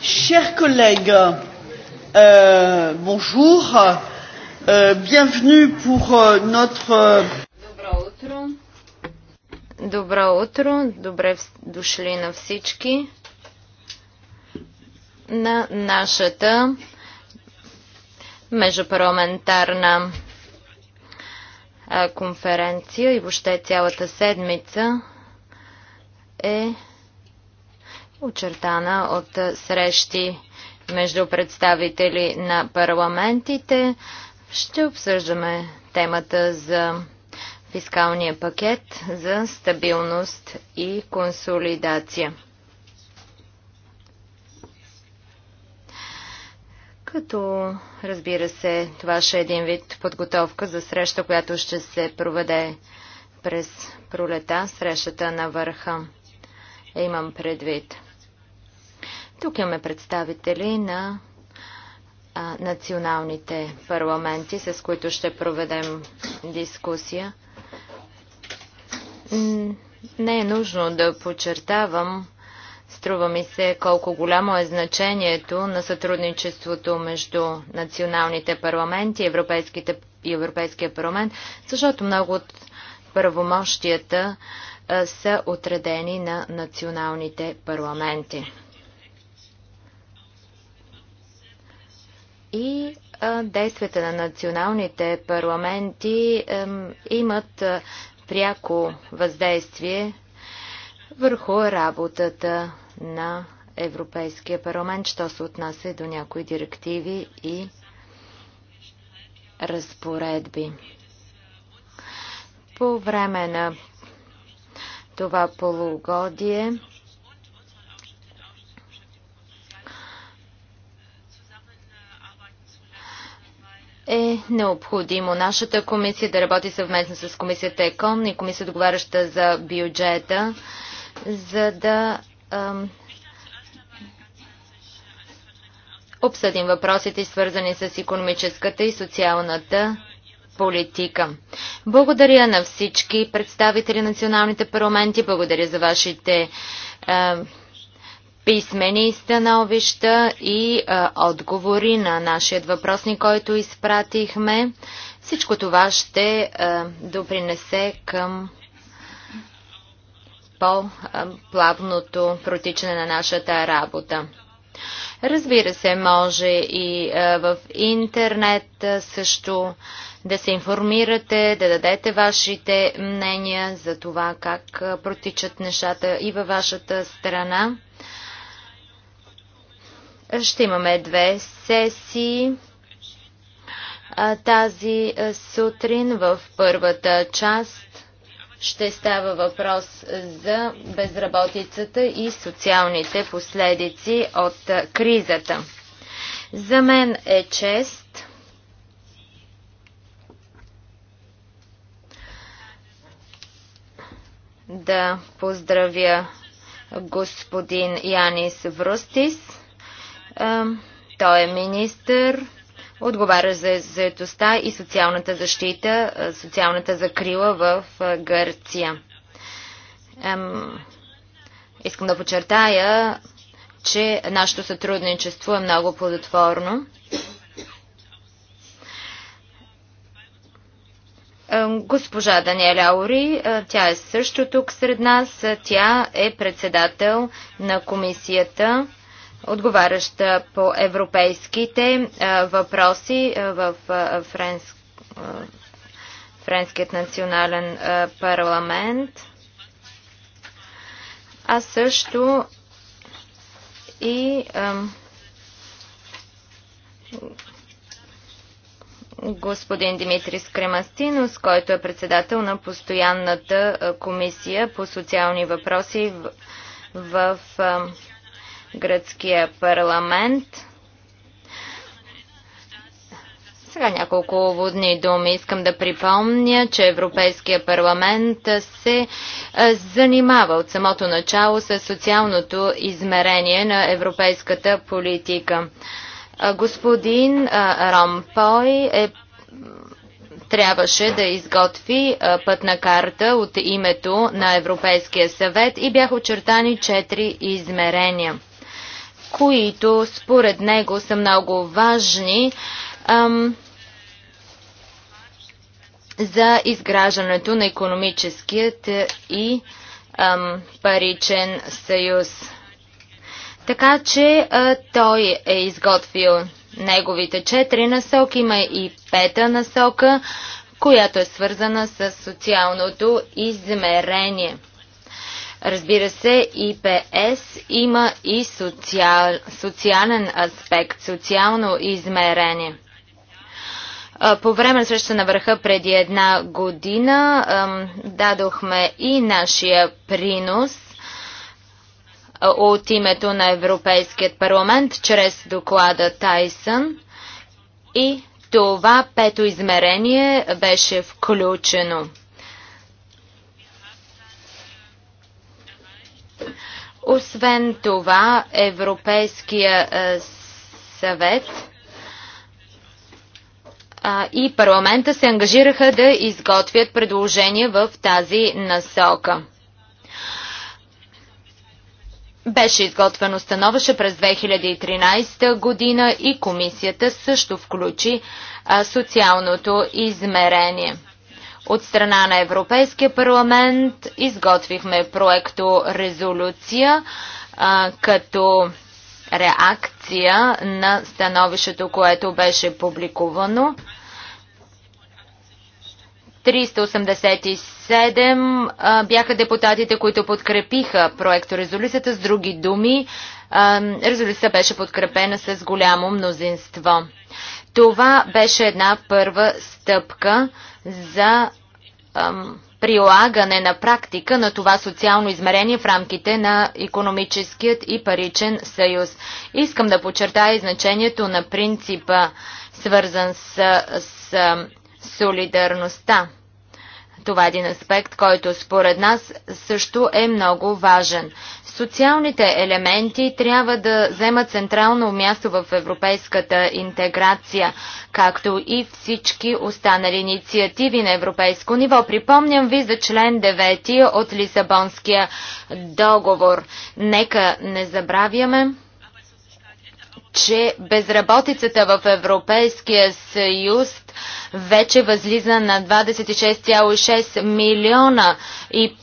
Chers collègues, euh, bonjour. Euh, bienvenue pour euh, notre. Euh, Добро утро. Добре дошли на всички на нашата межпарламентарна конференция и въобще цялата седмица е очертана от срещи между представители на парламентите. Ще обсъждаме темата за фискалния пакет за стабилност и консолидация. Като, разбира се, това ще е един вид подготовка за среща, която ще се проведе през пролета, срещата на върха. Имам предвид. Тук имаме представители на а, националните парламенти, с които ще проведем дискусия. Не е нужно да подчертавам, струва ми се, колко голямо е значението на сътрудничеството между националните парламенти и Европейските, Европейския парламент, защото много от правомощията са отредени на националните парламенти. И действията на националните парламенти имат пряко въздействие върху работата на Европейския парламент, що се отнася до някои директиви и разпоредби. По време на това полугодие е необходимо нашата комисия да работи съвместно с комисията ЕКОН и комисията договаряща за бюджета, за да ам, обсъдим въпросите, свързани с економическата и социалната политика. Благодаря на всички представители на националните парламенти, благодаря за вашите ам, писмени становища и а, отговори на нашия въпросник, който изпратихме. Всичко това ще а, допринесе към по-плавното протичане на нашата работа. Разбира се, може и в интернет също да се информирате, да дадете вашите мнения за това как протичат нещата и във вашата страна. Ще имаме две сесии. Тази сутрин в първата част ще става въпрос за безработицата и социалните последици от кризата. За мен е чест да поздравя господин Янис Врустис той е министър, отговаря за заедостта и социалната защита, социалната закрила в Гърция. Искам да подчертая, че нашето сътрудничество е много плодотворно. Госпожа Даниеля Аури, тя е също тук сред нас. Тя е председател на комисията отговаряща по европейските въпроси в Френск, Френският национален парламент. А също и господин Димитрис Скремастинус, който е председател на постоянната комисия по социални въпроси в, в, в гръцкия парламент. Сега няколко водни думи. Искам да припомня, че Европейския парламент се занимава от самото начало с социалното измерение на европейската политика. Господин Ромпой е трябваше да изготви пътна карта от името на Европейския съвет и бяха очертани четири измерения – които според него са много важни ам, за изграждането на економическият и ам, паричен съюз. Така че а, той е изготвил неговите четири насоки, има и пета насока, която е свързана с социалното измерение. Разбира се, ИПС има и социал, социален аспект, социално измерение. По време на среща на върха преди една година дадохме и нашия принос от името на Европейският парламент чрез доклада Тайсън и това пето измерение беше включено. Освен това, Европейския е, съвет и парламента се ангажираха да изготвят предложения в тази насока. Беше изготвено становище през 2013 година и комисията също включи социалното измерение. От страна на Европейския парламент изготвихме проекто резолюция а, като реакция на становището, което беше публикувано. 387 а, бяха депутатите, които подкрепиха проекто резолюцията. С други думи, а, резолюцията беше подкрепена с голямо мнозинство. Това беше една първа стъпка за ам, прилагане на практика на това социално измерение в рамките на економическият и паричен съюз. Искам да подчертая значението на принципа, свързан с, с солидарността. Това е един аспект, който според нас също е много важен. Социалните елементи трябва да вземат централно място в европейската интеграция, както и всички останали инициативи на европейско ниво. Припомням ви за член 9 от Лисабонския договор. Нека не забравяме че безработицата в Европейския съюз вече възлиза на 26,6 милиона и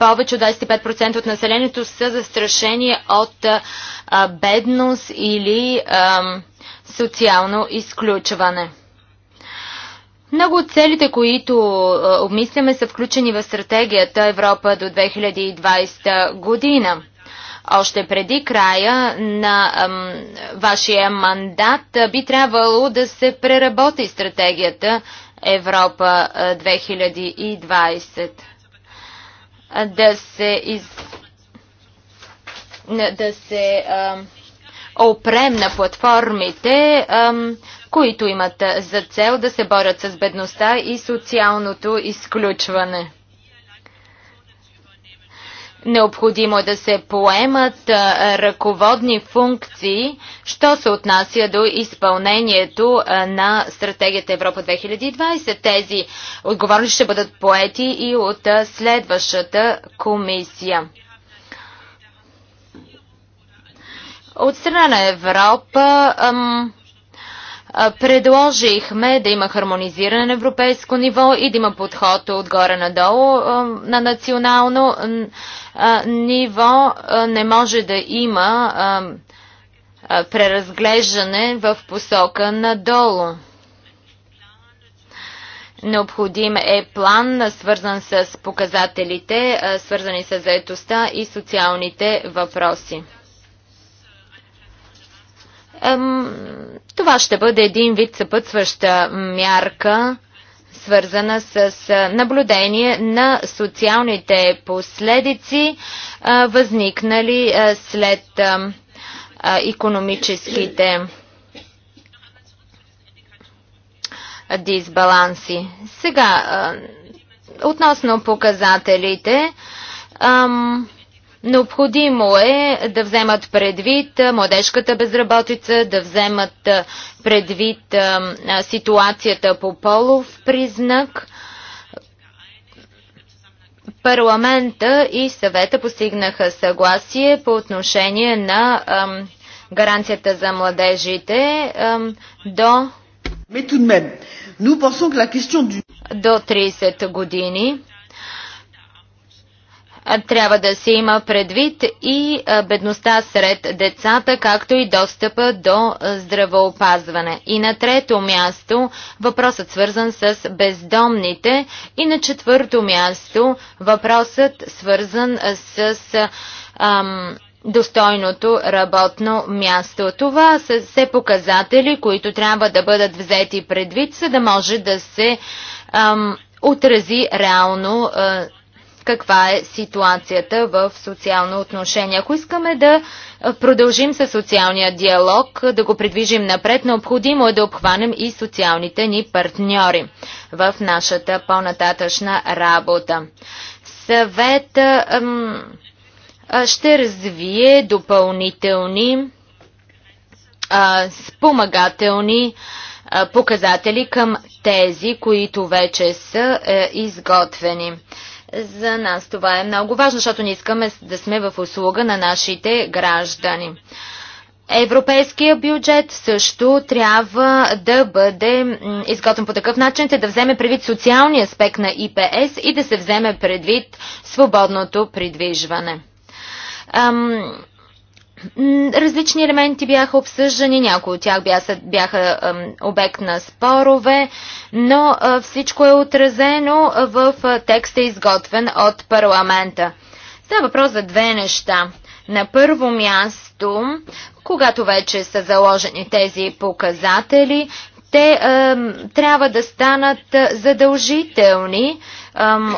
повече от 25% от населението са застрашени от бедност или социално изключване. Много от целите, които обмисляме, са включени в стратегията Европа до 2020 година. Още преди края на вашия мандат би трябвало да се преработи стратегията Европа 2020 да се из... да се а, опрем на платформите, а, които имат за цел да се борят с бедността и социалното изключване. Необходимо е да се поемат ръководни функции, що се отнася до изпълнението на стратегията Европа 2020. Тези отговорности ще бъдат поети и от следващата комисия. От страна на Европа ам, Предложихме да има хармонизиране на европейско ниво и да има подход отгоре надолу на национално ниво. Не може да има преразглеждане в посока надолу. Необходим е план, свързан с показателите, свързани с заетостта и социалните въпроси. Това ще бъде един вид съпътстваща мярка, свързана с наблюдение на социалните последици, възникнали след економическите дисбаланси. Сега, относно показателите, Необходимо е да вземат предвид младежката безработица, да вземат предвид ситуацията по полов признак. Парламента и съвета постигнаха съгласие по отношение на гаранцията за младежите до, до 30 години трябва да се има предвид и бедността сред децата, както и достъпа до здравоопазване. И на трето място въпросът свързан с бездомните и на четвърто място въпросът свързан с ам, достойното работно място. Това са все показатели, които трябва да бъдат взети предвид, за да може да се ам, отрази реално а, каква е ситуацията в социално отношение. Ако искаме да продължим със социалния диалог, да го предвижим напред, необходимо е да обхванем и социалните ни партньори в нашата по-нататъчна работа. Съвет ам, ще развие допълнителни а, спомагателни показатели към тези, които вече са е, изготвени. За нас това е много важно, защото не искаме да сме в услуга на нашите граждани. Европейския бюджет също трябва да бъде изготвен по такъв начин, че да вземе предвид социалния аспект на ИПС и да се вземе предвид свободното придвижване. Ам, Различни елементи бяха обсъждани, някои от тях бяха, бяха обект на спорове, но всичко е отразено в текста, изготвен от парламента. Става въпрос за две неща. На първо място, когато вече са заложени тези показатели, те е, трябва да станат задължителни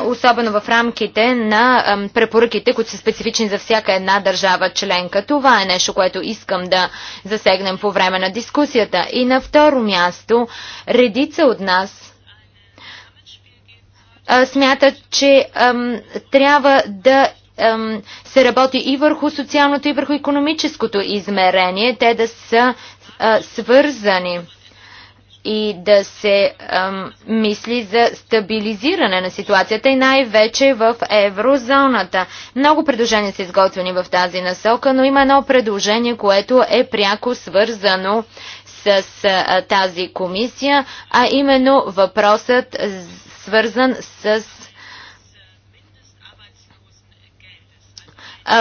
особено в рамките на препоръките, които са специфични за всяка една държава членка. Това е нещо, което искам да засегнем по време на дискусията. И на второ място, редица от нас смятат, че трябва да се работи и върху социалното, и върху економическото измерение, те да са свързани и да се ам, мисли за стабилизиране на ситуацията и най-вече в еврозоната. Много предложения са изготвени в тази насока, но има едно предложение, което е пряко свързано с а, тази комисия, а именно въпросът свързан с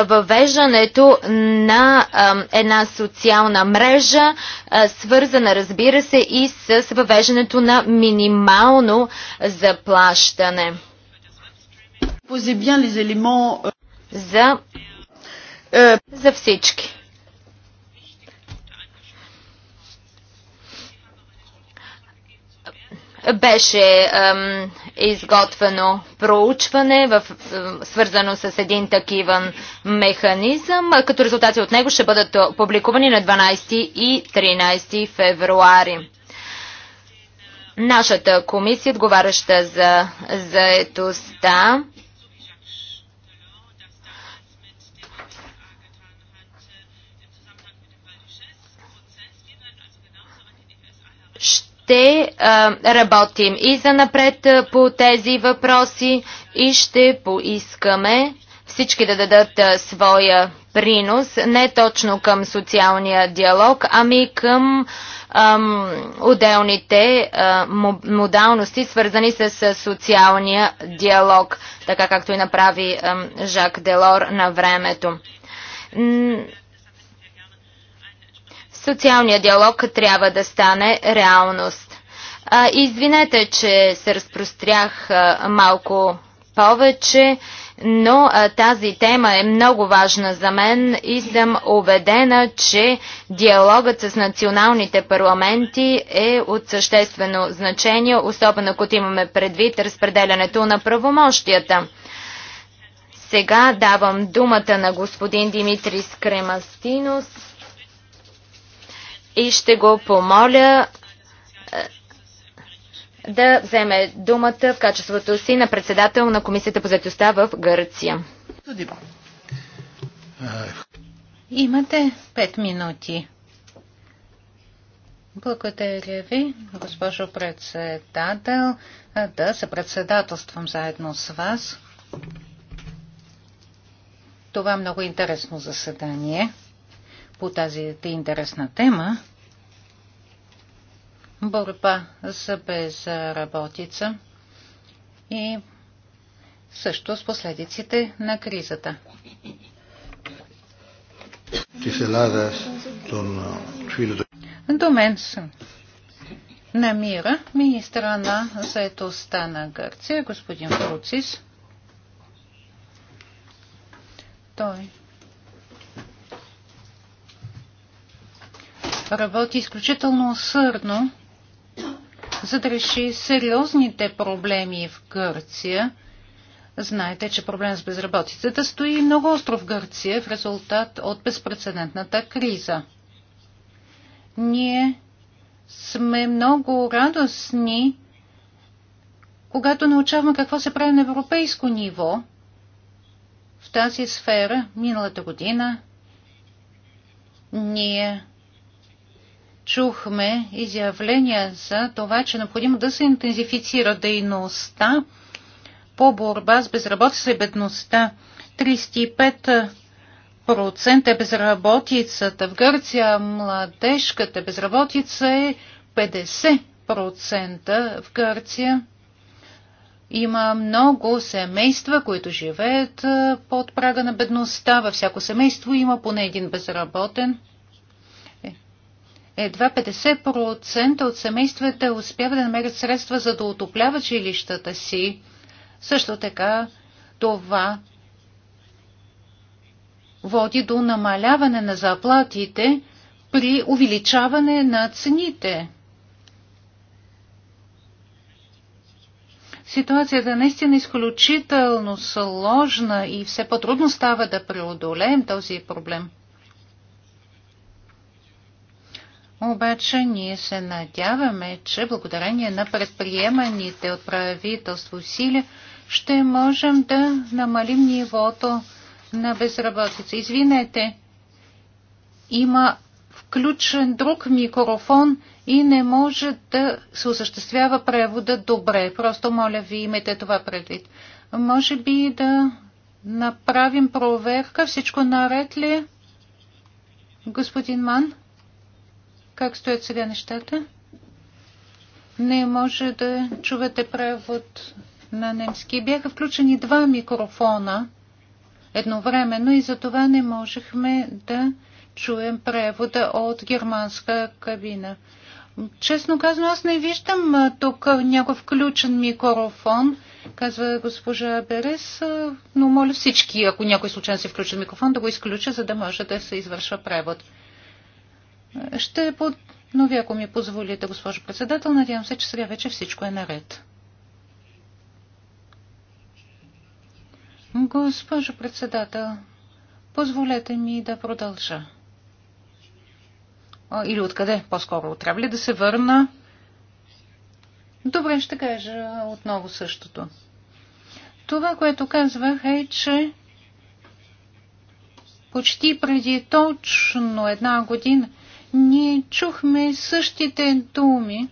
въвеждането на една социална мрежа, свързана, разбира се, и с въвеждането на минимално заплащане. За, euh, за всички. беше ем, изготвено проучване, в, ем, свързано с един такива механизъм. Като резултати от него ще бъдат публикувани на 12 и 13 февруари. Нашата комисия, отговаряща за заетостта, ще работим и за напред по тези въпроси и ще поискаме всички да дадат своя принос, не точно към социалния диалог, ами към ам, отделните ам, модалности, свързани с, с социалния диалог, така както и направи ам, Жак Делор на времето. Социалният диалог трябва да стане реалност. А, извинете, че се разпрострях а, малко повече, но а, тази тема е много важна за мен и съм убедена, че диалогът с националните парламенти е от съществено значение, особено като имаме предвид разпределянето на правомощията. Сега давам думата на господин Димитрис Кремастинос и ще го помоля е, да вземе думата в качеството си на председател на Комисията по заедостта в Гърция. Имате 5 минути. Благодаря ви, госпожо председател, да се председателствам заедно с вас. Това е много интересно заседание по тази интересна тема борба за безработица и също с последиците на кризата. До мен съм. Намира министра на заетостта на Гърция, господин Фруцис. Той работи изключително усърдно, за да реши сериозните проблеми в Гърция. Знаете, че проблем с безработицата стои много остро в Гърция в резултат от безпредседентната криза. Ние сме много радостни, когато научаваме какво се прави на европейско ниво в тази сфера миналата година. Ние чухме изявления за това, че е необходимо да се интензифицира дейността по борба с безработица и бедността. 35% е безработицата. В Гърция младежката безработица е 50% в Гърция. Има много семейства, които живеят под прага на бедността. Във всяко семейство има поне един безработен едва 50% от семействата успяват да намерят средства за да отопляват жилищата си. Също така това води до намаляване на заплатите при увеличаване на цените. Ситуацията наистина е изключително сложна и все по-трудно става да преодолеем този проблем. Обаче ние се надяваме, че благодарение на предприеманите от правителство усилия ще можем да намалим нивото на безработица. Извинете, има включен друг микрофон и не може да се осъществява превода добре. Просто моля ви, имайте това предвид. Може би да направим проверка. Всичко наред ли? Е? Господин Ман? как стоят сега нещата. Не може да чувате превод на немски. Бяха включени два микрофона едновременно и за това не можехме да чуем превода от германска кабина. Честно казано, аз не виждам тук някой включен микрофон, казва госпожа Берес, но моля всички, ако някой случайно се включи микрофон, да го изключа, за да може да се извършва превод. Ще подновя, ако ми позволите, госпожо председател. Надявам се, че сега вече всичко е наред. Госпожо председател, позволете ми да продължа. Или откъде? По-скоро трябва ли да се върна? Добре, ще кажа отново същото. Това, което казвах е, че почти преди точно една година ние чухме същите думи,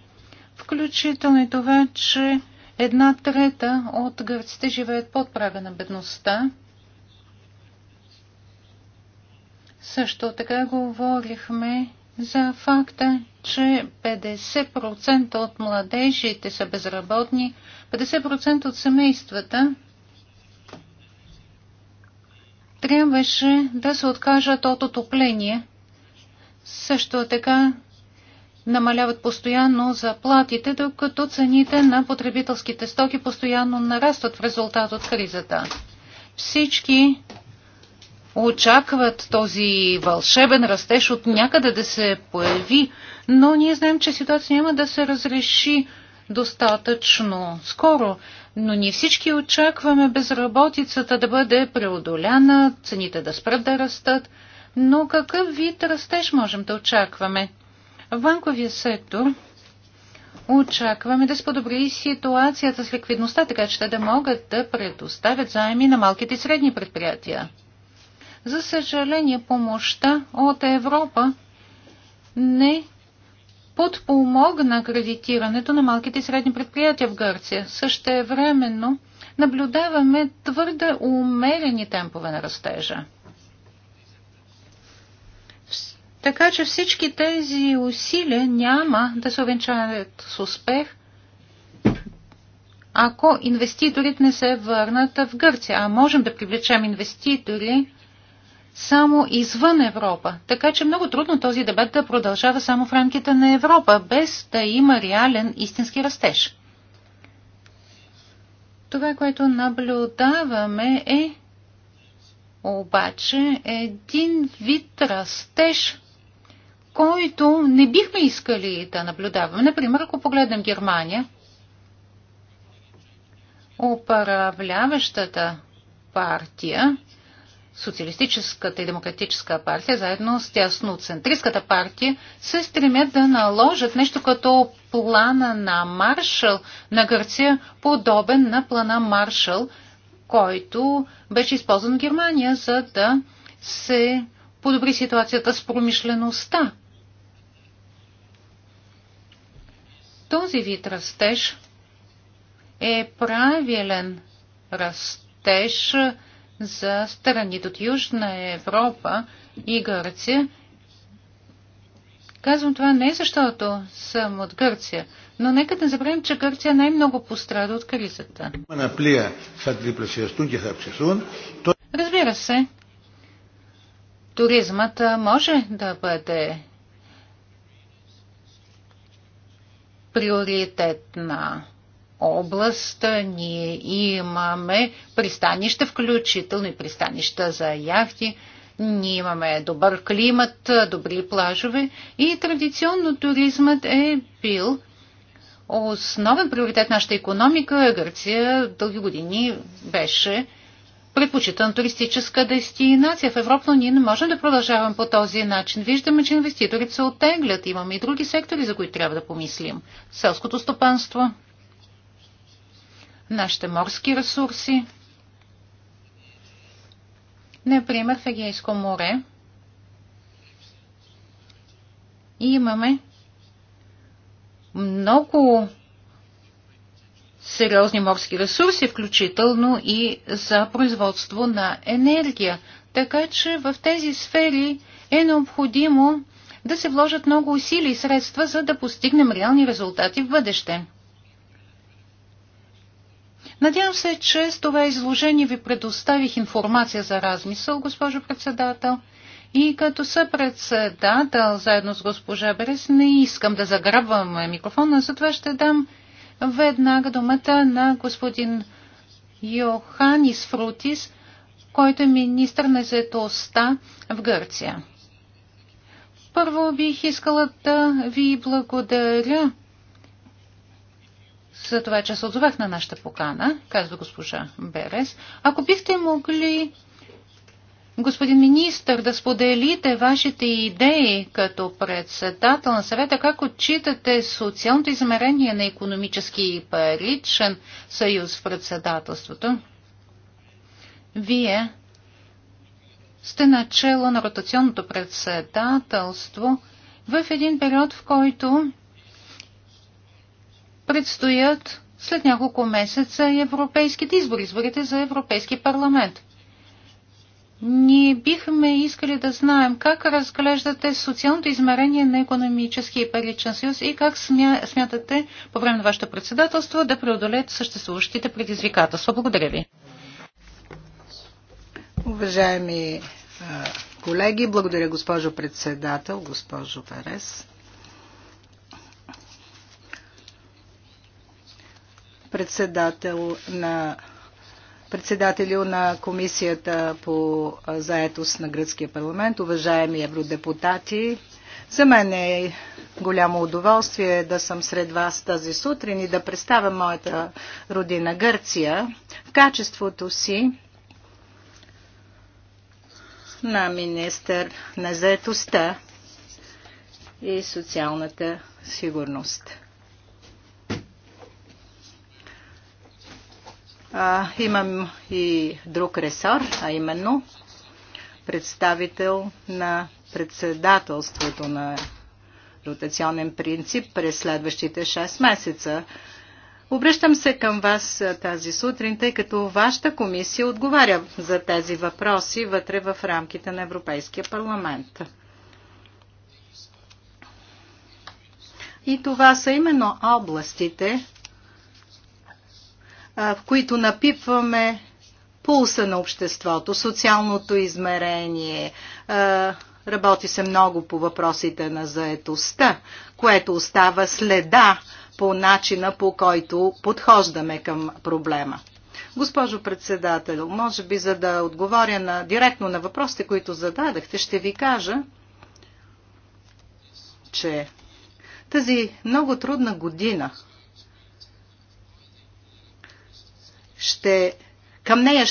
включително и това, че една трета от гърците живеят под прага на бедността. Също така говорихме за факта, че 50% от младежите са безработни, 50% от семействата трябваше да се откажат от отопление, също така намаляват постоянно заплатите, докато цените на потребителските стоки постоянно нарастват в резултат от кризата. Всички очакват този вълшебен растеж от някъде да се появи, но ние знаем, че ситуация няма да се разреши достатъчно скоро. Но ние всички очакваме безработицата да бъде преодоляна, цените да спрат да растат – но какъв вид растеж можем да очакваме? В банковия сектор очакваме да се подобри ситуацията с ликвидността, така че те да могат да предоставят заеми на малките и средни предприятия. За съжаление, помощта от Европа не подпомогна кредитирането на малките и средни предприятия в Гърция. Същевременно наблюдаваме твърде умерени темпове на растежа. Така че всички тези усилия няма да се увенчаят с успех, ако инвеститорите не се върнат в Гърция. А можем да привлечем инвеститори само извън Европа. Така че много трудно този дебат да продължава само в рамките на Европа, без да има реален истински растеж. Това, което наблюдаваме е обаче един вид растеж който не бихме искали да наблюдаваме. Например, ако погледнем Германия, управляващата партия, Социалистическата и Демократическа партия, заедно с тясно центристската партия, се стремят да наложат нещо като плана на Маршал на Гърция, подобен на плана Маршал, който беше използван в Германия, за да се подобри ситуацията с промишлеността Този вид растеж е правилен растеж за страните от Южна Европа и Гърция. Казвам това не защото съм от Гърция, но нека да забравим, че Гърция най-много пострада от кризата. Разбира се, туризмата може да бъде приоритетна област. Ние имаме пристанища, включително и пристанища за яхти. Ние имаме добър климат, добри плажове и традиционно туризмът е бил основен приоритет на нашата економика. Гърция дълги години беше предпочитана туристическа дестинация в Европа, но ние не можем да продължаваме по този начин. Виждаме, че инвеститорите се оттеглят. Имаме и други сектори, за които трябва да помислим. Селското стопанство, нашите морски ресурси. Например, в Егейско море и имаме много сериозни морски ресурси, включително и за производство на енергия. Така че в тези сфери е необходимо да се вложат много усилия и средства, за да постигнем реални резултати в бъдеще. Надявам се, че с това изложение ви предоставих информация за размисъл, госпожо председател. И като съпредседател, заедно с госпожа Берес, не искам да заграбвам микрофона, затова ще дам веднага думата на господин Йоханис Фрутис, който е министр на заедостта в Гърция. Първо бих искала да ви благодаря за това, че се отзовах на нашата покана, казва госпожа Берес. Ако бихте могли господин министр, да споделите вашите идеи като председател на съвета, как отчитате социалното измерение на економически и паричен съюз в председателството. Вие сте начало на ротационното председателство в един период, в който предстоят след няколко месеца европейските избори, изборите за Европейски парламент. Ние бихме искали да знаем как разглеждате социалното измерение на економически и паричен съюз и как смя, смятате по време на вашето председателство да преодолеете съществуващите предизвикателства. Благодаря ви. Уважаеми колеги, благодаря госпожо председател, госпожо Ферес. Председател на председателю на Комисията по заетост на Гръцкия парламент, уважаеми евродепутати. За мен е голямо удоволствие да съм сред вас тази сутрин и да представя моята родина Гърция в качеството си на министър на заетостта и социалната сигурност. А, имам и друг ресор, а именно представител на председателството на ротационен принцип през следващите 6 месеца. Обръщам се към вас тази сутрин, тъй като вашата комисия отговаря за тези въпроси вътре в рамките на Европейския парламент. И това са именно областите, в които напипваме пулса на обществото, социалното измерение. Работи се много по въпросите на заетостта, което остава следа по начина по който подхождаме към проблема. Госпожо председател, може би за да отговоря на, директно на въпросите, които зададахте, ще ви кажа, че тази много трудна година, ще, към нея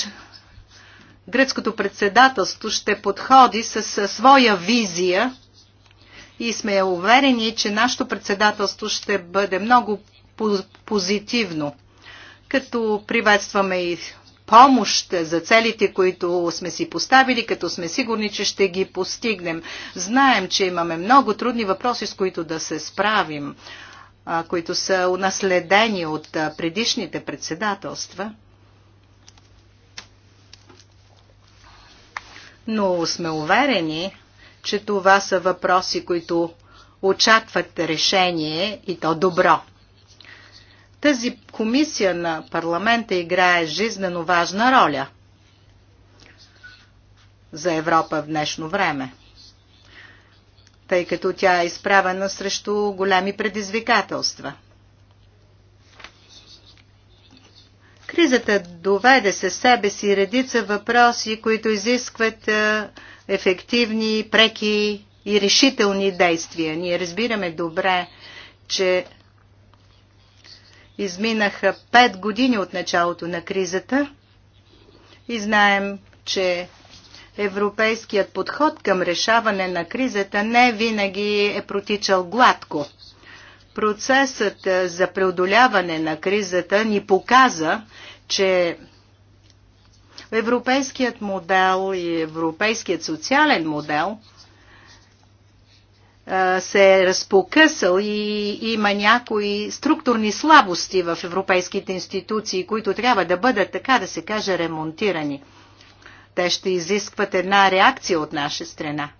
гръцкото председателство ще подходи с, с своя визия и сме уверени, че нашето председателство ще бъде много позитивно. Като приветстваме и помощ за целите, които сме си поставили, като сме сигурни, че ще ги постигнем. Знаем, че имаме много трудни въпроси, с които да се справим които са унаследени от предишните председателства. Но сме уверени, че това са въпроси, които очакват решение и то добро. Тази комисия на парламента играе жизнено важна роля за Европа в днешно време тъй като тя е изправена срещу големи предизвикателства. Кризата доведе със себе си редица въпроси, които изискват ефективни, преки и решителни действия. Ние разбираме добре, че изминаха пет години от началото на кризата и знаем, че европейският подход към решаване на кризата не винаги е протичал гладко. Процесът е, за преодоляване на кризата ни показа, че европейският модел и европейският социален модел е, се е разпокъсал и има някои структурни слабости в европейските институции, които трябва да бъдат, така да се каже, ремонтирани. Те ще изискват една реакция от наша страна.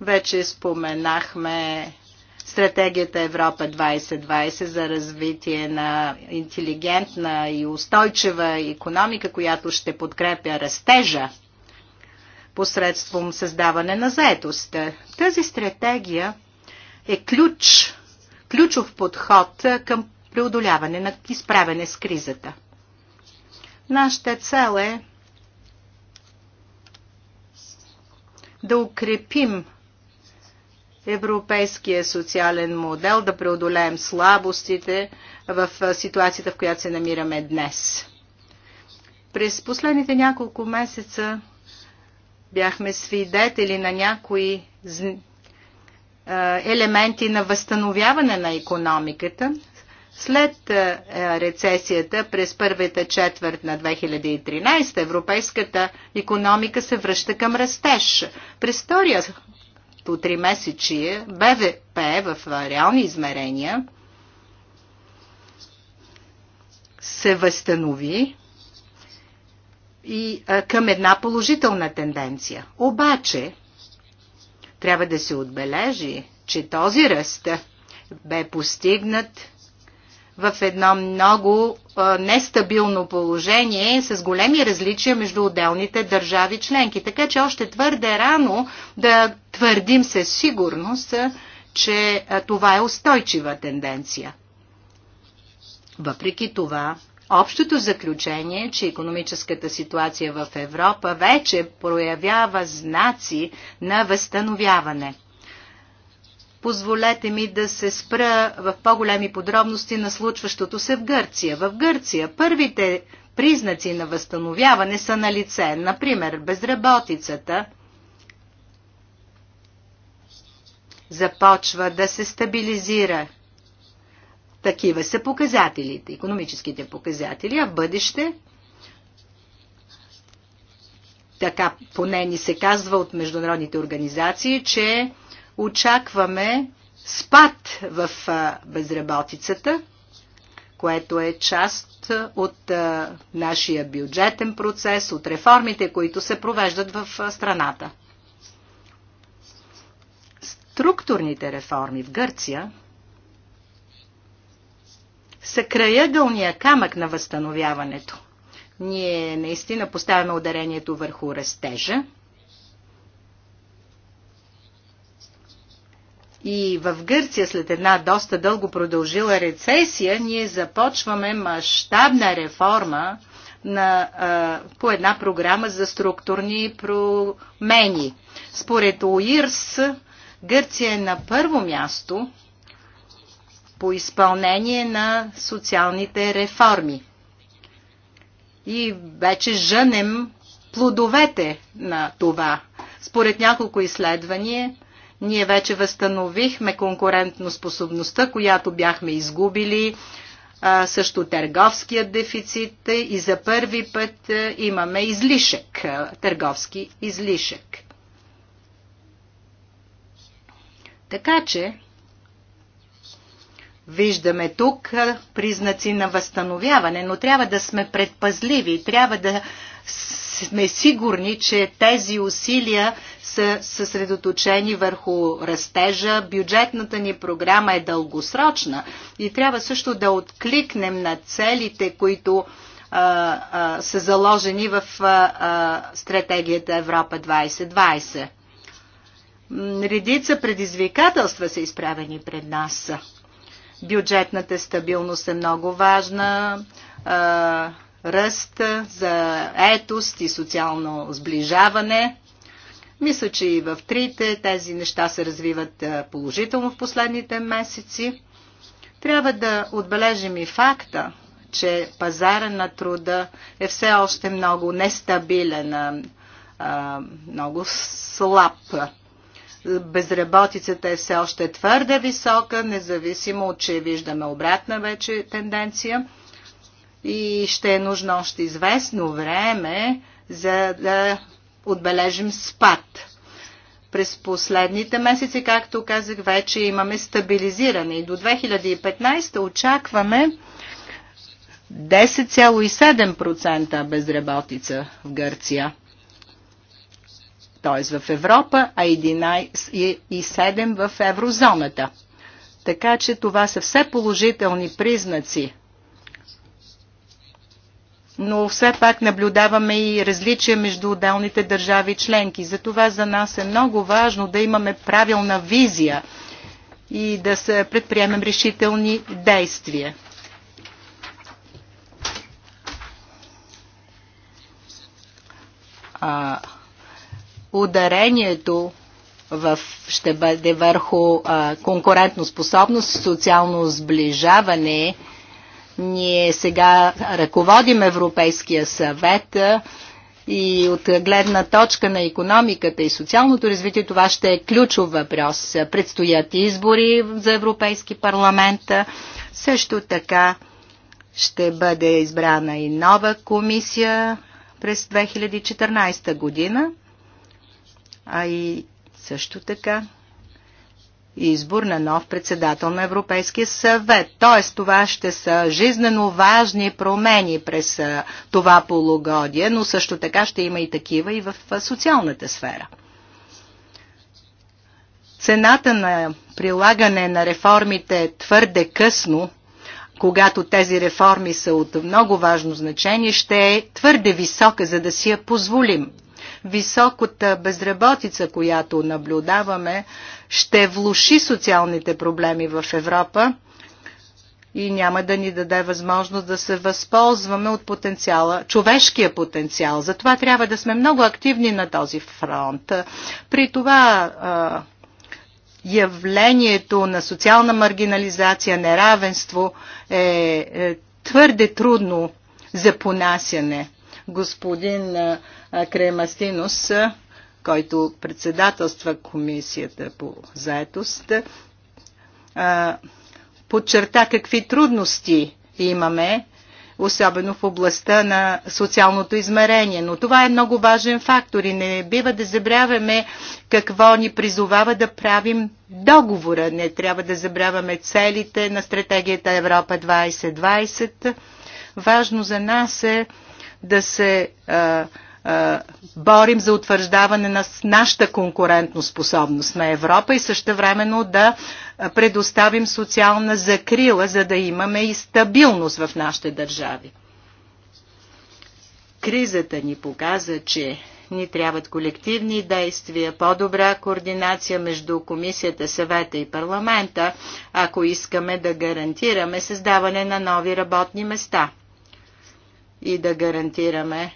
Вече споменахме стратегията Европа 2020 за развитие на интелигентна и устойчива економика, която ще подкрепя растежа посредством създаване на заетост. Тази стратегия е ключ, ключов подход към преодоляване на изправене с кризата. Нашата цел е да укрепим европейския социален модел, да преодолеем слабостите в ситуацията, в която се намираме днес. През последните няколко месеца бяхме свидетели на някои елементи на възстановяване на економиката, след е, е, рецесията през първата четвърт на 2013 европейската економика се връща към растеж. През втория по три месечи БВП в е, реални измерения се възстанови и към една положителна тенденция. Обаче, трябва да се отбележи, че този ръст бе постигнат в едно много нестабилно положение с големи различия между отделните държави членки. Така че още твърде рано да твърдим със сигурност, че това е устойчива тенденция. Въпреки това, Общото заключение, че економическата ситуация в Европа вече проявява знаци на възстановяване – позволете ми да се спра в по-големи подробности на случващото се в Гърция. В Гърция първите признаци на възстановяване са на лице, например безработицата започва да се стабилизира. Такива са показателите, економическите показатели, а в бъдеще така поне ни се казва от международните организации, че очакваме спад в безработицата, което е част от нашия бюджетен процес, от реформите, които се провеждат в страната. Структурните реформи в Гърция са краягълния камък на възстановяването. Ние наистина поставяме ударението върху растежа, и в Гърция след една доста дълго продължила рецесия, ние започваме мащабна реформа на, а, по една програма за структурни промени. Според ОИРС, Гърция е на първо място по изпълнение на социалните реформи. И вече женем плодовете на това. Според няколко изследвания, ние вече възстановихме конкурентноспособността, която бяхме изгубили, също търговският дефицит и за първи път имаме излишък, търговски излишък. Така че, Виждаме тук признаци на възстановяване, но трябва да сме предпазливи, трябва да сме сигурни, че тези усилия са съсредоточени върху растежа. Бюджетната ни програма е дългосрочна и трябва също да откликнем на целите, които а, а, са заложени в а, стратегията Европа 2020. Редица предизвикателства са изправени пред нас. Бюджетната стабилност е много важна ръст, за етост и социално сближаване. Мисля, че и в трите тези неща се развиват е, положително в последните месеци. Трябва да отбележим и факта, че пазара на труда е все още много нестабилен, е, е, много слаб. Безработицата е все още твърде висока, независимо, от че виждаме обратна вече тенденция. И ще е нужно още известно време, за да отбележим спад. През последните месеци, както казах, вече имаме стабилизиране и до 2015 очакваме 10,7% безработица в Гърция. Т.е. в Европа, а 11,7% в еврозоната. Така че това са все положителни признаци но все пак наблюдаваме и различия между отделните държави членки. Затова за нас е много важно да имаме правилна визия и да се предприемем решителни действия. А, ударението в, ще бъде върху а, способност, социално сближаване, а, ние сега ръководим Европейския съвет и от гледна точка на економиката и социалното развитие това ще е ключов въпрос. Предстоят избори за Европейски парламент. Също така ще бъде избрана и нова комисия през 2014 година, а и също така избор на нов председател на Европейския съвет. Тоест това ще са жизнено важни промени през това полугодие, но също така ще има и такива и в социалната сфера. Цената на прилагане на реформите е твърде късно, когато тези реформи са от много важно значение, ще е твърде висока, за да си я позволим. Високата безработица, която наблюдаваме, ще влуши социалните проблеми в Европа и няма да ни даде възможност да се възползваме от потенциала, човешкия потенциал. Затова трябва да сме много активни на този фронт. При това явлението на социална маргинализация, неравенство е, е твърде трудно за понасяне. Господин Кремастинус, който председателства комисията по заетост, подчерта какви трудности имаме, особено в областта на социалното измерение. Но това е много важен фактор и не бива да забравяме какво ни призовава да правим договора. Не трябва да забравяме целите на стратегията Европа 2020. Важно за нас е да се а, е, борим за утвърждаване на нашата конкурентно способност на Европа и също времено да е, предоставим социална закрила, за да имаме и стабилност в нашите държави. Кризата ни показа, че ни трябват колективни действия, по-добра координация между Комисията, съвета и парламента, ако искаме да гарантираме създаване на нови работни места и да гарантираме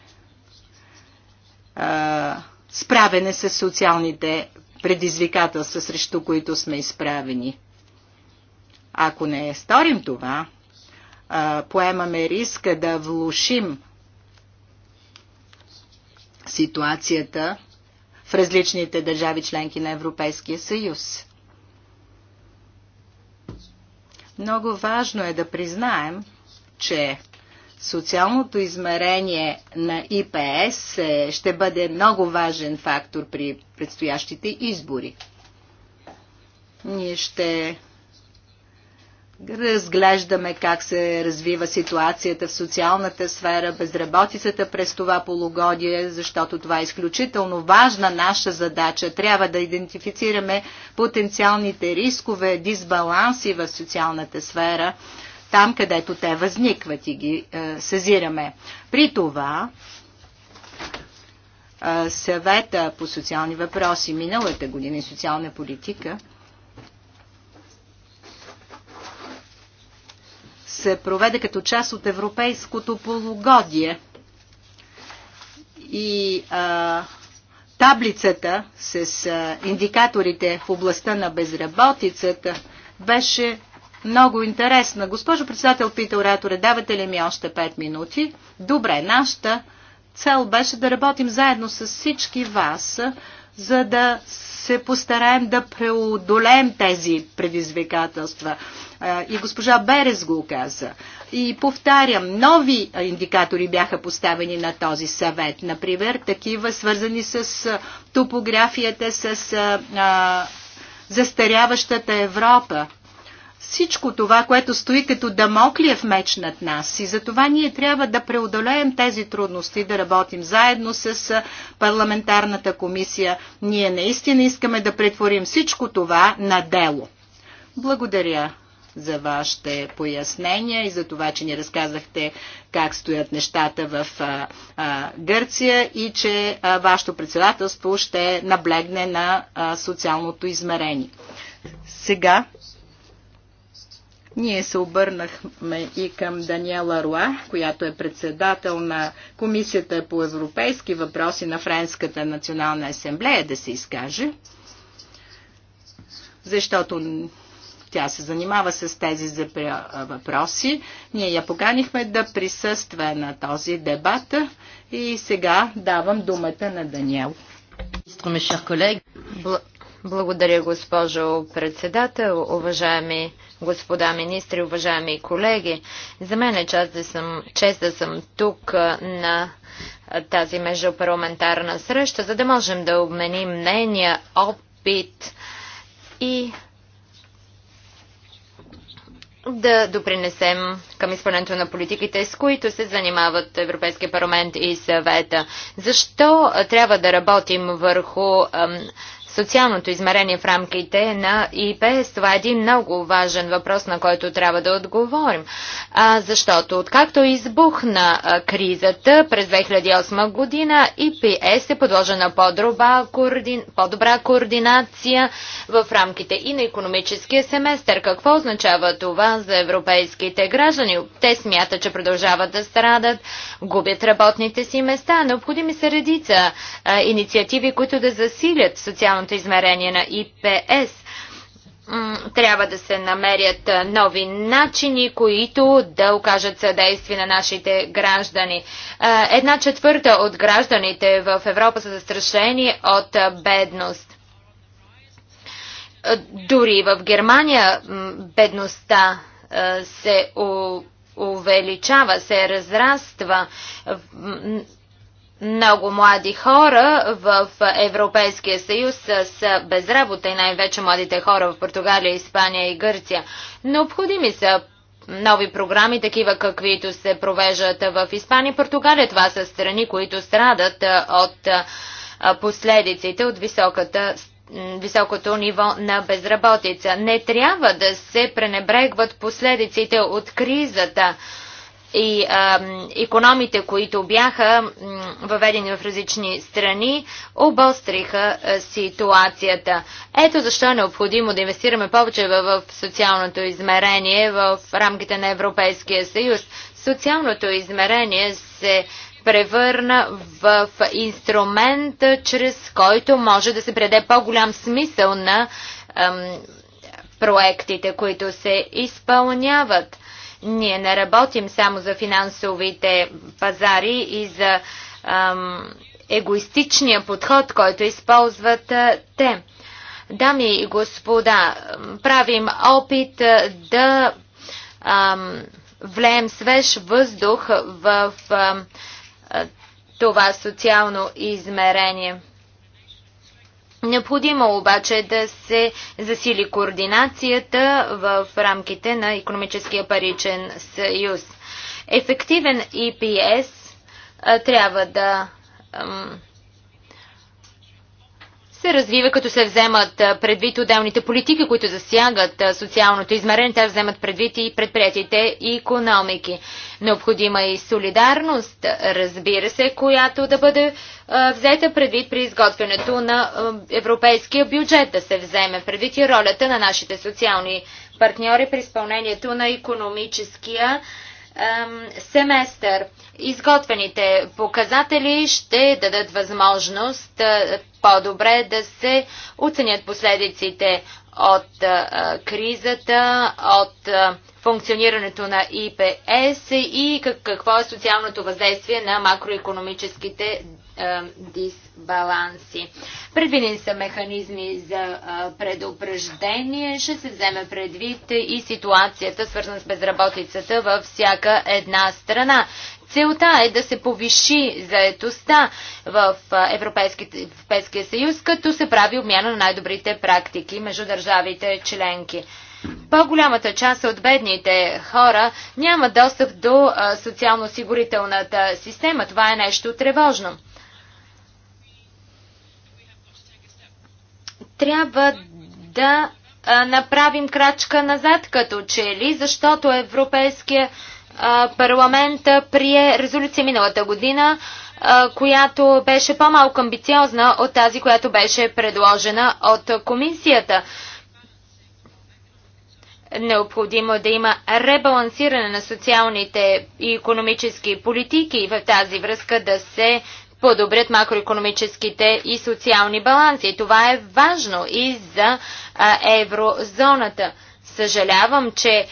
а, справене с социалните предизвикателства, срещу които сме изправени. Ако не сторим това, а, поемаме риска да влушим ситуацията в различните държави членки на Европейския съюз. Много важно е да признаем, че социалното измерение на ИПС е, ще бъде много важен фактор при предстоящите избори. Ние ще разглеждаме как се развива ситуацията в социалната сфера, безработицата през това полугодие, защото това е изключително важна наша задача. Трябва да идентифицираме потенциалните рискове, дисбаланси в социалната сфера там, където те възникват и ги е, съзираме. При това е, съвета по социални въпроси миналата година и социална политика се проведе като част от европейското полугодие. И е, таблицата с е, индикаторите в областта на безработицата беше много интересна. Госпожо председател, пита ораторе, давате ли ми още 5 минути? Добре, нашата цел беше да работим заедно с всички вас, за да се постараем да преодолеем тези предизвикателства. И госпожа Берез го каза. И повтарям, нови индикатори бяха поставени на този съвет. Например, такива свързани с топографията, с застаряващата Европа всичко това, което стои като дамоклиев меч над нас. И за това ние трябва да преодолеем тези трудности, да работим заедно с парламентарната комисия. Ние наистина искаме да претворим всичко това на дело. Благодаря за вашите пояснения и за това, че ни разказахте как стоят нещата в а, а, Гърция и че а, вашето председателство ще наблегне на а, социалното измерение. Сега ние се обърнахме и към Даниела Руа, която е председател на Комисията по европейски въпроси на Френската национална асамблея да се изкаже, защото тя се занимава с тези въпроси. Ние я поканихме да присъства на този дебат и сега давам думата на Даниел. Благодаря, благодаря, госпожо председател, уважаеми господа министри, уважаеми колеги. За мен е чест да съм, чест да съм тук на тази междупарламентарна среща, за да можем да обменим мнения, опит и да допринесем към изпълнението на политиките, с които се занимават Европейския парламент и съвета. Защо трябва да работим върху социалното измерение в рамките на ИПС. Това е един много важен въпрос, на който трябва да отговорим. А, защото откакто избухна а, кризата през 2008 година, ИПС е подложена по-добра координ... по координация в рамките и на економическия семестър. Какво означава това за европейските граждани? Те смятат, че продължават да страдат, губят работните си места. Необходими са редица а, инициативи, които да засилят социалното социалното измерение на ИПС. Трябва да се намерят нови начини, които да окажат съдействие на нашите граждани. Една четвърта от гражданите в Европа са застрашени от бедност дори в Германия бедността се увеличава, се разраства. Много млади хора в Европейския съюз са без работа и най-вече младите хора в Португалия, Испания и Гърция. Необходими са нови програми, такива каквито се провеждат в Испания и Португалия. Това са страни, които страдат от последиците от високата високото ниво на безработица. Не трябва да се пренебрегват последиците от кризата и а, економите, които бяха въведени в различни страни, обостриха е, ситуацията. Ето защо е необходимо да инвестираме повече в, в социалното измерение в рамките на Европейския съюз. Социалното измерение се превърна в инструмент, чрез който може да се преде по-голям смисъл на ам, проектите, които се изпълняват ние не работим само за финансовите пазари и за ам, егоистичния подход, който използват а, те. Дами и господа, правим опит а, да ам, влеем свеж въздух в ам, това социално измерение. Необходимо обаче да се засили координацията в рамките на економическия паричен съюз. Ефективен EPS трябва да се развива, като се вземат предвид отделните политики, които засягат социалното измерение. Те вземат предвид и предприятите и економики. Необходима е и солидарност, разбира се, която да бъде взета предвид при изготвянето на европейския бюджет, да се вземе предвид и ролята на нашите социални партньори при изпълнението на економическия семестър. Изготвените показатели ще дадат възможност по-добре да се оценят последиците от кризата, от функционирането на ИПС и какво е социалното въздействие на макроекономическите дисбаланси. Предвидени са механизми за предупреждение. Ще се вземе предвид и ситуацията, свързана с безработицата във всяка една страна. Целта е да се повиши заетостта в Европейския съюз, като се прави обмяна на най-добрите практики между държавите членки. По-голямата част от бедните хора няма достъп до социално-осигурителната система. Това е нещо тревожно. трябва да направим крачка назад като чели, защото Европейския парламент прие резолюция миналата година, която беше по-малко амбициозна от тази, която беше предложена от комисията. Необходимо е да има ребалансиране на социалните и економически политики и в тази връзка да се подобрят макроекономическите и социални баланси. Това е важно и за еврозоната. Съжалявам, че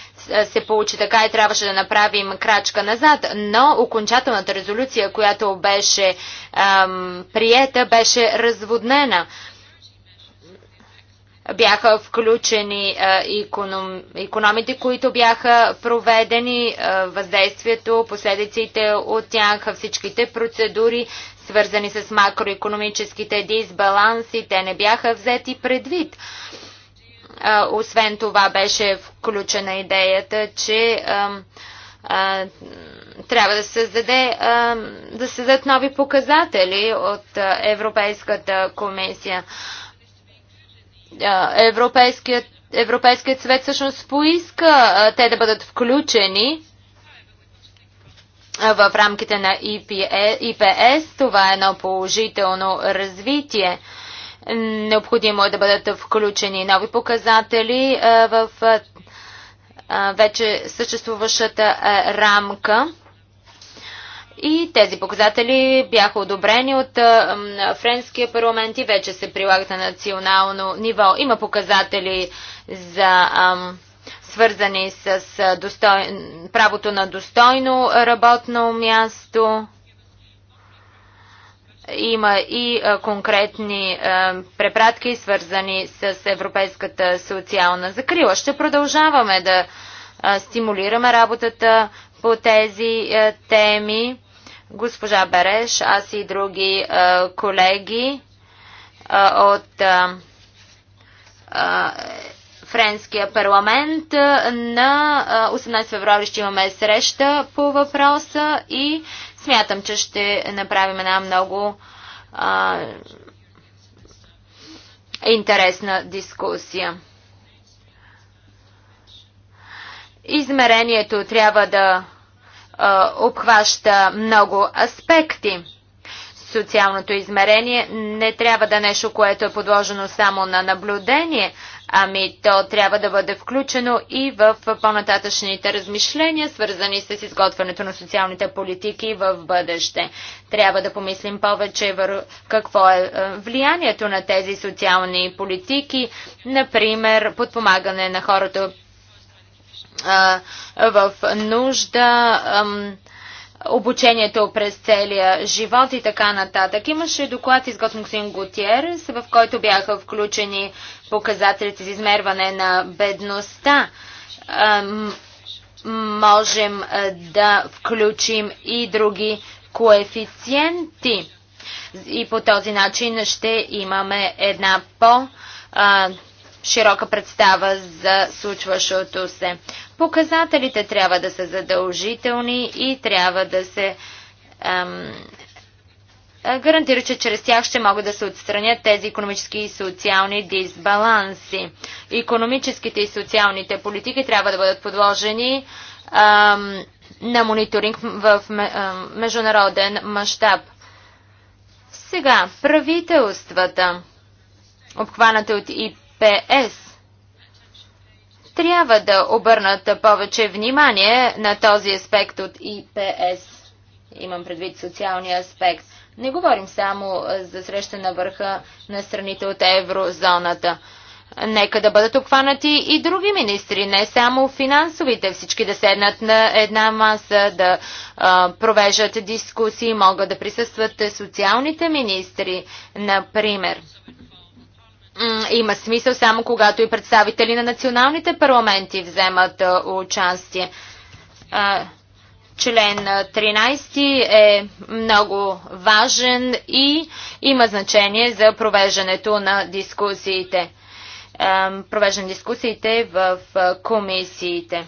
се получи така и трябваше да направим крачка назад, но окончателната резолюция, която беше ам, приета, беше разводнена. Бяха включени а, економ, економите, които бяха проведени, а, въздействието, последиците от тях, всичките процедури, свързани с макроекономическите дисбаланси, те не бяха взети предвид. Освен това беше включена идеята, че трябва да се създаде, да създадат нови показатели от Европейската комисия. Европейският Европейският съвет всъщност поиска те да бъдат включени в рамките на ИПС. Това е едно положително развитие. Необходимо е да бъдат включени нови показатели в вече съществуващата рамка. И тези показатели бяха одобрени от Френския парламент и вече се прилагат на национално ниво. Има показатели за ам, свързани с достой... правото на достойно работно място. Има и конкретни препратки, свързани с Европейската социална закрила. Ще продължаваме да стимулираме работата по тези теми. Госпожа Береш, аз и други колеги от френския парламент. На 18 феврали ще имаме среща по въпроса и смятам, че ще направим една много а, интересна дискусия. Измерението трябва да а, обхваща много аспекти. Социалното измерение не трябва да е нещо, което е подложено само на наблюдение – Ами то трябва да бъде включено и в по-нататъчните размишления, свързани с изготвянето на социалните политики в бъдеще. Трябва да помислим повече върху какво е, е влиянието на тези социални политики, например подпомагане на хората е, в нужда, обучението през целия живот и така нататък. Имаше доклад изготвен господин Готиерес, в който бяха включени показателите за измерване на бедността. Можем да включим и други коефициенти и по този начин ще имаме една по- широка представа за случващото се. Показателите трябва да са задължителни и трябва да се гарантира, че чрез тях ще могат да се отстранят тези економически и социални дисбаланси. Економическите и социалните политики трябва да бъдат подложени ам, на мониторинг в ам, международен мащаб. Сега, правителствата, обхванати от ИПС, трябва да обърнат повече внимание на този аспект от ИПС. Имам предвид социалния аспект. Не говорим само за среща на върха на страните от еврозоната. Нека да бъдат обхванати и други министри, не само финансовите. Всички да седнат на една маса, да а, провеждат дискусии, могат да присъстват социалните министри, например. Има смисъл само когато и представители на националните парламенти вземат участие. Член 13 е много важен и има значение за провеждането на дискусиите. Провеждане дискусиите в комисиите.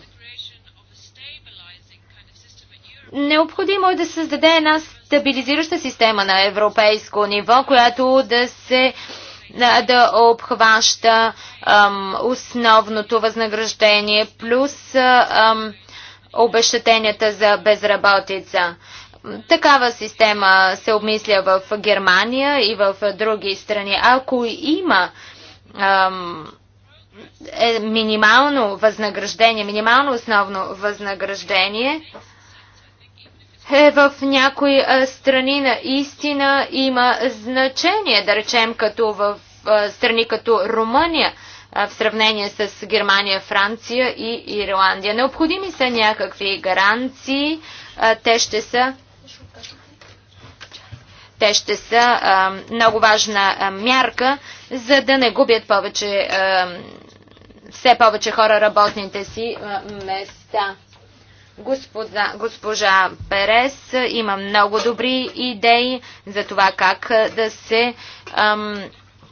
Необходимо е да създаде една стабилизираща система на европейско ниво, която да се да обхваща ам, основното възнаграждение плюс ам, обещетенията за безработица. Такава система се обмисля в Германия и в други страни. Ако има ам, е, минимално възнаграждение, минимално основно възнаграждение, е, в някои страни наистина има значение, да речем като в страни като Румъния, в сравнение с Германия, Франция и Ирландия. Необходими са някакви гаранции. Те ще са те ще са много важна мярка, за да не губят повече, все повече хора работните си места. Господа, госпожа Перес има много добри идеи за това как да се ам,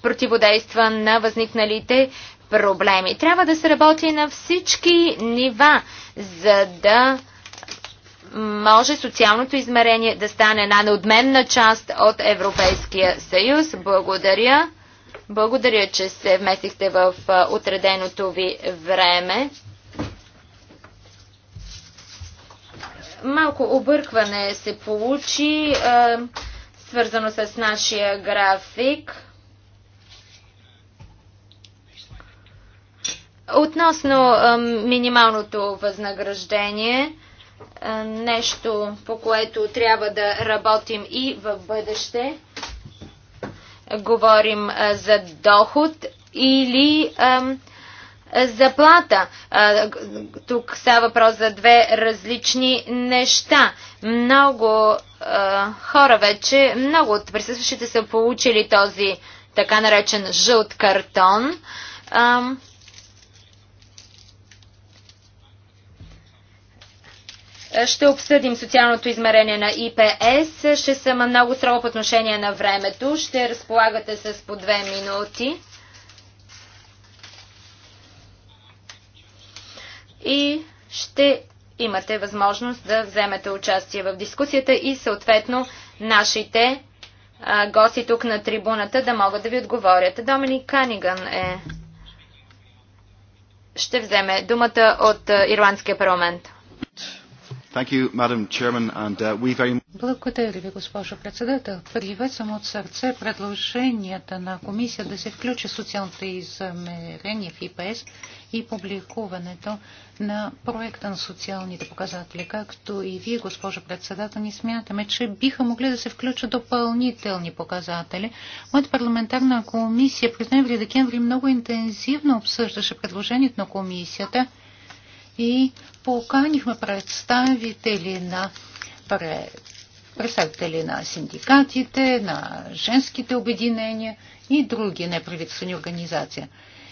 противодейства на възникналите проблеми. Трябва да се работи на всички нива, за да може социалното измерение да стане една неотменна част от Европейския съюз. Благодаря. Благодаря, че се вместихте в отреденото ви време. Малко объркване се получи, свързано с нашия график. Относно минималното възнаграждение, нещо по което трябва да работим и в бъдеще, говорим за доход или заплата. Тук става въпрос за две различни неща. Много хора вече, много от присъстващите са получили този така наречен жълт картон. Ще обсъдим социалното измерение на ИПС. Ще съм много строго по отношение на времето. Ще разполагате с по две минути. И ще имате възможност да вземете участие в дискусията и съответно нашите гости тук на трибуната да могат да ви отговорят. Доминик Каниган е... ще вземе думата от Ирландския парламент. Uh, Благодаря ви, госпожо председател. Приветствам от сърце предложенията на комисия да се включи социалните измерения в ИПС и публикуването на проекта на социалните показатели. Както и вие, госпожо председател, ни смятаме, че биха могли да се включат допълнителни показатели. Моята парламентарна комисия през ноември-декември много интензивно обсъждаше предложението на комисията и поканихме представители на представители на синдикатите, на женските обединения и други неправителствени организации.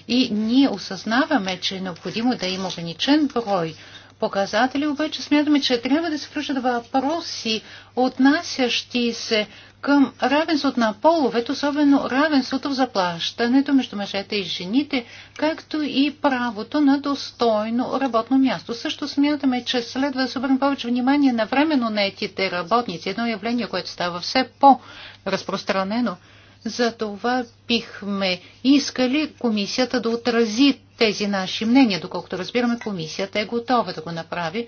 И ние осъзнаваме, че е необходимо да има ограничен брой показатели, обаче смятаме, че трябва да се включат въпроси, отнасящи се към равенството на половете, особено равенството в заплащането между мъжете и жените, както и правото на достойно работно място. Също смятаме, че следва да се обърне повече внимание на временно наетите работници, едно явление, което става все по-разпространено. За това бихме искали комисията да отрази тези наши мнения. Доколкото разбираме, комисията е готова да го направи.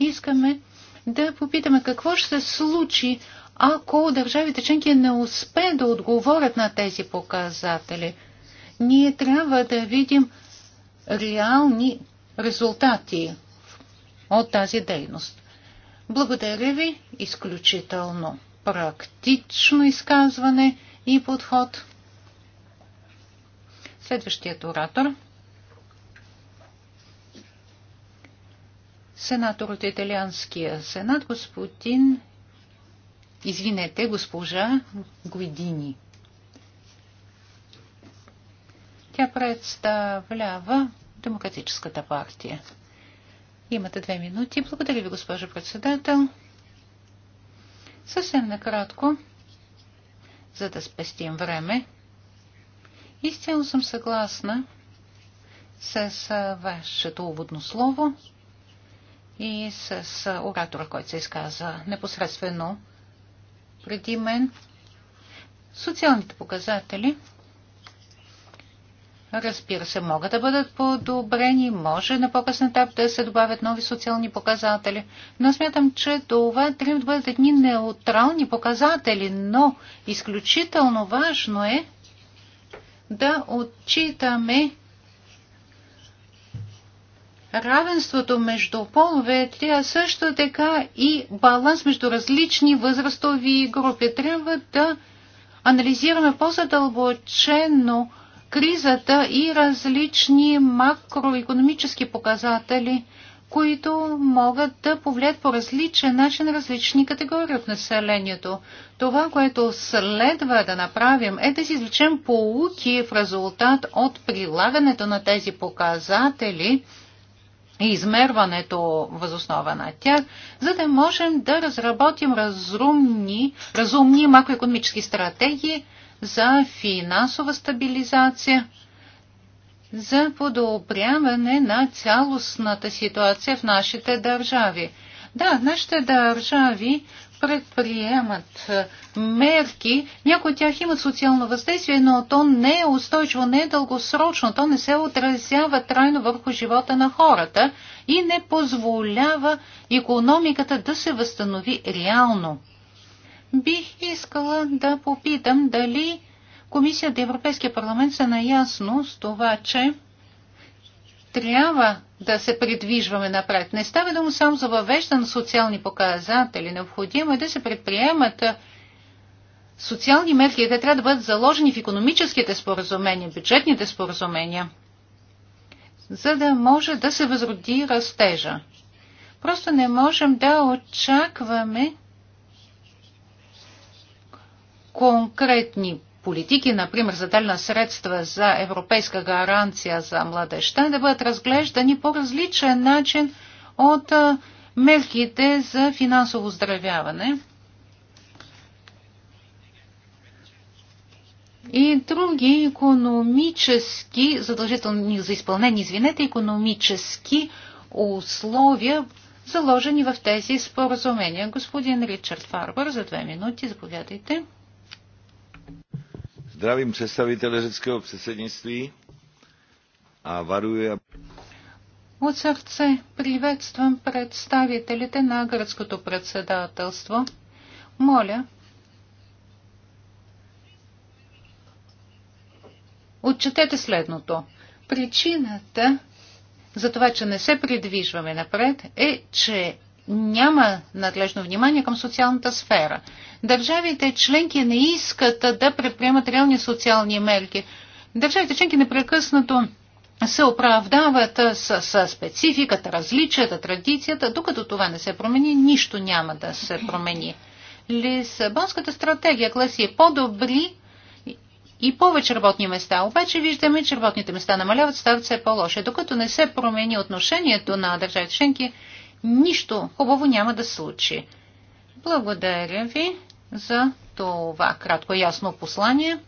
Искаме да попитаме какво ще се случи, ако държавите членки не успеят да отговорят на тези показатели. Ние трябва да видим реални резултати от тази дейност. Благодаря ви, изключително практично изказване и подход. Следващият оратор. сенатор от Италианския сенат, господин, извинете, госпожа Гуидини. Тя представлява Демократическата партия. Имате две минути. Благодаря ви, госпожо председател. Съвсем накратко, за да спестим време, изцяло съм съгласна с вашето уводно слово – и с оратора, който се изказа непосредствено преди мен. Социалните показатели, разбира се, могат да бъдат подобрени, може на по-късен етап да се добавят нови социални показатели, но смятам, че това трябва да бъдат едни неутрални показатели, но изключително важно е да отчитаме равенството между полове, а също така и баланс между различни възрастови групи. Трябва да анализираме по-задълбочено кризата и различни макроекономически показатели, които могат да повлият по различен начин различни категории от населението. Това, което следва да направим, е да си извлечем полуки в резултат от прилагането на тези показатели – и измерването възоснова на тях, за да можем да разработим разумни, разумни макроекономически стратегии за финансова стабилизация, за подобряване на цялостната ситуация в нашите държави. Да, нашите държави предприемат е, мерки, някои от тях имат социално въздействие, но то не е устойчиво, не е дългосрочно, то не се отразява трайно върху живота на хората и не позволява економиката да се възстанови реално. Бих искала да попитам дали Комисията Европейския парламент са наясно с това, че трябва да се придвижваме напред. Не става дума само за въвеждане на социални показатели. Необходимо е да се предприемат социални мерки. Те трябва да бъдат заложени в економическите споразумения, бюджетните споразумения, за да може да се възроди растежа. Просто не можем да очакваме конкретни политики, например, за заделена средства за европейска гаранция за младеща, да бъдат разглеждани по различен начин от мерките за финансово здравяване. и други економически, задължителни за изпълнение, извинете, економически условия, заложени в тези споразумения. Господин Ричард Фарбър, за две минути, заповядайте. Zdravím představitele řeckého předsednictví а варуя. От сърце приветствам представителите на гръцкото председателство. Моля, отчетете следното. Причината за това, че не се придвижваме напред, е, че няма надлежно внимание към социалната сфера. Държавите членки не искат да предприемат реални социални мерки. Държавите членки непрекъснато се оправдават с, с спецификата, различията, традицията. Докато това не се промени, нищо няма да се промени. Лисабонската стратегия е по-добри и повече работни места. Обаче виждаме, че работните места намаляват, стават все по-лоши. Докато не се промени отношението на държавите членки, нищо хубаво няма да случи. Благодаря ви за това кратко и ясно послание.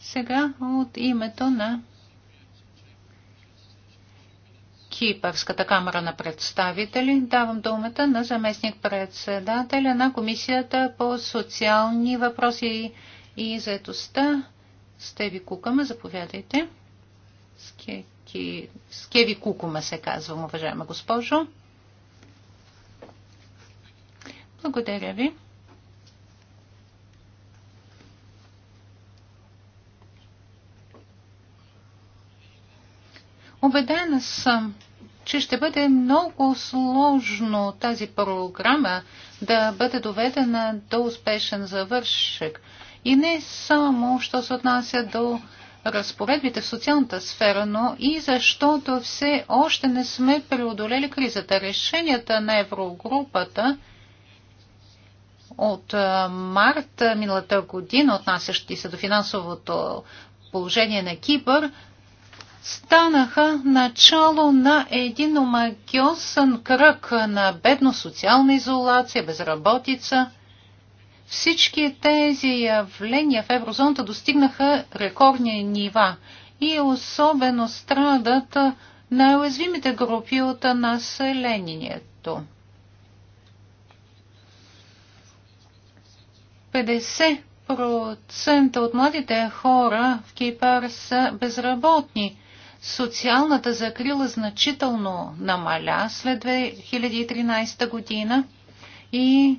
Сега от името на Кипърската камера на представители давам думата на заместник-председателя на Комисията по социални въпроси и заедостта. Стеви Кукама, заповядайте. Скейт с Скеви Кукума се казвам, уважаема госпожо. Благодаря ви. Обедена съм, че ще бъде много сложно тази програма да бъде доведена до успешен завършек. И не само, що се отнася до разпоредбите в социалната сфера, но и защото все още не сме преодолели кризата. Решенията на Еврогрупата от март миналата година, отнасящи се до финансовото положение на Кипър, станаха начало на един омагиосен кръг на бедно социална изолация, безработица – всички тези явления в еврозоната достигнаха рекордни нива и особено страдат най-уязвимите групи от населението. 50% от младите хора в Кипър са безработни. Социалната закрила значително намаля след 2013 година и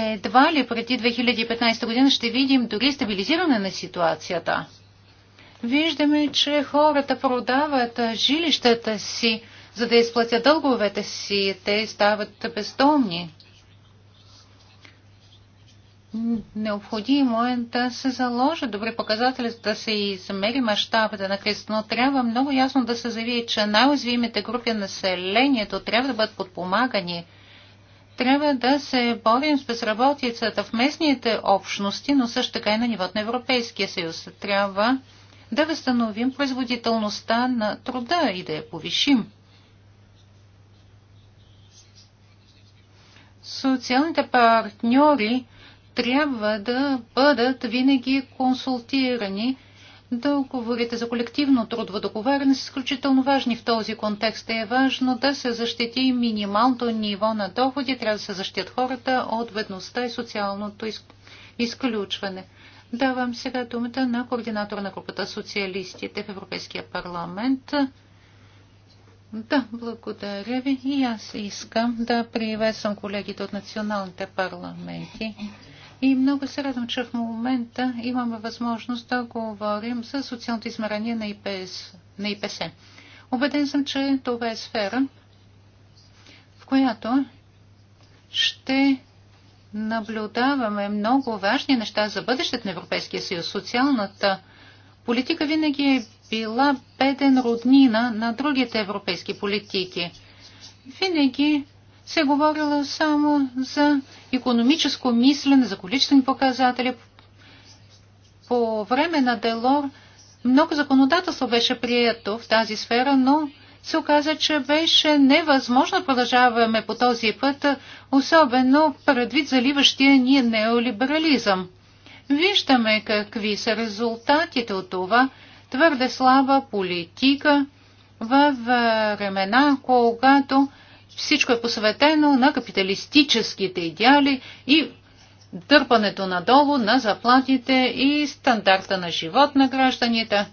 едва ли преди 2015 година ще видим дори стабилизиране на ситуацията. Виждаме, че хората продават жилищата си, за да изплатят дълговете си. Те стават бездомни. Необходимо е да се заложат добри показатели, да се измери мащабата на кризата, но трябва много ясно да се заяви, че най-уязвимите групи населението трябва да бъдат подпомагани – трябва да се борим с безработицата в местните общности, но също така и на нивото на Европейския съюз. Трябва да възстановим производителността на труда и да я повишим. Социалните партньори трябва да бъдат винаги консултирани Договорите за колективно трудово договаряне са изключително важни в този контекст. Е важно да се защити минималното ниво на доходи, трябва да се защитят хората от бедността и социалното изключване. Давам сега думата на координатора на групата социалистите в Европейския парламент. Да, благодаря ви. И аз искам да приветствам колегите от националните парламенти и много се радвам, че в момента имаме възможност да говорим за социалното измерение на, ИПС, на ИПС. Обеден съм, че това е сфера, в която ще наблюдаваме много важни неща за бъдещето на Европейския съюз. Социалната политика винаги е била беден роднина на другите европейски политики. Винаги се е говорило само за економическо мислене, за количествени показатели. По време на Делор много законодателство беше прието в тази сфера, но се оказа, че беше невъзможно да продължаваме по този път, особено предвид заливащия ни неолиберализъм. Виждаме какви са резултатите от това твърде слаба политика във времена, когато всичко е посветено на капиталистическите идеали и дърпането надолу на заплатите и стандарта на живот на гражданите.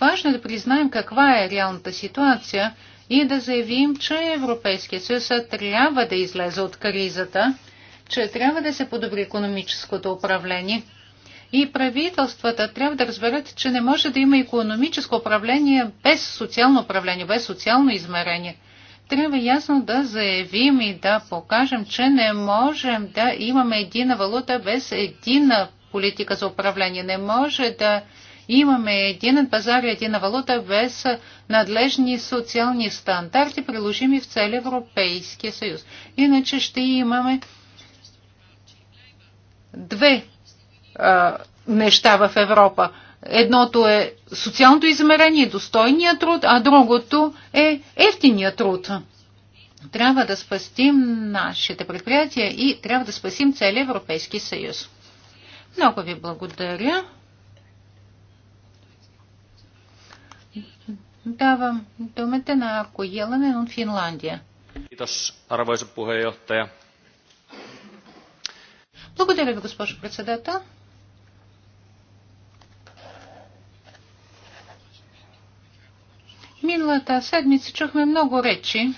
Важно е да признаем каква е реалната ситуация и да заявим, че Европейския съюз трябва да излезе от кризата, че трябва да се подобри економическото управление – и правителствата трябва да разберат, че не може да има економическо управление без социално управление, без социално измерение. Трябва ясно да заявим и да покажем, че не можем да имаме едина валута без едина политика за управление. Не може да имаме един пазар и едина валута без надлежни социални стандарти, приложими в цели Европейския съюз. Иначе ще имаме две а, неща в Европа. Едното е социалното измерение, достойния труд, а другото е ефтиния труд. Трябва да спастим нашите предприятия и трябва да спасим целия Европейски съюз. Много ви благодаря. Давам думата на Арко от Финландия. Благодаря ви, госпожо председател. Миналата седмица чухме много речи,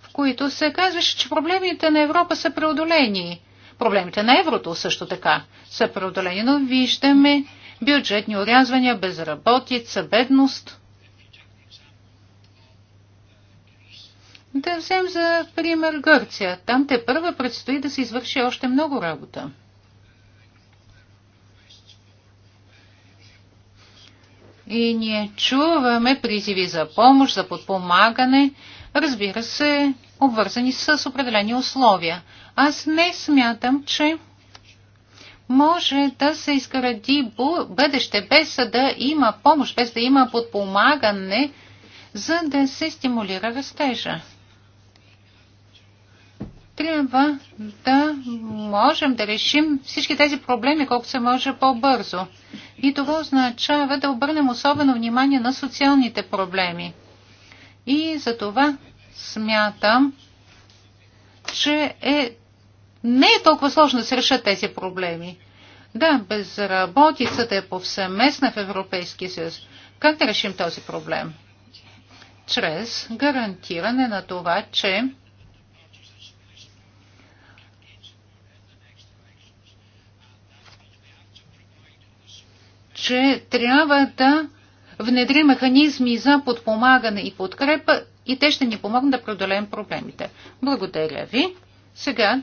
в които се казваше, че проблемите на Европа са преодолени. Проблемите на еврото също така са преодолени, но виждаме бюджетни урязвания, безработица, бедност – Да взем за пример Гърция. Там те първа предстои да се извърши още много работа. И ние чуваме призиви за помощ, за подпомагане, разбира се, обвързани с определени условия. Аз не смятам, че може да се изгради бъдеще без да има помощ, без да има подпомагане, за да се стимулира растежа трябва да можем да решим всички тези проблеми колкото се може по-бързо. И това означава да обърнем особено внимание на социалните проблеми. И за това смятам, че е, не е толкова сложно да се решат тези проблеми. Да, безработицата е повсеместна в Европейския съюз. Как да решим този проблем? Чрез гарантиране на това, че че трябва да внедри механизми за подпомагане и подкрепа и те ще ни помогнат да преодолеем проблемите. Благодаря ви. Сега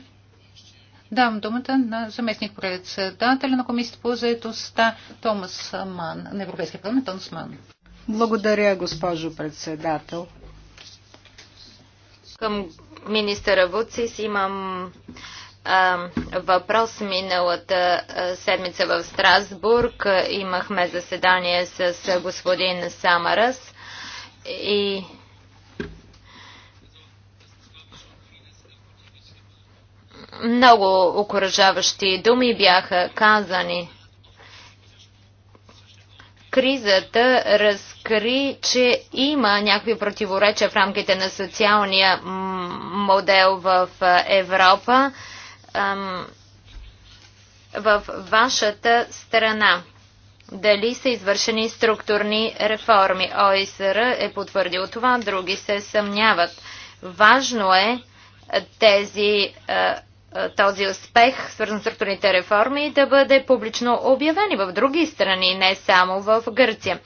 Дам думата на заместник председателя на комисията по заедостта Томас Ман, на Европейския парламент Томас Ман. Благодаря, госпожо председател. Към министъра Вуцис имам въпрос миналата седмица в Страсбург. Имахме заседание с господин Самарас и много окоръжаващи думи бяха казани. Кризата разкри, че има някакви противоречия в рамките на социалния модел в Европа ам, в вашата страна? Дали са извършени структурни реформи? ОИСР е потвърдил това, други се съмняват. Важно е тези, този успех, свързан с структурните реформи, да бъде публично обявен и в други страни, не само в Гърция.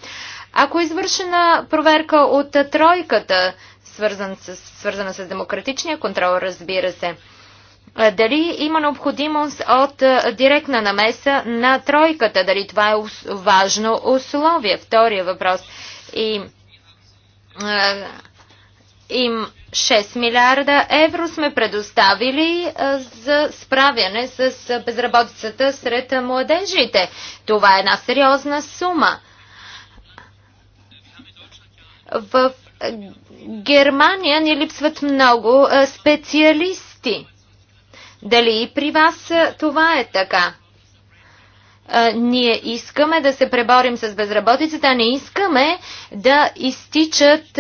Ако е извършена проверка от тройката, свързана с, свързана с демократичния контрол, разбира се, е, дали има необходимост от е, директна намеса на тройката? Дали това е важно условие? Втория въпрос. И, им 6 е, милиарда евро сме предоставили за справяне с безработицата сред младежите. Това е една сериозна сума. В Германия ни липсват много специалисти. Дали и при вас това е така? ние искаме да се преборим с безработицата, а не искаме да изтичат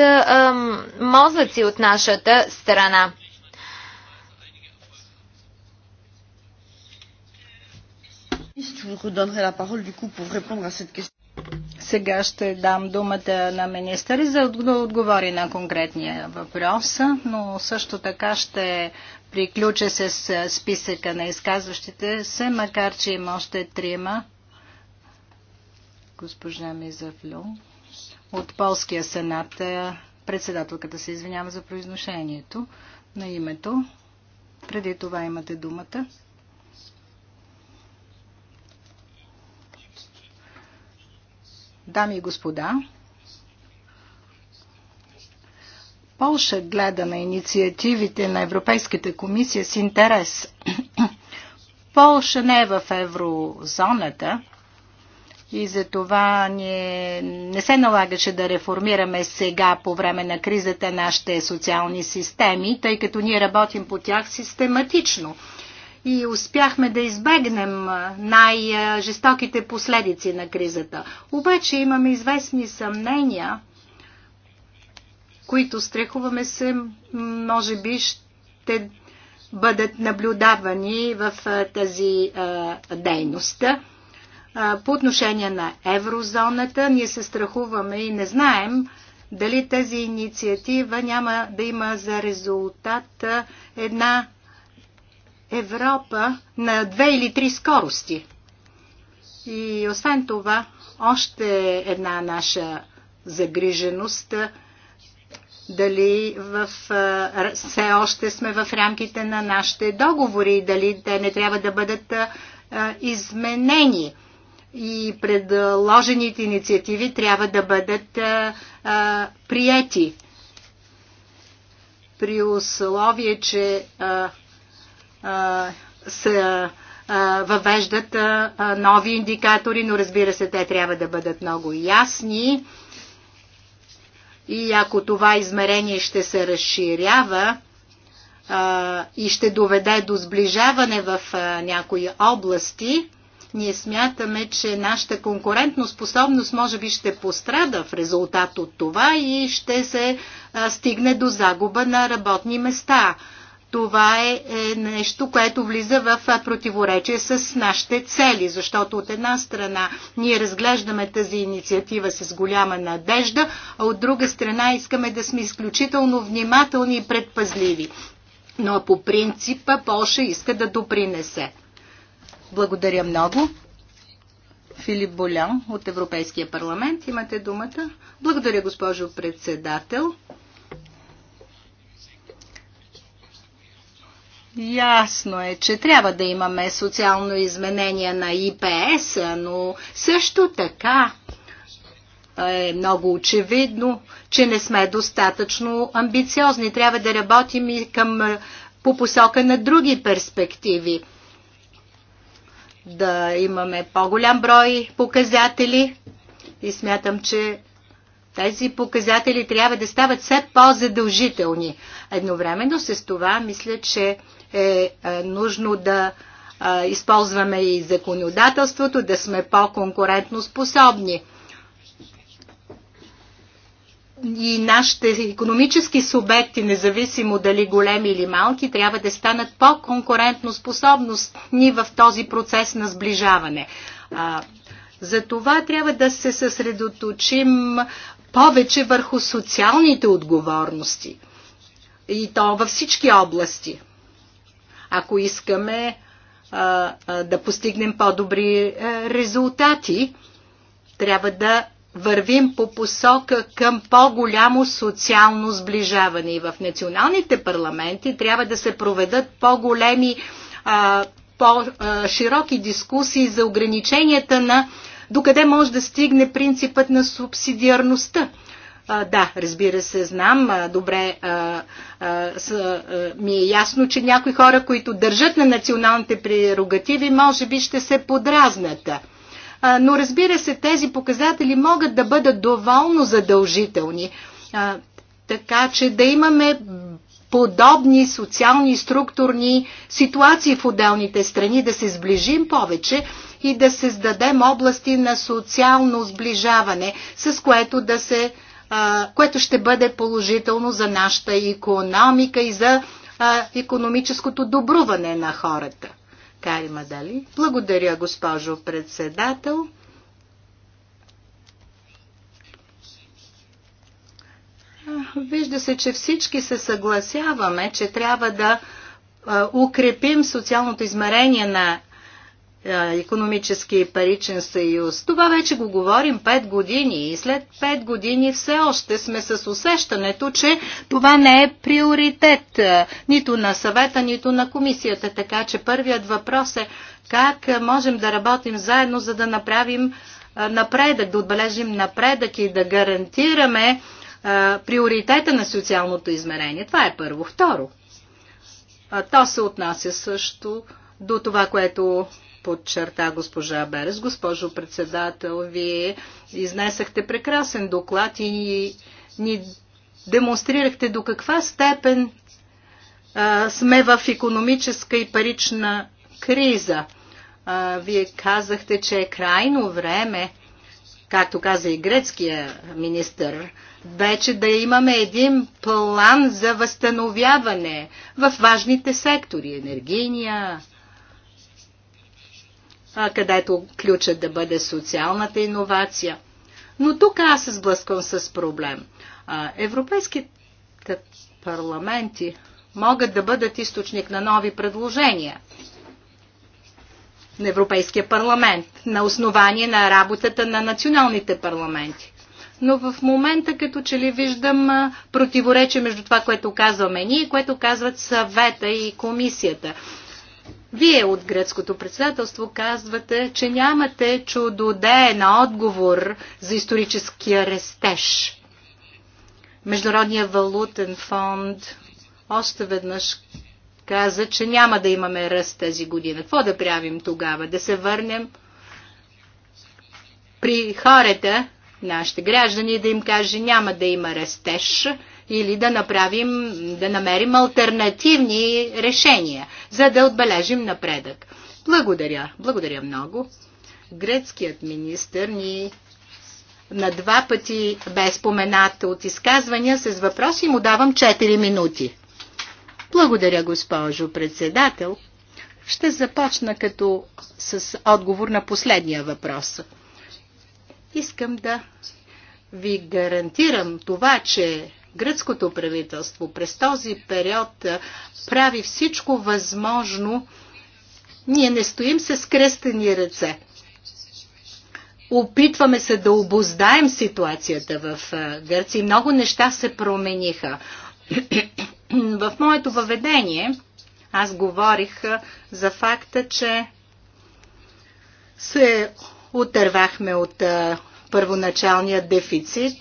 мозъци от нашата страна. Сега ще дам думата на министър за да отговори на конкретния въпрос, но също така ще Приключа се с списъка на изказващите се, макар че има още трима. Госпожа Мизавлю от Полския сенат. Председателката се извинява за произношението на името. Преди това имате думата. Дами и господа, Полша гледа на инициативите на Европейската комисия с интерес. Полша не е в еврозоната и за това не се налагаше да реформираме сега по време на кризата нашите социални системи, тъй като ние работим по тях систематично и успяхме да избегнем най-жестоките последици на кризата. Обаче имаме известни съмнения – които страхуваме се, може би ще бъдат наблюдавани в тази дейност. По отношение на еврозоната, ние се страхуваме и не знаем дали тази инициатива няма да има за резултат една Европа на две или три скорости. И освен това, още една наша загриженост дали в, все още сме в рамките на нашите договори, дали те не трябва да бъдат изменени. И предложените инициативи трябва да бъдат приети при условие, че се въвеждат нови индикатори, но разбира се, те трябва да бъдат много ясни и ако това измерение ще се разширява а, и ще доведе до сближаване в а, някои области, ние смятаме, че нашата конкурентоспособност може би ще пострада в резултат от това и ще се а, стигне до загуба на работни места това е, е нещо, което влиза в противоречие с нашите цели, защото от една страна ние разглеждаме тази инициатива с голяма надежда, а от друга страна искаме да сме изключително внимателни и предпазливи. Но по принципа Польша иска да допринесе. Благодаря много. Филип Болян от Европейския парламент. Имате думата. Благодаря, госпожо председател. Ясно е, че трябва да имаме социално изменение на ИПС, но също така е много очевидно, че не сме достатъчно амбициозни. Трябва да работим и към, по посока на други перспективи. Да имаме по-голям брой показатели и смятам, че тези показатели трябва да стават все по-задължителни. Едновременно с това мисля, че е, е нужно да е, използваме и законодателството, да сме по-конкурентно способни. И нашите економически субекти, независимо дали големи или малки, трябва да станат по-конкурентно способностни в този процес на сближаване. За това трябва да се съсредоточим повече върху социалните отговорности. И то във всички области ако искаме да постигнем по-добри е, резултати. Трябва да вървим по посока към по-голямо социално сближаване. И в националните парламенти трябва да се проведат по-големи, по-широки дискусии за ограниченията на докъде може да стигне принципът на субсидиарността. А, да, разбира се, знам. А, добре, а, а, с, а, ми е ясно, че някои хора, които държат на националните прерогативи, може би ще се подразнат. А, но разбира се, тези показатели могат да бъдат доволно задължителни, а, така че да имаме подобни социални структурни ситуации в отделните страни, да се сближим повече и да създадем области на социално сближаване, с което да се което ще бъде положително за нашата економика и за економическото добруване на хората. Карима Дали. Благодаря, госпожо председател. Вижда се, че всички се съгласяваме, че трябва да укрепим социалното измерение на економически и паричен съюз. Това вече го говорим 5 години и след 5 години все още сме с усещането, че това не е приоритет нито на съвета, нито на комисията. Така че първият въпрос е как можем да работим заедно, за да направим напредък, да отбележим напредък и да гарантираме приоритета на социалното измерение. Това е първо. Второ, то се отнася също до това, което подчерта госпожа Берес. Госпожо председател, вие изнесахте прекрасен доклад и ни демонстрирахте до каква степен а, сме в економическа и парична криза. А, вие казахте, че е крайно време, както каза и грецкия министр, вече да имаме един план за възстановяване в важните сектори енергийния, където ключът да бъде социалната иновация. Но тук аз се сблъсквам с проблем. Европейските парламенти могат да бъдат източник на нови предложения на Европейския парламент, на основание на работата на националните парламенти. Но в момента като че ли виждам противоречие между това, което казваме ние и което казват съвета и комисията. Вие от гръцкото председателство казвате, че нямате на отговор за историческия рестеж. Международният валутен фонд още веднъж каза, че няма да имаме ръст тази година. Какво да правим тогава? Да се върнем при хората, нашите граждани, да им каже няма да има растеж или да, направим, да намерим альтернативни решения, за да отбележим напредък. Благодаря, благодаря много. Грецкият министр ни на два пъти бе споменат от изказвания с въпроси му давам 4 минути. Благодаря, госпожо председател. Ще започна като с отговор на последния въпрос. Искам да ви гарантирам това, че гръцкото правителство през този период прави всичко възможно, ние не стоим с кръстени ръце. Опитваме се да обоздаем ситуацията в Гърция. Много неща се промениха. в моето въведение аз говорих за факта, че се отървахме от първоначалния дефицит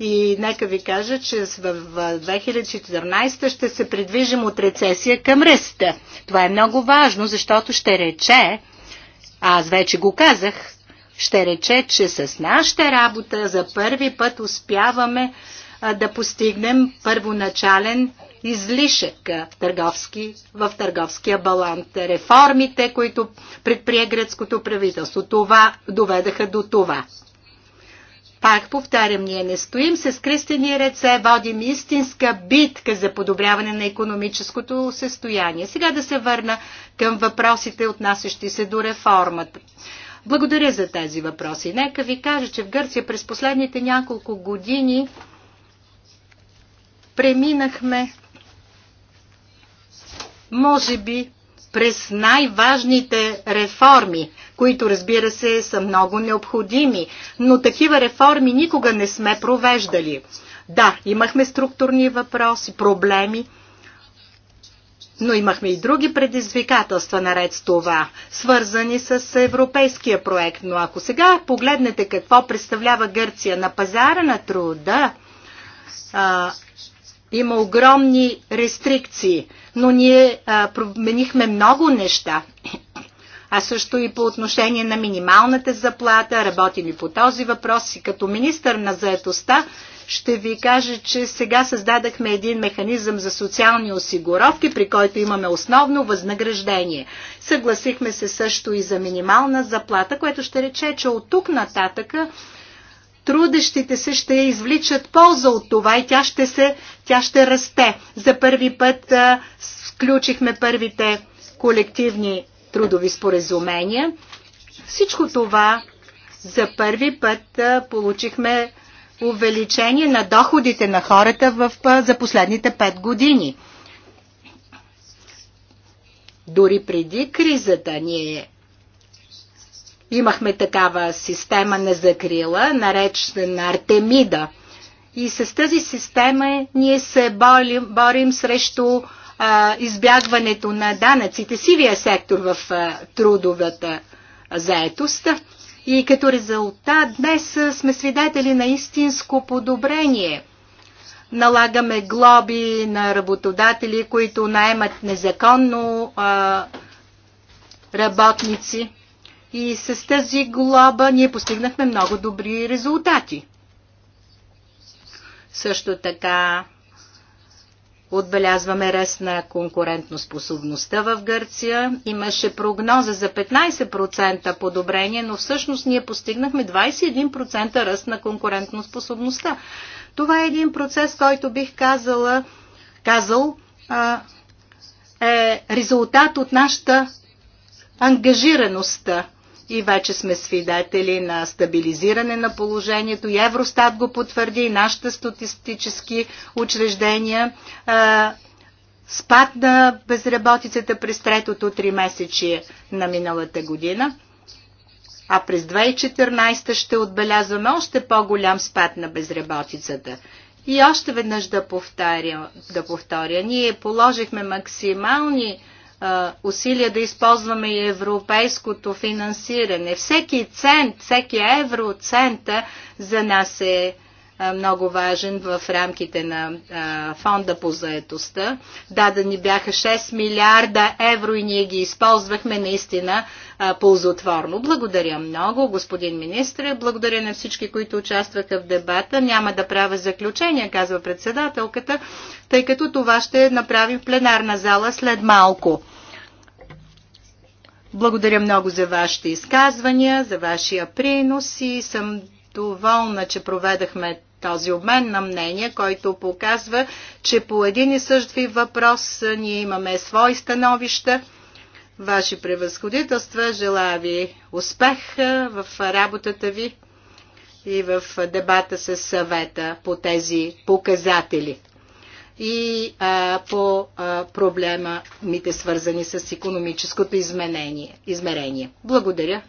и нека ви кажа, че в 2014 ще се придвижим от рецесия към ръста. Това е много важно, защото ще рече, аз вече го казах, ще рече, че с нашата работа за първи път успяваме да постигнем първоначален излишък търговски, в търговския баланс. Реформите, които предприе гръцкото правителство, това доведаха до това. Пак повтарям, ние не стоим с кръстени ръце, водим истинска битка за подобряване на економическото състояние. Сега да се върна към въпросите, отнасящи се до реформата. Благодаря за тези въпроси. Нека ви кажа, че в Гърция през последните няколко години преминахме, може би, през най-важните реформи които разбира се са много необходими, но такива реформи никога не сме провеждали. Да, имахме структурни въпроси, проблеми, но имахме и други предизвикателства наред с това, свързани с европейския проект. Но ако сега погледнете какво представлява Гърция на пазара на труда, а, има огромни рестрикции, но ние а, променихме много неща а също и по отношение на минималната заплата. Работим и по този въпрос и като министър на заетостта ще ви кажа, че сега създадахме един механизъм за социални осигуровки, при който имаме основно възнаграждение. Съгласихме се също и за минимална заплата, което ще рече, че от тук нататъка трудещите се ще извличат полза от това и тя ще, се, тя ще расте. За първи път включихме първите колективни трудови споразумения. Всичко това за първи път получихме увеличение на доходите на хората в, за последните 5 години. Дори преди кризата ние имахме такава система на закрила, наречена Артемида. И с тази система ние се борим, борим срещу а, избягването на данъците, сивия сектор в а, трудовата заетост. И като резултат днес сме свидетели на истинско подобрение. Налагаме глоби на работодатели, които наемат незаконно а, работници. И с тази глоба ние постигнахме много добри резултати. Също така Отбелязваме ръст на конкурентноспособността в Гърция. Имаше прогноза за 15% подобрение, но всъщност ние постигнахме 21% ръст на конкурентноспособността. Това е един процес, който бих казала, казал а, е резултат от нашата ангажираност и вече сме свидетели на стабилизиране на положението. И Евростат го потвърди, и нашите статистически учреждения. Спад на безработицата през третото три месечи на миналата година а през 2014 ще отбелязваме още по-голям спад на безработицата. И още веднъж да повторя, да повторя ние положихме максимални усилия да използваме и европейското финансиране. Всеки цент, всеки евроцент за нас е много важен в рамките на фонда по заетостта. Да, да ни бяха 6 милиарда евро и ние ги използвахме наистина ползотворно. Благодаря много, господин министр. Благодаря на всички, които участваха в дебата. Няма да правя заключения, казва председателката, тъй като това ще направим в пленарна зала след малко. Благодаря много за вашите изказвания, за вашия принос и съм доволна, че проведахме този обмен на мнение, който показва, че по един и същ въпрос ние имаме свои становища. Ваши превъзходителства, желая ви успех в работата ви и в дебата с съвета по тези показатели и а, по а, проблемите свързани с економическото изменение, измерение. Благодаря.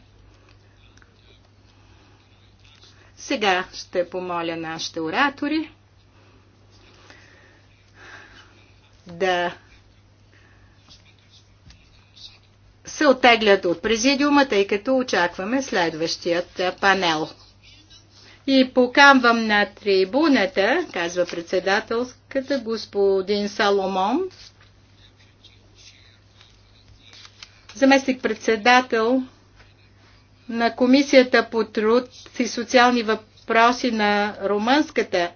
Сега ще помоля нашите оратори да се отеглят от президиума, тъй като очакваме следващият панел. И покамвам на трибуната, казва председателската господин Саломон, заместник председател на Комисията по труд и социални въпроси на Румънската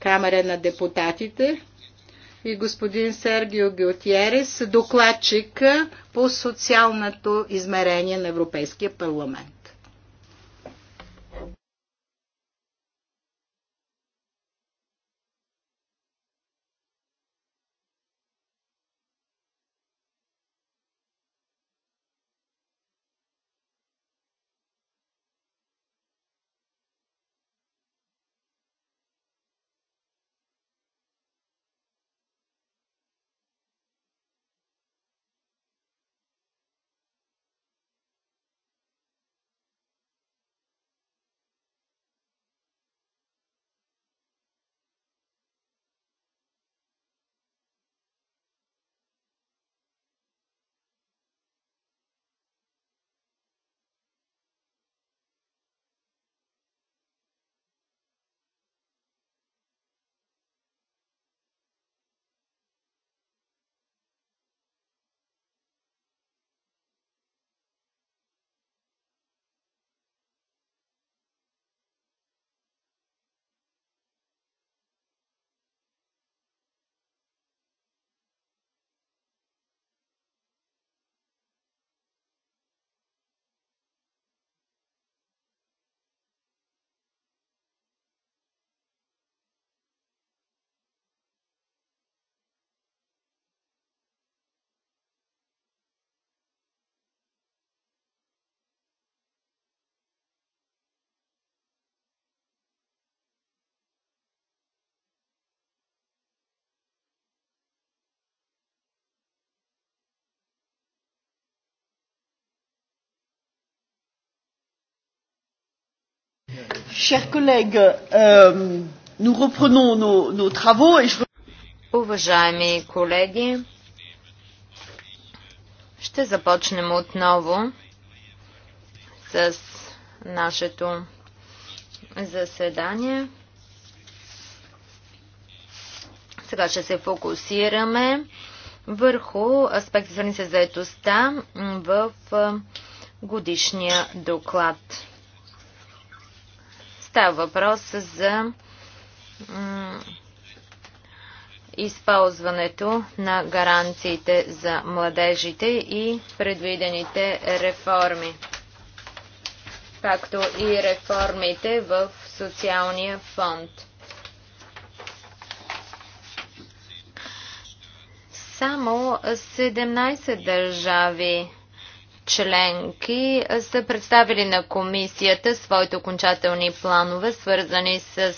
камера на депутатите и господин Сергио Гютиерес, докладчик по социалното измерение на Европейския парламент. Euh, Уважаеми колеги, ще започнем отново с нашето заседание. Сега ще се фокусираме върху аспекти, свързани с заедостта в годишния доклад. Става въпрос за използването на гаранциите за младежите и предвидените реформи, както и реформите в социалния фонд. Само 17 държави членки са представили на комисията своите окончателни планове, свързани с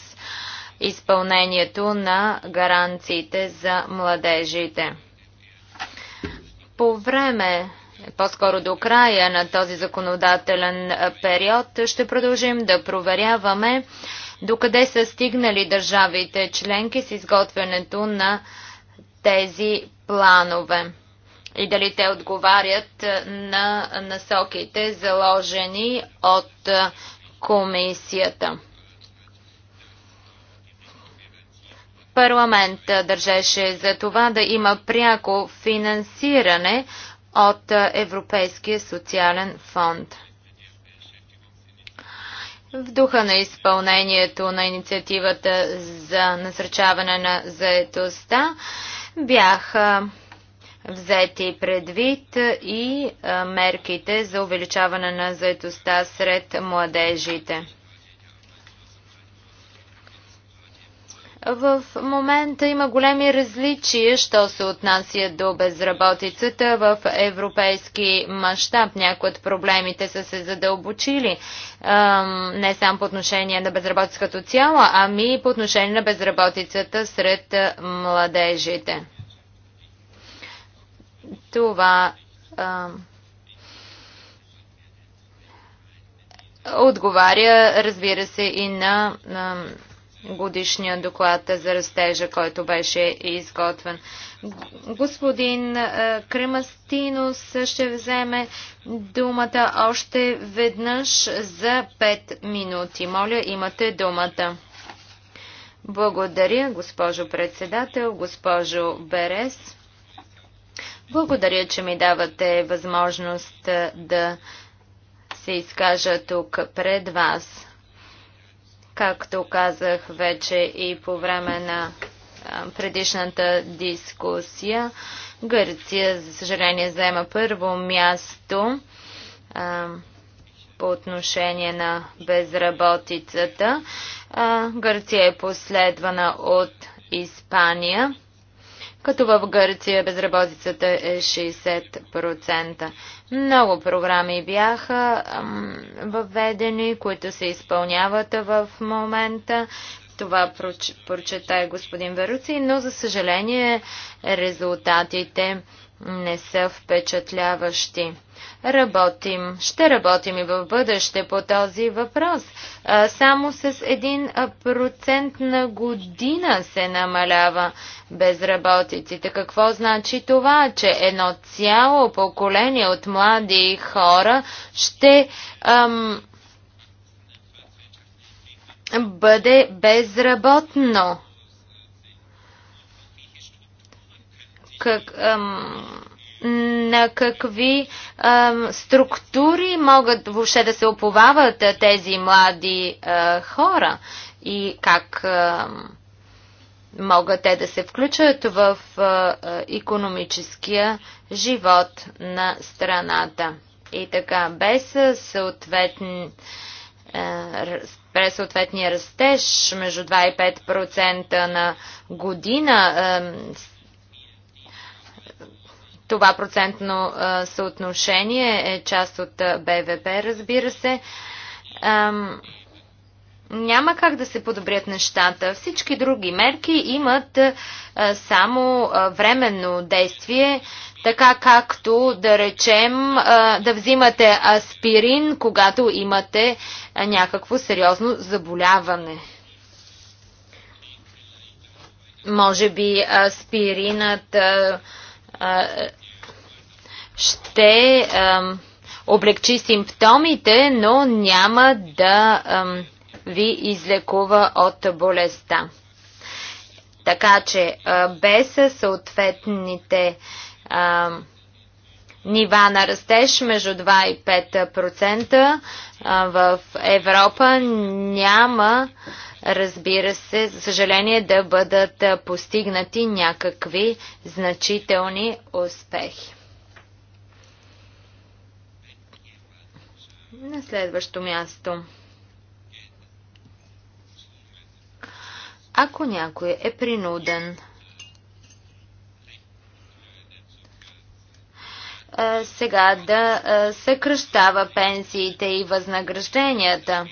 изпълнението на гаранциите за младежите. По време, по-скоро до края на този законодателен период, ще продължим да проверяваме докъде са стигнали държавите членки с изготвянето на тези планове и дали те отговарят на насоките, заложени от комисията. Парламент държеше за това да има пряко финансиране от Европейския социален фонд. В духа на изпълнението на инициативата за насърчаване на заетостта бяха взети предвид и мерките за увеличаване на заедостта сред младежите. В момента има големи различия, що се отнася до безработицата в европейски мащаб. Някои от проблемите са се задълбочили не само по отношение на безработицата цяло, ами и по отношение на безработицата сред младежите. Това а, отговаря, разбира се, и на, на годишния доклад за растежа, който беше изготвен. Господин Кремастинос ще вземе думата още веднъж за 5 минути. Моля, имате думата. Благодаря, госпожо председател, госпожо Берес. Благодаря, че ми давате възможност да се изкажа тук пред вас. Както казах вече и по време на предишната дискусия, Гърция, за съжаление, заема първо място а, по отношение на безработицата. А, Гърция е последвана от Испания като в Гърция безработицата е 60%. Много програми бяха въведени, които се изпълняват в момента. Това прочета и господин Веруци, но за съжаление резултатите не са впечатляващи работим. Ще работим и в бъдеще по този въпрос. Само с 1% на година се намалява безработиците. Какво значи това, че едно цяло поколение от млади хора ще ам, бъде безработно? Как, ам, на какви а, структури могат въобще да се оповават тези млади а, хора и как а, могат те да се включат в а, економическия живот на страната. И така, без съответни през съответния растеж между 2 и 5% на година това процентно съотношение е част от БВП, разбира се. Няма как да се подобрят нещата. Всички други мерки имат само временно действие, така както да речем да взимате аспирин, когато имате някакво сериозно заболяване може би аспиринът ще ам, облегчи симптомите, но няма да ам, ви излекува от болестта. Така че а, без съответните а, нива на растеж между 2 и 5% в Европа няма, разбира се, за съжаление да бъдат постигнати някакви значителни успехи. На следващо място. Ако някой е принуден сега да съкръщава пенсиите и възнагражденията,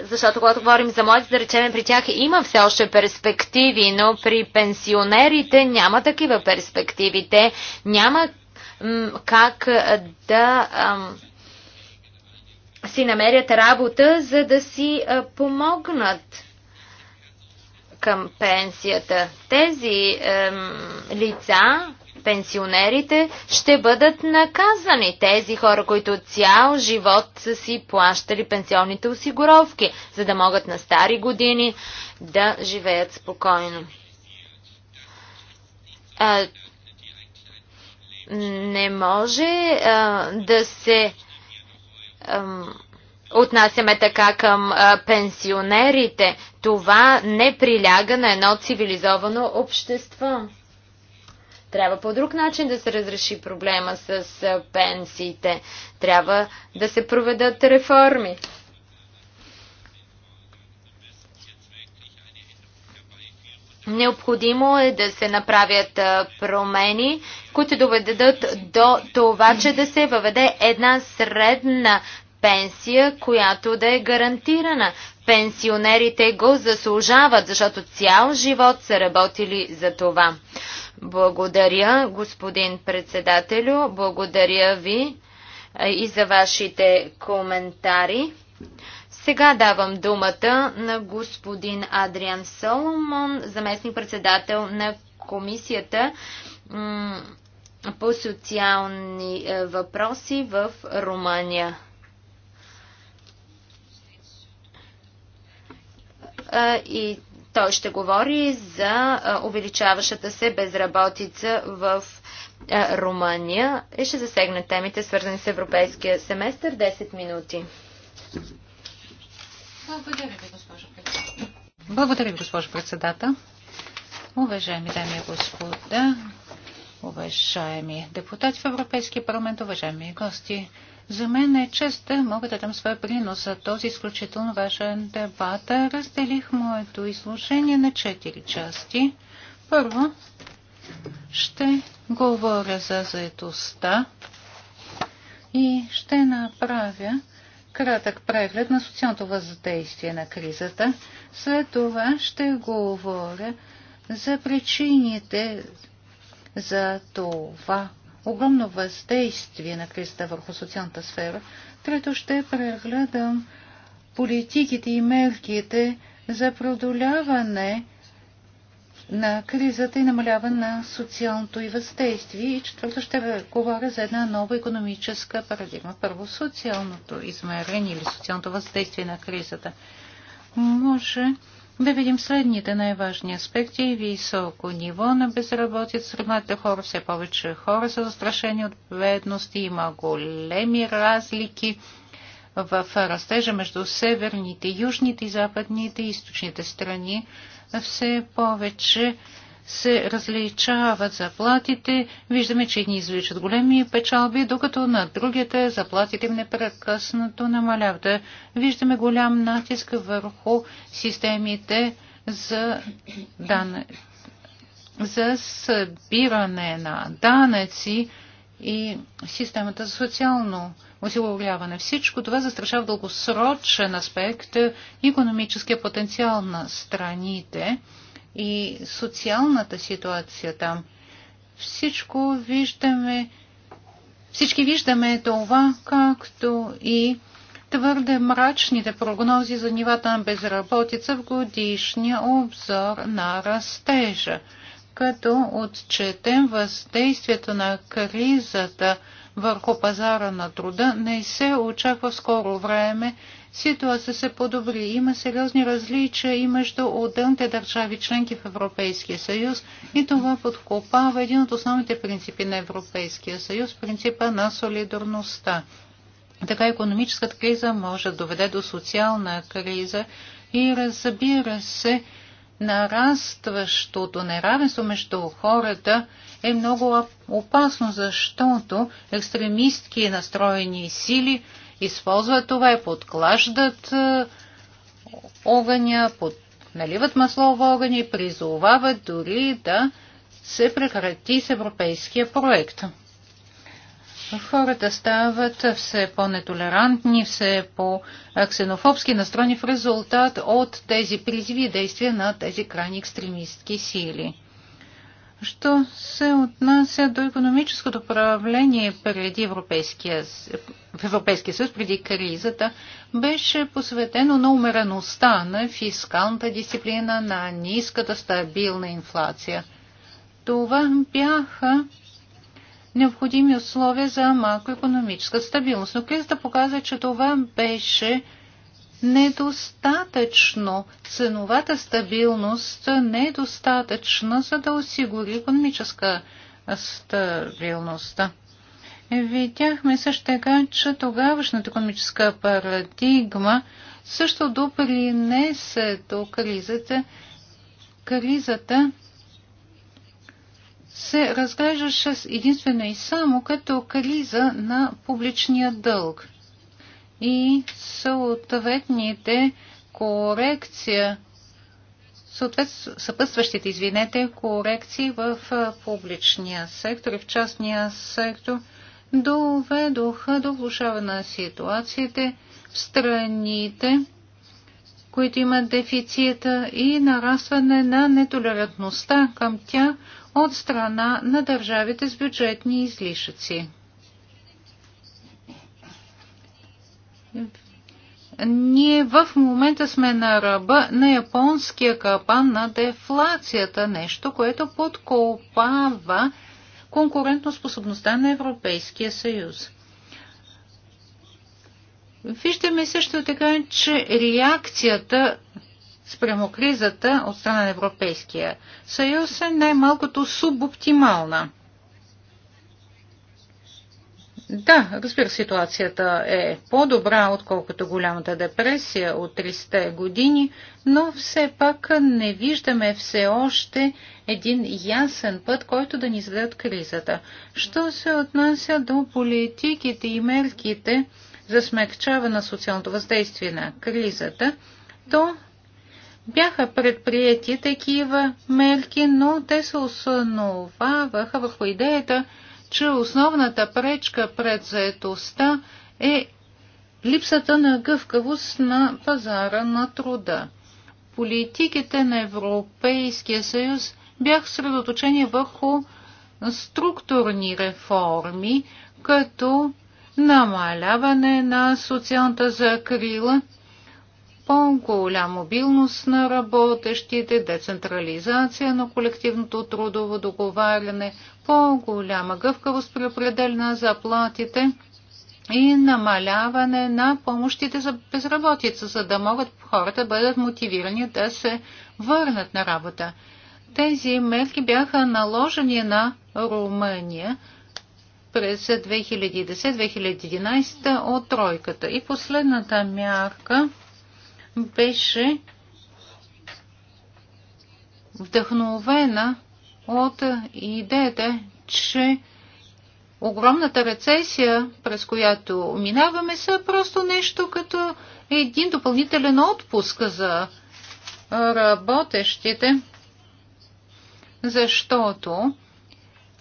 защото когато говорим за младите, да речеме, при тях има все още перспективи, но при пенсионерите няма такива перспективи. Те няма как да си намерят работа, за да си помогнат към пенсията. Тези лица пенсионерите ще бъдат наказани. Тези хора, които цял живот са си плащали пенсионните осигуровки, за да могат на стари години да живеят спокойно. А, не може а, да се а, отнасяме така към а, пенсионерите. Това не приляга на едно цивилизовано общество. Трябва по друг начин да се разреши проблема с пенсиите. Трябва да се проведат реформи. Необходимо е да се направят промени, които доведат до това, че да се въведе една средна пенсия, която да е гарантирана. Пенсионерите го заслужават, защото цял живот са работили за това. Благодаря, господин председателю. Благодаря ви и за вашите коментари. Сега давам думата на господин Адриан Соломон, заместник-председател на комисията по социални е, въпроси в Румъния. И той ще говори за увеличаващата се безработица в Румъния и ще засегне темите, свързани с европейския семестър. 10 минути. Благодаря ви, госпожо председател. Благодаря ви, госпожо председател. Уважаеми дами и господа, уважаеми депутати в Европейския парламент, уважаеми гости, за мен е чест да мога да дам своя принос за този изключително важен дебат. Разделих моето изложение на четири части. Първо, ще говоря за заедостта и ще направя кратък преглед на социалното въздействие на кризата. След това ще говоря за причините за това, огромно въздействие на кризата върху социалната сфера. Трето ще прегледам политиките и мерките за преодоляване на кризата и намаляване на социалното и въздействие. И четвърто ще говоря за една нова економическа парадигма. Първо социалното измерение или социалното въздействие на кризата. Може да видим следните най-важни аспекти. Високо ниво на безработица сред младите хора. Все повече хора са застрашени от бедност. Има големи разлики в растежа между северните, южните и западните и източните страни. Все повече се различават заплатите. Виждаме, че едни извличат големи печалби, докато на другите заплатите им непрекъснато намаляват. Виждаме голям натиск върху системите за дан... за събиране на данъци и системата за социално осигуряване. Всичко това застрашава дългосрочен аспект економическия потенциал на страните и социалната ситуация там. Всичко виждаме, всички виждаме това, както и твърде мрачните прогнози за нивата на безработица в годишния обзор на растежа, като отчетем въздействието на кризата върху пазара на труда, не се очаква в скоро време ситуация се подобри. Има сериозни различия и между отделните държави членки в Европейския съюз и това подкопава един от основните принципи на Европейския съюз, принципа на солидарността. Така економическата криза може да доведе до социална криза и разбира се, нарастващото неравенство между хората е много опасно, защото екстремистки настроени сили използват това и подклаждат е, огъня, под, наливат масло в огъня и призовават дори да се прекрати с европейския проект хората стават все по-нетолерантни, все по-ксенофобски настроени в резултат от тези призиви и действия на тези крайни екстремистки сили. Що се отнася до економическото правление преди Европейския, в Европейския съюз, преди кризата, беше посветено на умереността, на фискалната дисциплина, на ниската стабилна инфлация. Това бяха необходими условия за макроекономическа стабилност. Но кризата показва, че това беше недостатъчно. Ценовата стабилност не е достатъчна, за да осигури економическа стабилност. Видяхме също така, че тогавашната економическа парадигма също допринесе до кризата. Кризата се разглеждаше единствено и само като криза на публичния дълг. И съответните корекция, съпътстващите, извинете, корекции в публичния сектор и в частния сектор доведоха до влушаване на ситуациите в страните, които имат дефицита и нарастване на нетолерантността към тях от страна на държавите с бюджетни излишъци. Ние в момента сме на ръба на японския капан на дефлацията, нещо, което подкопава конкурентоспособността на Европейския съюз. Виждаме също така, че реакцията спрямо кризата от страна на Европейския съюз е най-малкото субоптимална. Да, разбира, ситуацията е по-добра, отколкото голямата депресия от 300 години, но все пак не виждаме все още един ясен път, който да ни зададе кризата. Що се отнася до политиките и мерките за смягчаване на социалното въздействие на кризата, то бяха предприяти такива мерки, но те се основаваха върху идеята, че основната пречка пред заетостта е липсата на гъвкавост на пазара на труда. Политиките на Европейския съюз бяха средоточени върху структурни реформи, като намаляване на социалната закрила – по-голяма мобилност на работещите, децентрализация на колективното трудово договаряне, по-голяма гъвкавост при определена заплатите и намаляване на помощите за безработица, за да могат хората да бъдат мотивирани да се върнат на работа. Тези мерки бяха наложени на Румъния през 2010-2011 от тройката. И последната мярка – беше вдъхновена от идеята, че огромната рецесия, през която минаваме, са просто нещо като един допълнителен отпуск за работещите, защото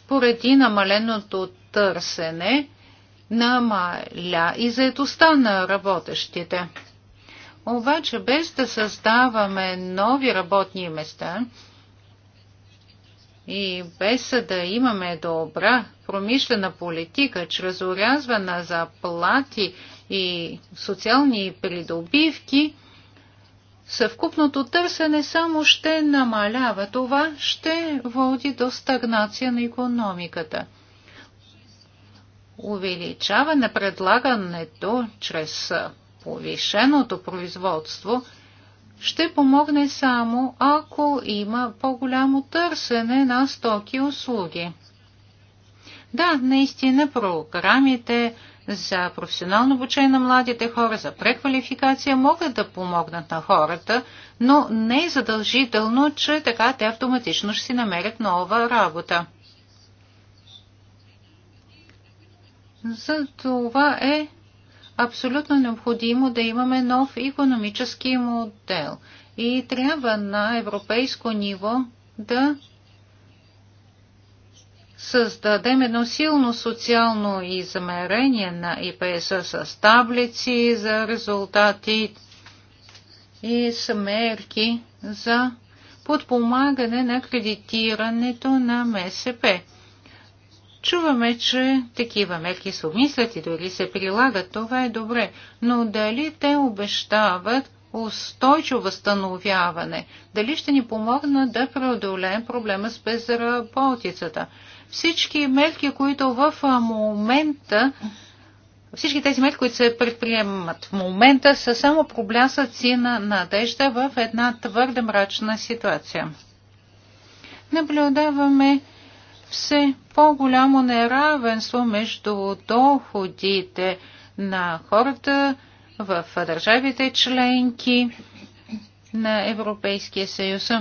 поради намаленото търсене намаля и заедостта на работещите. Обаче без да създаваме нови работни места и без да имаме добра промишлена политика чрез урязване заплати и социални придобивки, съвкупното търсене само ще намалява. Това ще води до стагнация на економиката. Увеличаване предлагането чрез повишеното производство ще помогне само ако има по-голямо търсене на стоки и услуги. Да, наистина програмите за професионално обучение на младите хора, за преквалификация могат да помогнат на хората, но не е задължително, че така те автоматично ще си намерят нова работа. За това е абсолютно необходимо да имаме нов економически модел. И трябва на европейско ниво да създадем едно силно социално измерение на ИПС с таблици за резултати и с мерки за подпомагане на кредитирането на МСП. Чуваме, че такива мерки се обмислят и дори се прилагат. Това е добре. Но дали те обещават устойчиво възстановяване? Дали ще ни помогнат да преодолеем проблема с безработицата? Всички мерки, които в момента всички тези мерки, които се предприемат в момента, са само проблясъци на надежда в една твърде мрачна ситуация. Наблюдаваме все по-голямо неравенство между доходите на хората в държавите членки на Европейския съюз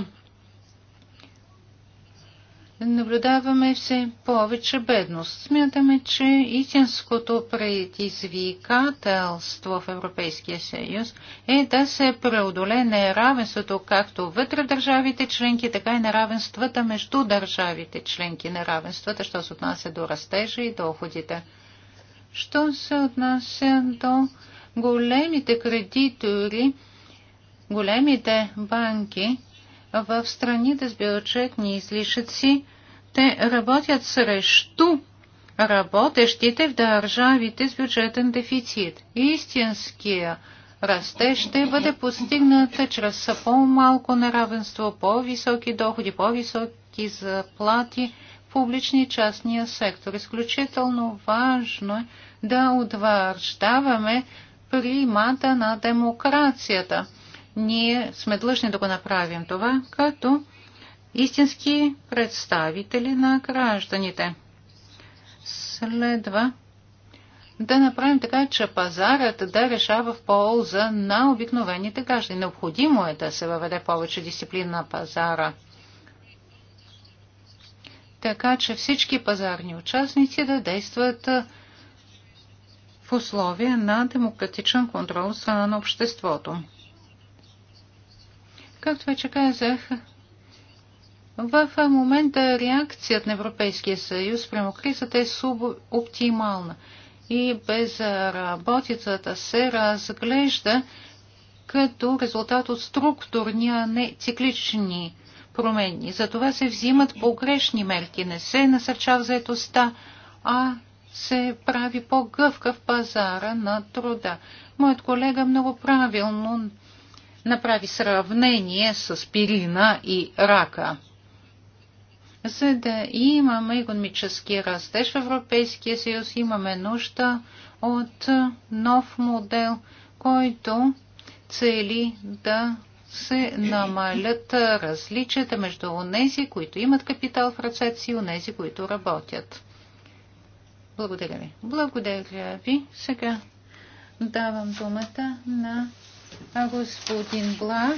наблюдаваме все повече бедност. Смятаме, че истинското предизвикателство в Европейския съюз е да се преодолее неравенството както вътре в държавите членки, така и неравенствата между държавите членки, неравенствата, що се отнася до растежа и доходите. Що се отнася до големите кредитори, големите банки, в страните с бюджетни излишъци те работят срещу работещите в държавите с бюджетен дефицит. Истинския растеж ще бъде постигнат чрез по-малко неравенство, по-високи доходи, по-високи заплати в публични и частния сектор. Изключително важно е да утвърждаваме примата на демокрацията. Ние сме длъжни да го направим това, като истински представители на гражданите. Следва да направим така, че пазарът да решава в полза на обикновените граждани. Необходимо е да се въведе повече дисциплина на пазара. Така че всички пазарни участници да действат в условия на демократичен контрол страна на обществото. Както вече казах, в момента реакцията на Европейския съюз прямо кризата е субоптимална и безработицата се разглежда като резултат от структурни, а не циклични промени. Затова се взимат погрешни мерки, не се насърчава заетостта, а се прави по-гъвкав пазара на труда. Моят колега много правилно направи сравнение с пирина и рака. За да имаме економически растеж в Европейския съюз, имаме нужда от нов модел, който цели да се намалят различията между онези, които имат капитал в ръцете си и онези, които работят. Благодаря ви. Благодаря ви. Сега давам думата на господин Бла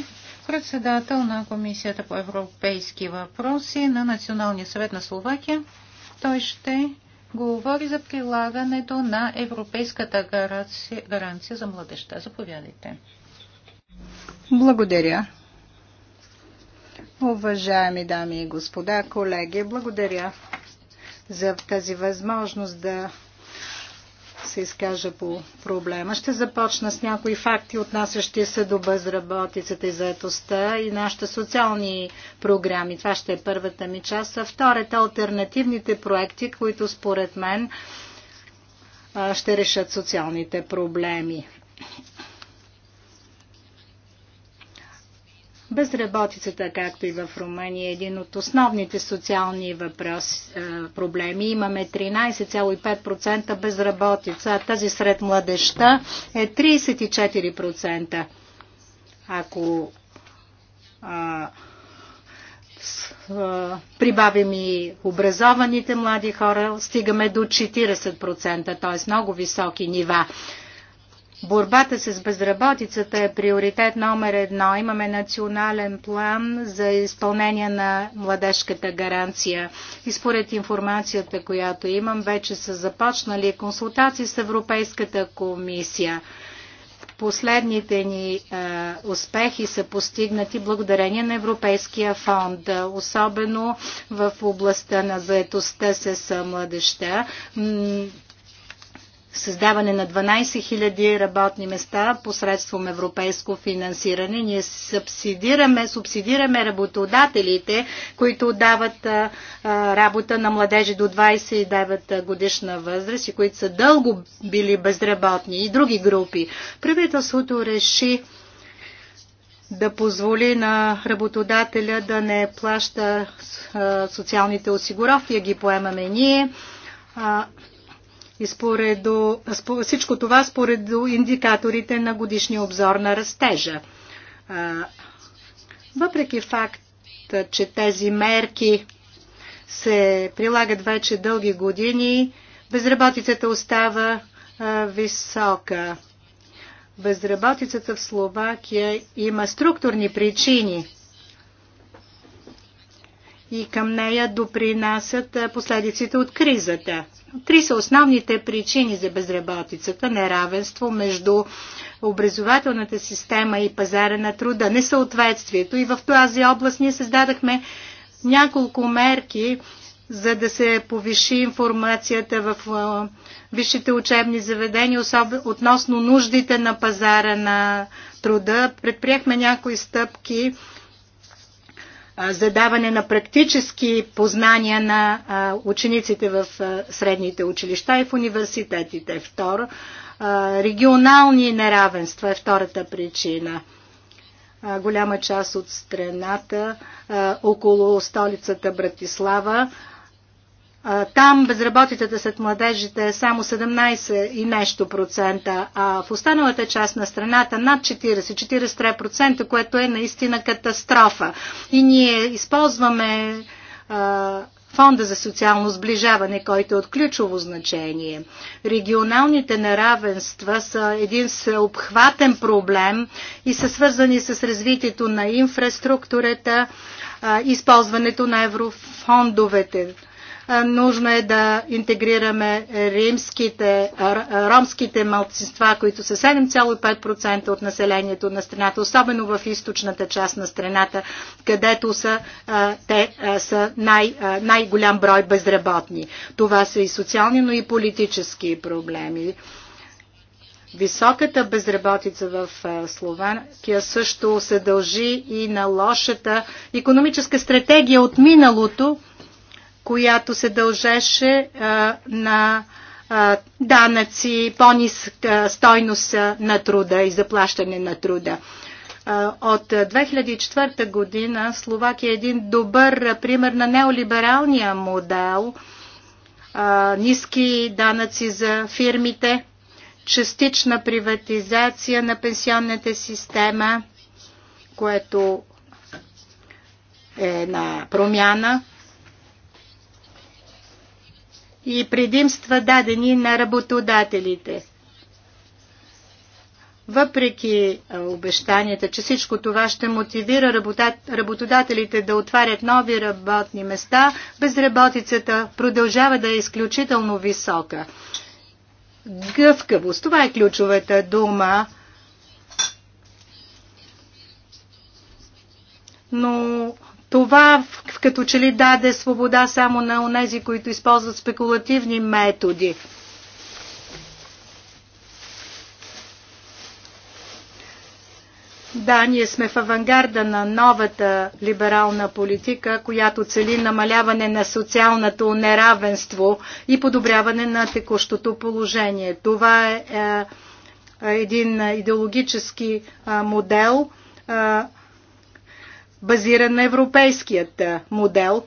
председател на Комисията по европейски въпроси на Националния съвет на Словакия. Той ще говори за прилагането на Европейската гаранция, гаранция за младеща. Заповядайте. Благодаря. Уважаеми дами и господа, колеги, благодаря за тази възможност да се изкажа по проблема. Ще започна с някои факти, отнасящи се до безработицата и заетостта и нашите социални програми. Това ще е първата ми част. А втората – альтернативните проекти, които според мен ще решат социалните проблеми. Безработицата, както и в Румъния, е един от основните социални въпрос, е, проблеми. Имаме 13,5% безработица, а тази сред младеща е 34%. Ако а, прибавим и образованите млади хора, стигаме до 40%, т.е. много високи нива Борбата с безработицата е приоритет номер едно. Имаме национален план за изпълнение на младежката гаранция. И според информацията, която имам, вече са започнали консултации с Европейската комисия. Последните ни е, успехи са постигнати благодарение на Европейския фонд, особено в областта на заетостта с младеща създаване на 12 000 работни места посредством европейско финансиране. Ние субсидираме, субсидираме работодателите, които дават а, работа на младежи до 29 годишна възраст и които са дълго били безработни и други групи. Правителството реши да позволи на работодателя да не плаща социалните осигуровки, ги поемаме ние и според, всичко това според индикаторите на годишния обзор на растежа. Въпреки факта, че тези мерки се прилагат вече дълги години, безработицата остава висока. Безработицата в Словакия има структурни причини – и към нея допринасят последиците от кризата. Три са основните причини за безработицата – неравенство между образователната система и пазара на труда, несъответствието. И в тази област ние създадахме няколко мерки, за да се повиши информацията в висшите учебни заведения относно нуждите на пазара на труда. Предприехме някои стъпки – задаване на практически познания на учениците в средните училища и в университетите. Второ, регионални неравенства е втората причина. Голяма част от страната около столицата Братислава там безработицата сред младежите е само 17 и нещо процента, а в останалата част на страната над 40-43%, което е наистина катастрофа. И ние използваме Фонда за социално сближаване, който е от ключово значение. Регионалните неравенства са един всеобхватен проблем и са свързани с развитието на инфраструктурата, използването на еврофондовете Нужно е да интегрираме римските, ромските малцинства, които са 7,5% от населението на страната, особено в източната част на страната, където са, те са най, най-голям брой безработни. Това са и социални, но и политически проблеми. Високата безработица в Словакия също се дължи и на лошата економическа стратегия от миналото, която се дължеше а, на а, данъци, по-ниска стойност на труда и заплащане на труда. От 2004 година Словакия е един добър пример на неолибералния модел. Ниски данъци за фирмите, частична приватизация на пенсионната система, което е на промяна и предимства дадени на работодателите. Въпреки обещанията, че всичко това ще мотивира работодателите да отварят нови работни места, безработицата продължава да е изключително висока. Гъвкавост, това е ключовата дума. Но това като че ли даде свобода само на онези, които използват спекулативни методи. Да, ние сме в авангарда на новата либерална политика, която цели намаляване на социалното неравенство и подобряване на текущото положение. Това е, е, е един идеологически модел, базиран на европейският модел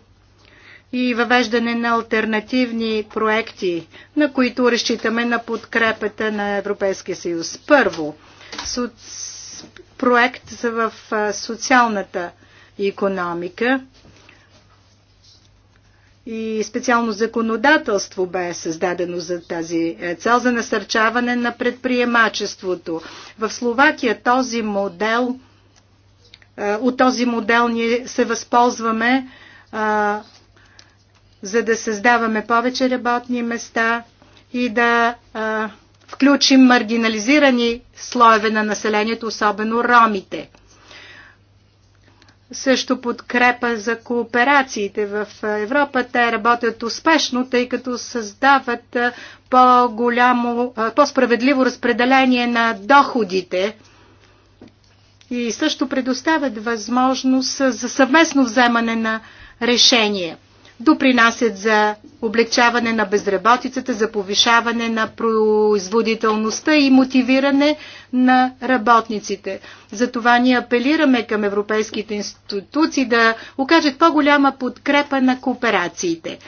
и въвеждане на альтернативни проекти, на които разчитаме на подкрепата на Европейския съюз. Първо, проект в социалната економика и специално законодателство бе създадено за тази е, цел за насърчаване на предприемачеството. В Словакия този модел – е, от този модел ние се възползваме, а, е, за да създаваме повече работни места и да а, е, включим маргинализирани слоеве на населението, особено ромите. Също подкрепа за кооперациите в Европа. Те работят успешно, тъй като създават по-голямо, по-справедливо разпределение на доходите и също предоставят възможност за съвместно вземане на решение. Допринасят за облегчаване на безработицата, за повишаване на производителността и мотивиране на работниците. Затова ние апелираме към европейските институции да окажат по-голяма подкрепа на кооперациите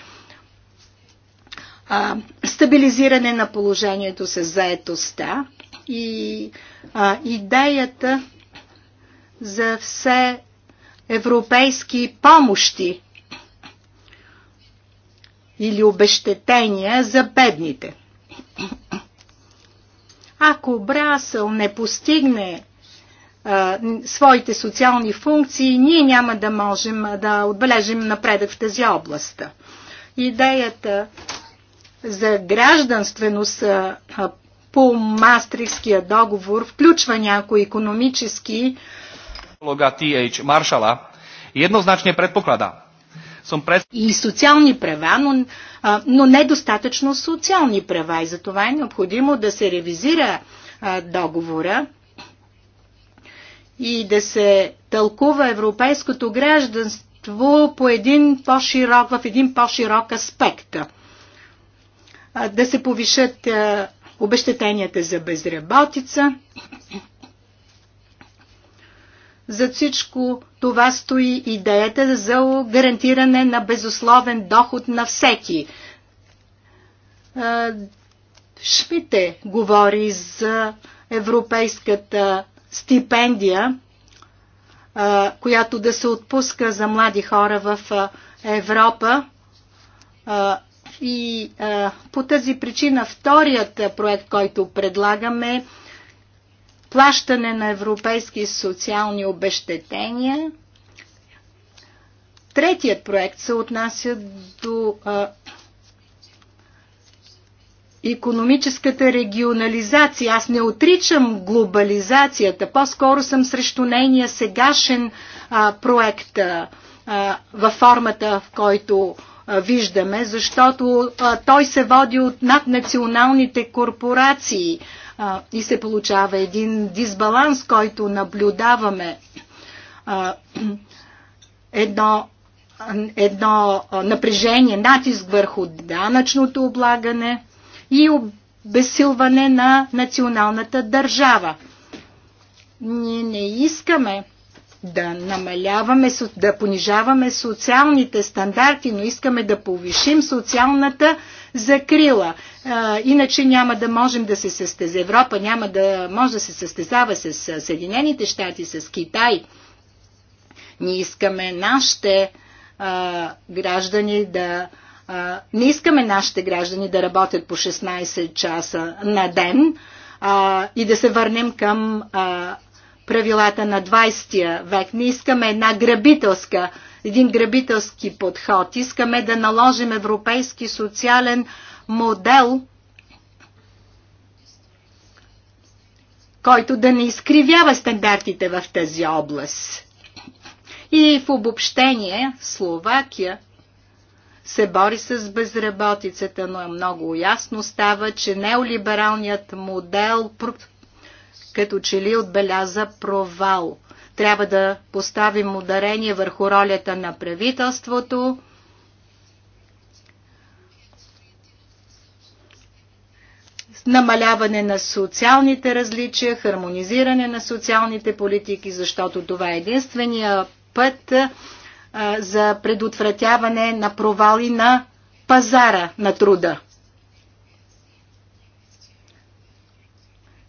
стабилизиране на положението с заетостта и а, идеята за все европейски помощи или обещетения за бедните. Ако Брасъл не постигне а, своите социални функции, ние няма да можем да отбележим напредък в тази област. Идеята за гражданственост а, по Мастрихския договор включва някои економически а, psychologa T.H. Marshalla, jednoznačne predpokladá. Som пред... И социални права, но, а, но недостатъчно социални права. И затова е необходимо да се ревизира а, договора и да се тълкува европейското гражданство по един по-широк, в един по-широк аспект. А, да се повишат а, обещетенията за безработица, за всичко това стои идеята за гарантиране на безусловен доход на всеки. Шмите говори за европейската стипендия, която да се отпуска за млади хора в Европа. И по тази причина вторият проект, който предлагаме, плащане на европейски социални обещетения. Третият проект се отнася до а, економическата регионализация. Аз не отричам глобализацията, по-скоро съм срещу нейния сегашен а, проект а, във формата, в който виждаме, защото а, той се води от наднационалните корпорации а, и се получава един дисбаланс, който наблюдаваме. А, едно едно напрежение, натиск върху данъчното облагане и обесилване на националната държава. Ние не искаме да намаляваме, да понижаваме социалните стандарти, но искаме да повишим социалната закрила. Иначе няма да можем да се състезава. Европа няма да може да се състезава с Съединените щати, с Китай. Ние искаме нашите а, граждани да. не искаме нашите граждани да работят по 16 часа на ден а, и да се върнем към а, правилата на 20 век. Не искаме една грабителска един грабителски подход. Искаме да наложим европейски социален модел, който да не изкривява стандартите в тази област. И в обобщение Словакия се бори с безработицата, но е много ясно става, че неолибералният модел като че ли отбеляза провал – трябва да поставим ударение върху ролята на правителството. намаляване на социалните различия, хармонизиране на социалните политики, защото това е единствения път а, за предотвратяване на провали на пазара на труда.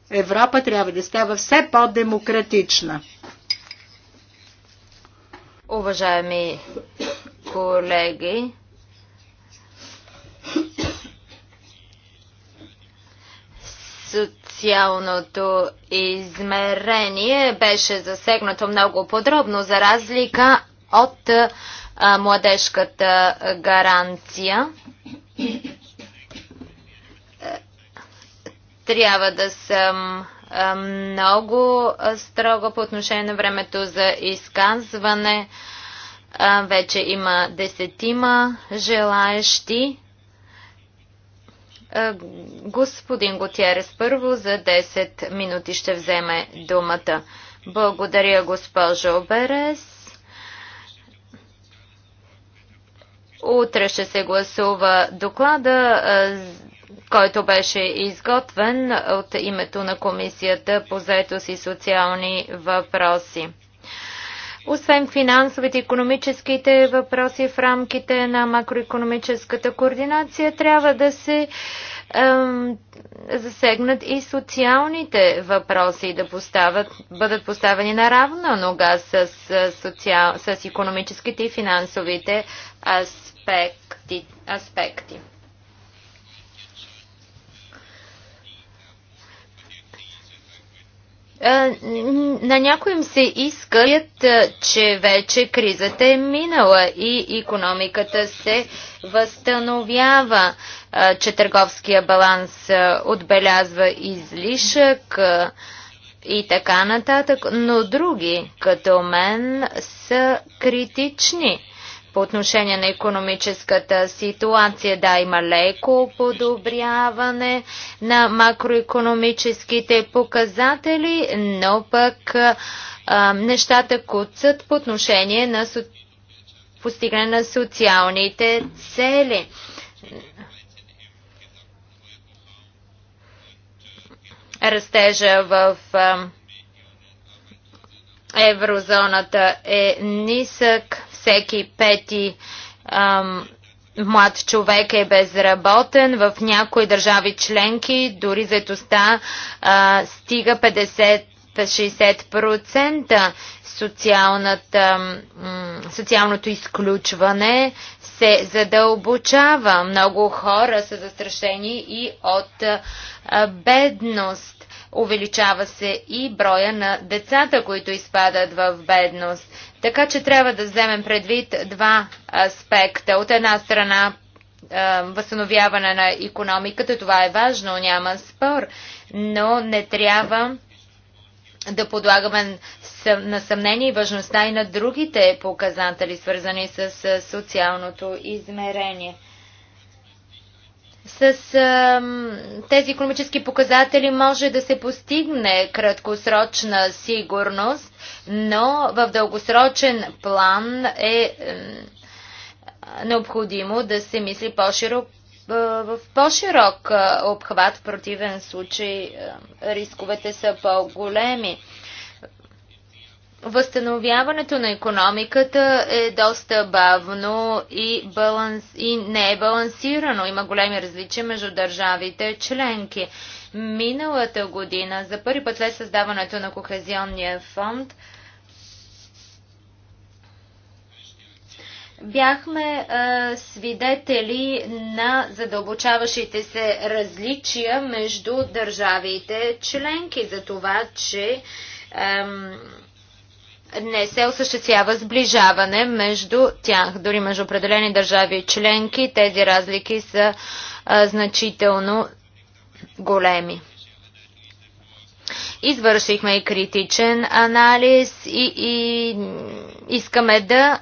Европа трябва да става все по-демократична. Уважаеми колеги, социалното измерение беше засегнато много подробно, за разлика от младежката гаранция. Трябва да съм много строго по отношение на времето за изказване. Вече има десетима желаещи. Господин Готиерес първо за 10 минути ще вземе думата. Благодаря, госпожо Берес. Утре ще се гласува доклада който беше изготвен от името на Комисията по заетост и социални въпроси. Освен финансовите и економическите въпроси в рамките на макроекономическата координация, трябва да се ем, засегнат и социалните въпроси да поставят, бъдат поставени на равна нога с, социал, с економическите и финансовите аспекти. аспекти. Е, на някои им се искат, е, че вече кризата е минала и економиката се възстановява, е, че търговския баланс отбелязва излишък и така нататък, но други, като мен, са критични по отношение на економическата ситуация, да, има леко подобряване на макроекономическите показатели, но пък а, нещата куцат по отношение на со... постигане на социалните цели. Растежа в а, еврозоната е нисък, всеки пети ам, млад човек е безработен, в някои държави членки дори заетостта стига 50 60% социалната, социалното изключване се задълбочава. Много хора са застрашени и от бедност. Увеличава се и броя на децата, които изпадат в бедност. Така че трябва да вземем предвид два аспекта. От една страна е, възстановяване на економиката, това е важно, няма спор, но не трябва да подлагаме на съмнение и важността и на другите показатели, свързани с социалното измерение. С тези економически показатели може да се постигне краткосрочна сигурност, но в дългосрочен план е необходимо да се мисли по-широк в по-широк обхват, в противен случай рисковете са по-големи. Възстановяването на економиката е доста бавно и, баланс, и не е балансирано. Има големи различия между държавите членки. Миналата година, за първи път след създаването на Кохезионния фонд, бяхме а, свидетели на задълбочаващите се различия между държавите членки за това, че ам, не се осъществява сближаване между тях. Дори между определени държави и членки тези разлики са а, значително големи. Извършихме и критичен анализ и, и искаме да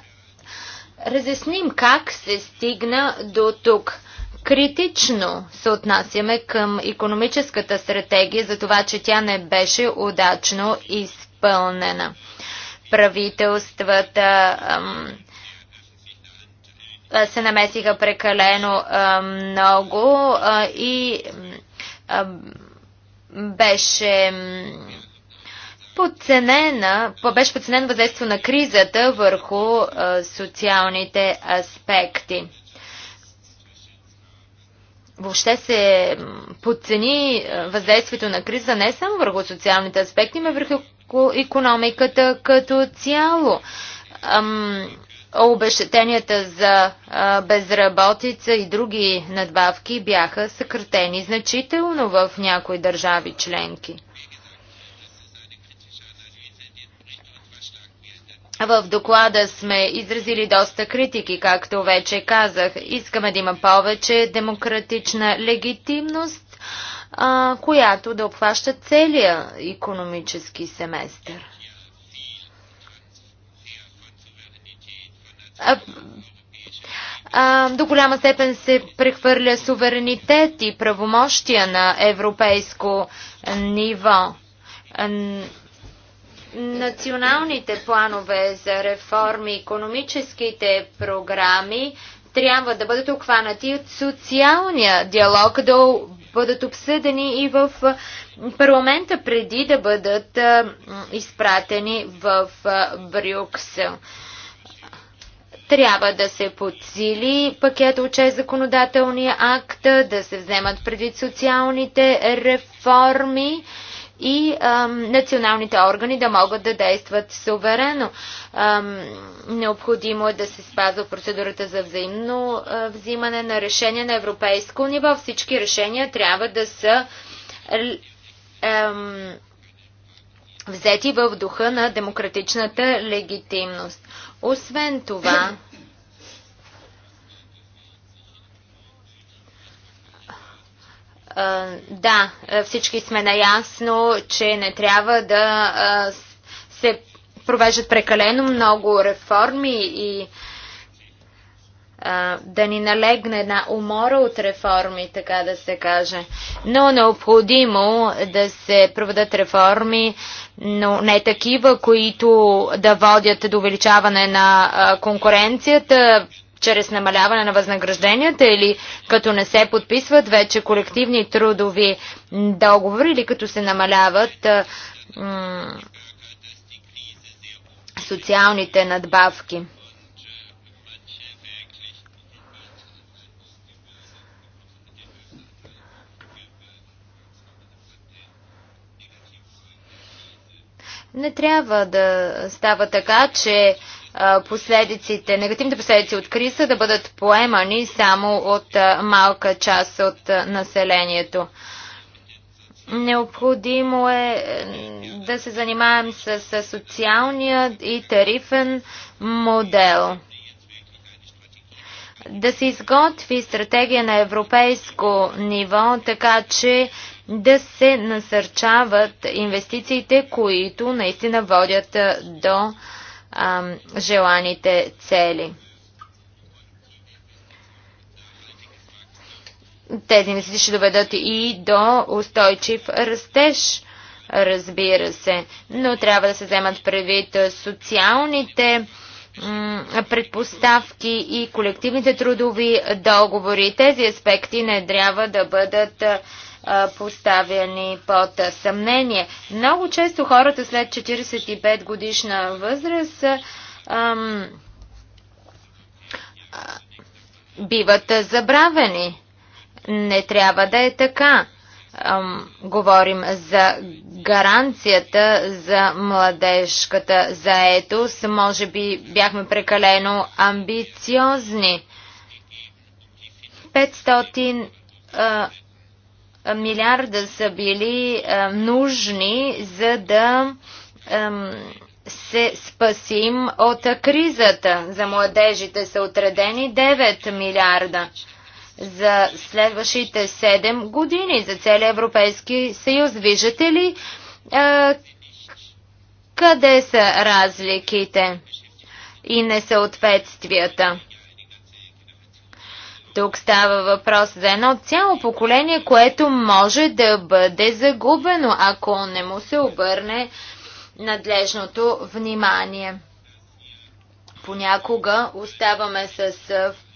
разясним как се стигна до тук. Критично се отнасяме към економическата стратегия за това, че тя не беше удачно изпълнена правителствата се намесиха прекалено много и беше подценена, беше подценен въздействието на кризата върху социалните аспекти. Въобще се подцени въздействието на криза не само върху социалните аспекти, но върху економиката като цяло. Обещетенията за безработица и други надбавки бяха съкратени значително в някои държави членки. В доклада сме изразили доста критики, както вече казах. Искаме да има повече демократична легитимност а, която да обхваща целия економически семестър. А, а, до голяма степен се прехвърля суверенитет и правомощия на европейско ниво. Националните планове за реформи, економическите програми трябва да бъдат обхванати от социалния диалог до бъдат обсъдени и в парламента преди да бъдат изпратени в Брюксел. Трябва да се подсили пакета от 6 законодателния акт, да се вземат предвид социалните реформи и ам, националните органи да могат да действат суверено. Ам, необходимо е да се спазва процедурата за взаимно а, взимане на решения на европейско ниво. Всички решения трябва да са ам, взети в духа на демократичната легитимност. Освен това, Да, е, всички сме наясно, че не трябва да се провеждат прекалено много реформи и да ни налегне една умора от реформи, така да се каже. Но необходимо да се проведат реформи, но не такива, които да водят до увеличаване на конкуренцията, чрез намаляване на възнагражденията или като не се подписват вече колективни трудови договори или като се намаляват социалните надбавки. Не трябва да става така, че последиците, негативните последици от криза да бъдат поемани само от малка част от населението. Необходимо е, е да се занимаем с, социалния и тарифен модел. Да се изготви стратегия на европейско ниво, така че да се насърчават инвестициите, които наистина водят до а, желаните цели. Тези инвестиции ще доведат и до устойчив растеж, разбира се, но трябва да се вземат предвид социалните предпоставки и колективните трудови договори. Тези аспекти не трябва да бъдат поставяни под съмнение. Много често хората след 45 годишна възраст ам, биват забравени. Не трябва да е така. Ам, говорим за гаранцията за младежката заетост. Може би бяхме прекалено амбициозни. 500 а, милиарда са били нужни, за да се спасим от кризата. За младежите са отредени 9 милиарда за следващите 7 години за целия Европейски съюз. Виждате ли къде са разликите и несъответствията? Тук става въпрос за едно цяло поколение, което може да бъде загубено, ако не му се обърне надлежното внимание. Понякога оставаме с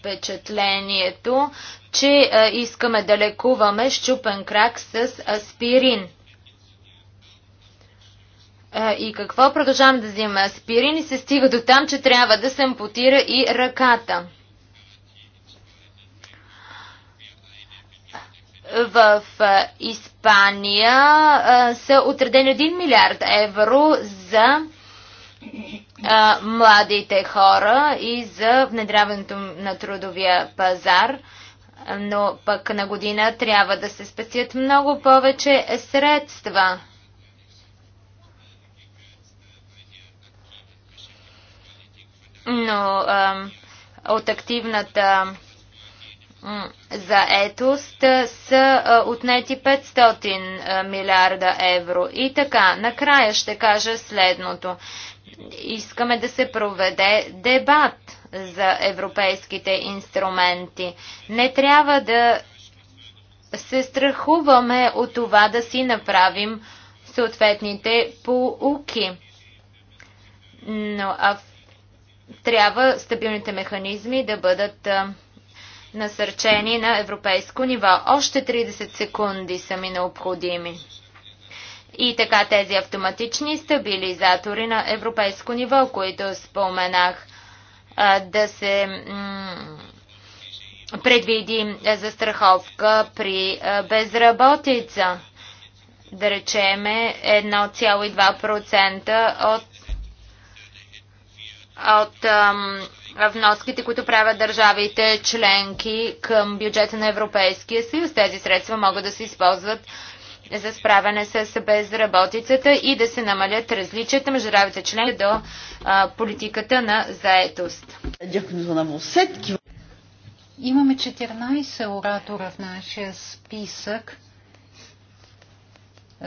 впечатлението, че искаме да лекуваме щупен крак с аспирин. И какво продължавам да взима аспирин и се стига до там, че трябва да се ампутира и ръката. в Испания са отредени 1 милиард евро за младите хора и за внедряването на трудовия пазар. Но пък на година трябва да се спестят много повече средства. Но от активната за етост са отнети 500 милиарда евро. И така, накрая ще кажа следното. Искаме да се проведе дебат за европейските инструменти. Не трябва да се страхуваме от това да си направим съответните поуки. Но а трябва стабилните механизми да бъдат насърчени на европейско ниво. Още 30 секунди са ми необходими. И така тези автоматични стабилизатори на европейско ниво, които споменах, да се предвиди застраховка при безработица. Да речеме 1,2% от, от вноските, които правят държавите членки към бюджета на Европейския съюз. Тези средства могат да се използват за справяне с безработицата и да се намалят различията между държавите членки до а, политиката на заетост. Имаме 14 оратора в нашия списък.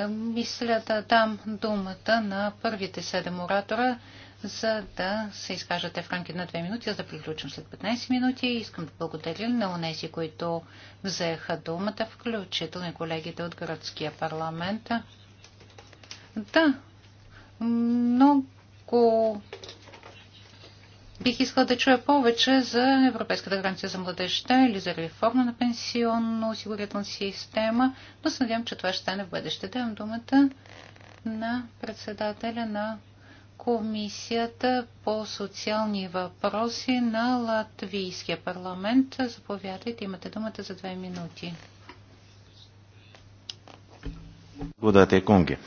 Мисля да дам думата на първите 7 оратора за да се изкажете в рамките на две минути, за да приключим след 15 минути. Искам да благодаря на онези, които взеха думата, включително и колегите от градския парламент. Да, много бих искала да чуя повече за Европейската гаранция за младежта или за реформа на пенсионно-осигурителна система, но се надявам, че това ще стане в бъдеще. Давам думата на председателя на Комисията по социални въпроси на Латвийския парламент. Заповядайте, имате думата за две минути. Благодаря ви.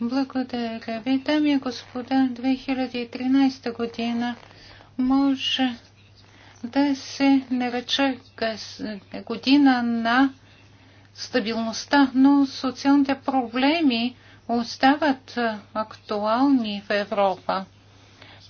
Благодаря ви, дами и господа. 2013 година може да се нарече година на стабилността, но социалните проблеми остават актуални в Европа.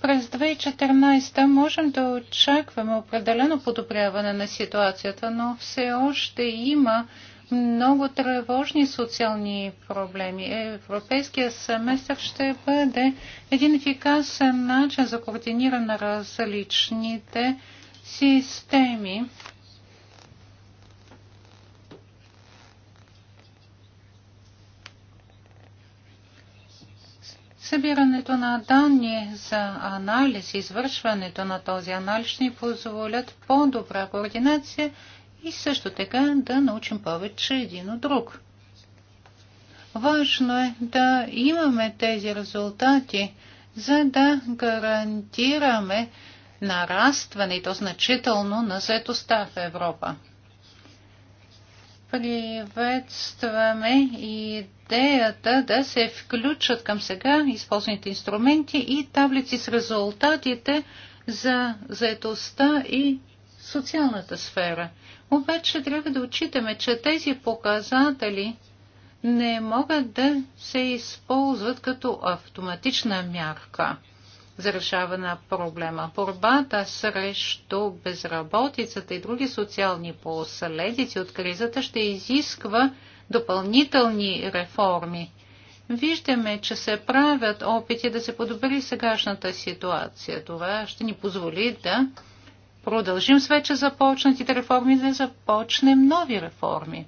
През 2014 можем да очакваме определено подобряване на ситуацията, но все още има много тревожни социални проблеми. Европейския семестър ще бъде един ефикасен начин за координиране на различните системи. Събирането на данни за анализ, и извършването на този анализ ще ни позволят по-добра координация и също така да научим повече един от друг. Важно е да имаме тези резултати, за да гарантираме нарастване и то значително на заетостта в Европа приветстваме идеята да се включат към сега използваните инструменти и таблици с резултатите за заедостта и социалната сфера. Обаче трябва да отчитаме, че тези показатели не могат да се използват като автоматична мярка за решаване на проблема. Борбата срещу безработицата и други социални последици от кризата ще изисква допълнителни реформи. Виждаме, че се правят опити да се подобри сегашната ситуация. Това ще ни позволи да продължим с вече започнатите реформи, да започнем нови реформи.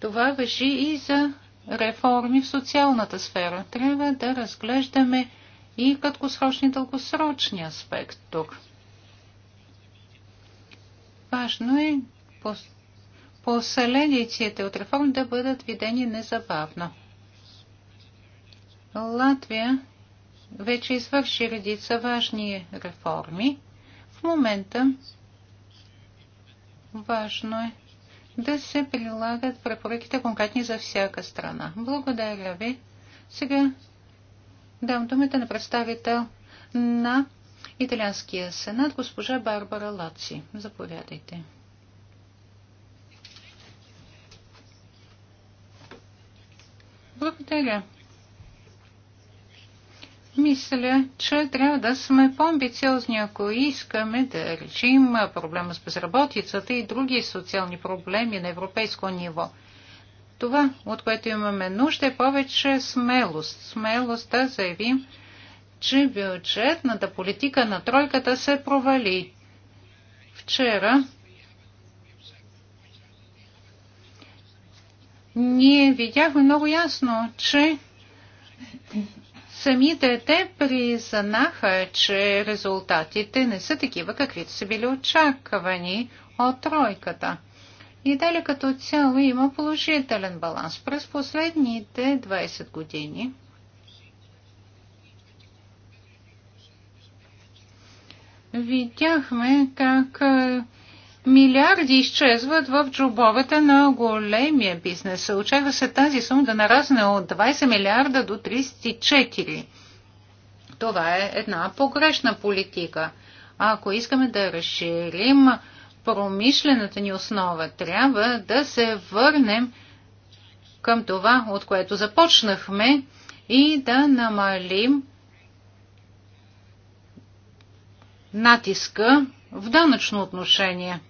Това въжи и за реформи в социалната сфера. Трябва да разглеждаме и краткосрочни и дългосрочни аспект тук. Важно е последиците от реформи да бъдат видени незабавно. Латвия вече извърши редица важни реформи. В момента важно е да се прилагат препоръките конкретни за всяка страна. Благодаря ви. Сега дам думата на представител на Италианския сенат, госпожа Барбара Лаци. Заповядайте. Благодаря. Мисля, че трябва да сме по-амбициозни, ако искаме да решим проблема с безработицата и други социални проблеми на европейско ниво. Това, от което имаме нужда, е повече смелост. Смелост да заявим, че бюджетната политика на тройката се провали. Вчера ние видяхме много ясно, че Самите те признаха, че резултатите не са такива, каквито са били очаквани от тройката. И дали като цяло има положителен баланс през последните 20 години. Видяхме как милиарди изчезват в джобовете на големия бизнес. Очаква се тази сума да нарасне от 20 милиарда до 34. Това е една погрешна политика. А ако искаме да разширим промишлената ни основа, трябва да се върнем към това, от което започнахме и да намалим натиска в данъчно отношение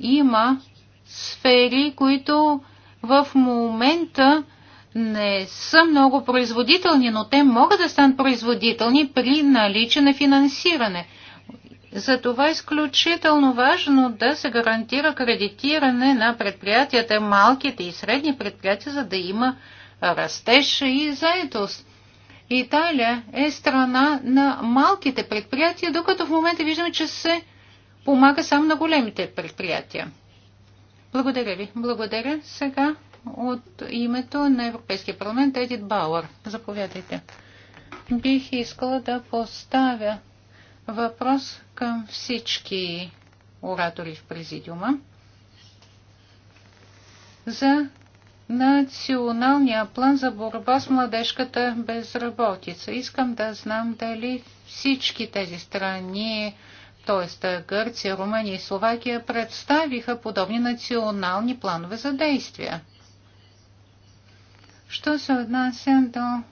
има сфери, които в момента не са много производителни, но те могат да станат производителни при наличие на финансиране. Затова е изключително важно да се гарантира кредитиране на предприятията, малките и средни предприятия, за да има растеж и заедост. Италия е страна на малките предприятия, докато в момента виждаме, че се помага само на големите предприятия. Благодаря ви. Благодаря. Сега от името на Европейския парламент Едит Бауър. Заповядайте. Бих искала да поставя въпрос към всички оратори в президиума за националния план за борба с младежката безработица. Искам да знам дали всички тези страни т.е. Гърция, Румъния и Словакия представиха подобни национални планове за действия. Що се отнася до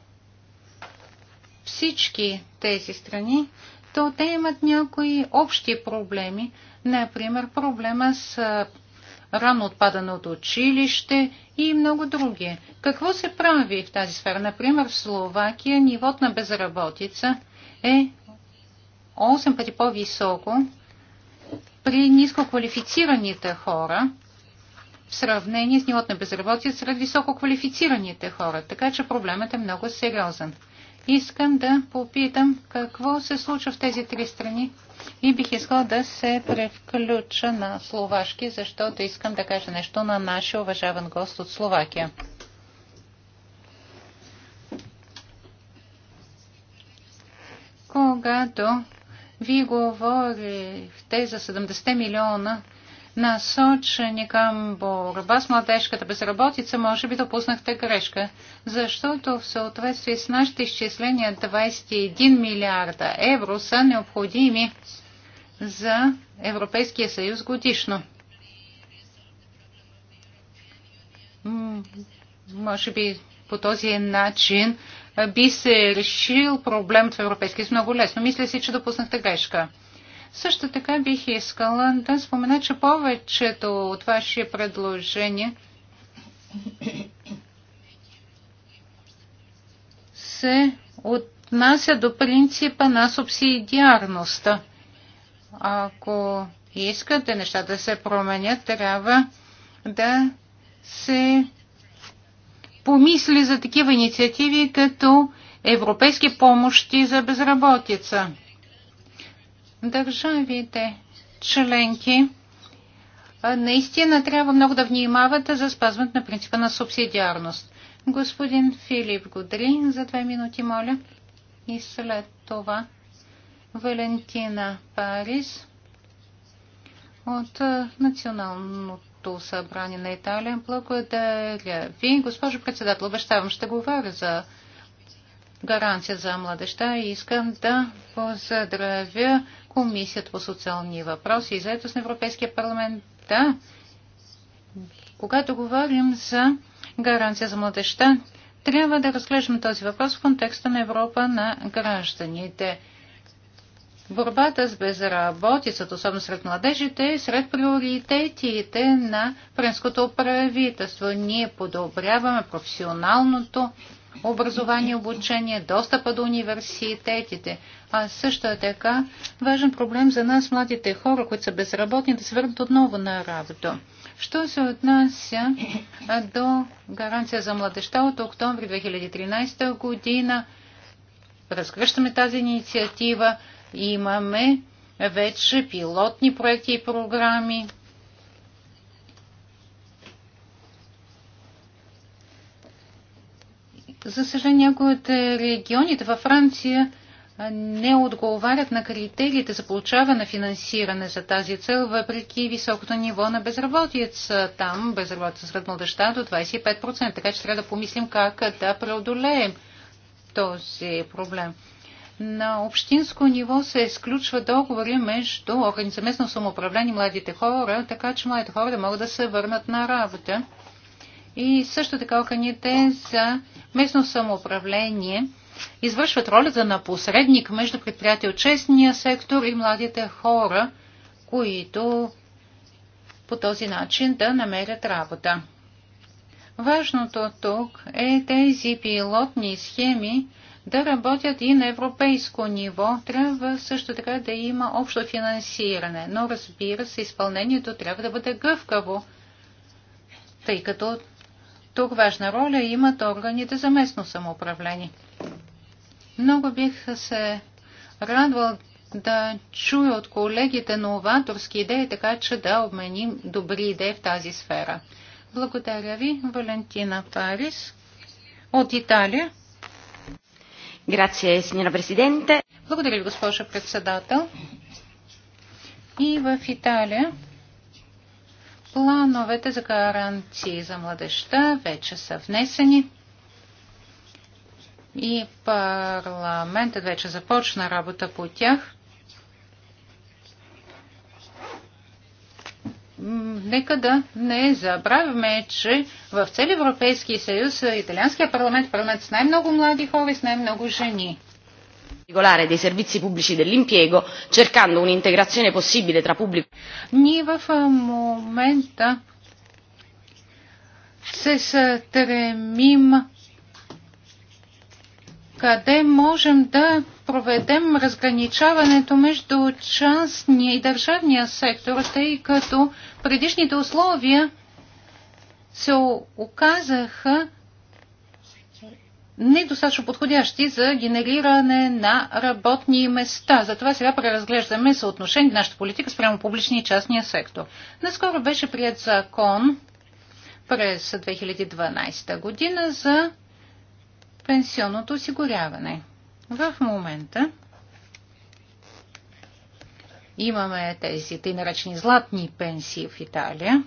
всички тези страни, то те имат някои общи проблеми, например проблема с рано отпадане от училище и много други. Какво се прави в тази сфера? Например, в Словакия нивот на безработица е 8 пъти по-високо при нискоквалифицираните хора в сравнение с нивото на безработица сред висококвалифицираните хора. Така че проблемът е много сериозен. Искам да попитам какво се случва в тези три страни и бих искала да се превключа на словашки, защото искам да кажа нещо на нашия уважаван гост от Словакия. Когато вие говорихте за 70 милиона насочени към борба с младежката безработица, може би допуснахте грешка, защото в съответствие с нашите изчисления 21 милиарда евро са необходими за Европейския съюз годишно. Може би по този начин би се решил проблем в Европейския съюз много лесно. Мисля си, че допуснахте грешка. Също така бих искала да спомена, че повечето от ваши предложения се отнася до принципа на субсидиарността. Ако искате нещата да се променят, трябва да се помисли за такива инициативи, като европейски помощи за безработица. Държавите членки наистина трябва много да внимават за спазването на принципа на субсидиарност. Господин Филип Годри, за две минути, моля. И след това Валентина Парис от Националното Народното събрание на Италия. Благодаря ви, госпожо председател. Обещавам, ще говоря за гаранция за младеща и искам да поздравя Комисията по социални въпроси и заедост на Европейския парламент. Да, когато говорим за гаранция за младеща, трябва да разглеждаме този въпрос в контекста на Европа на гражданите – Борбата с безработицата, особено сред младежите, е сред приоритетите на френското правителство. Ние подобряваме професионалното образование и обучение, достъпа до университетите. А също е така важен проблем за нас, младите хора, които са безработни, да се върнат отново на работа. Що се отнася до гаранция за младеща от октомври 2013 година, разгръщаме тази инициатива Имаме вече пилотни проекти и програми. За съжаление, някои от регионите във Франция не отговарят на критериите за получаване на финансиране за тази цел, въпреки високото ниво на безработица. Там безработица сред младеща до 25%, така че трябва да помислим как да преодолеем този проблем на общинско ниво се изключва договори между органи за местно самоуправление и младите хора, така че младите хора да могат да се върнат на работа. И също така органите за местно самоуправление извършват ролята на посредник между предприятия от честния сектор и младите хора, които по този начин да намерят работа. Важното тук е тези пилотни схеми да работят и на европейско ниво. Трябва също така да има общо финансиране, но разбира се, изпълнението трябва да бъде гъвкаво, тъй като тук важна роля имат органите за местно самоуправление. Много бих се радвал да чуя от колегите новаторски идеи, така че да обменим добри идеи в тази сфера. Благодаря ви, Валентина Парис от Италия. Благодаря ви, госпожа председател. И в Италия плановете за гаранции за младеща вече са внесени. И парламентът вече започна работа по тях. нека да не забравяме, че в цели Европейски съюз италианския парламент парламент с най-много млади хора и с най-много жени. dell'impiego, cercando un'integrazione possibile tra pubblico. Ние в момента се стремим къде можем да проведем разграничаването между частния и държавния сектор, тъй като предишните условия се оказаха недостатъчно подходящи за генериране на работни места. Затова сега преразглеждаме съотношение на нашата политика спрямо публичния и частния сектор. Наскоро беше прият закон през 2012 година за пенсионното осигуряване. В момента имаме тези тъй наречени златни пенсии в Италия.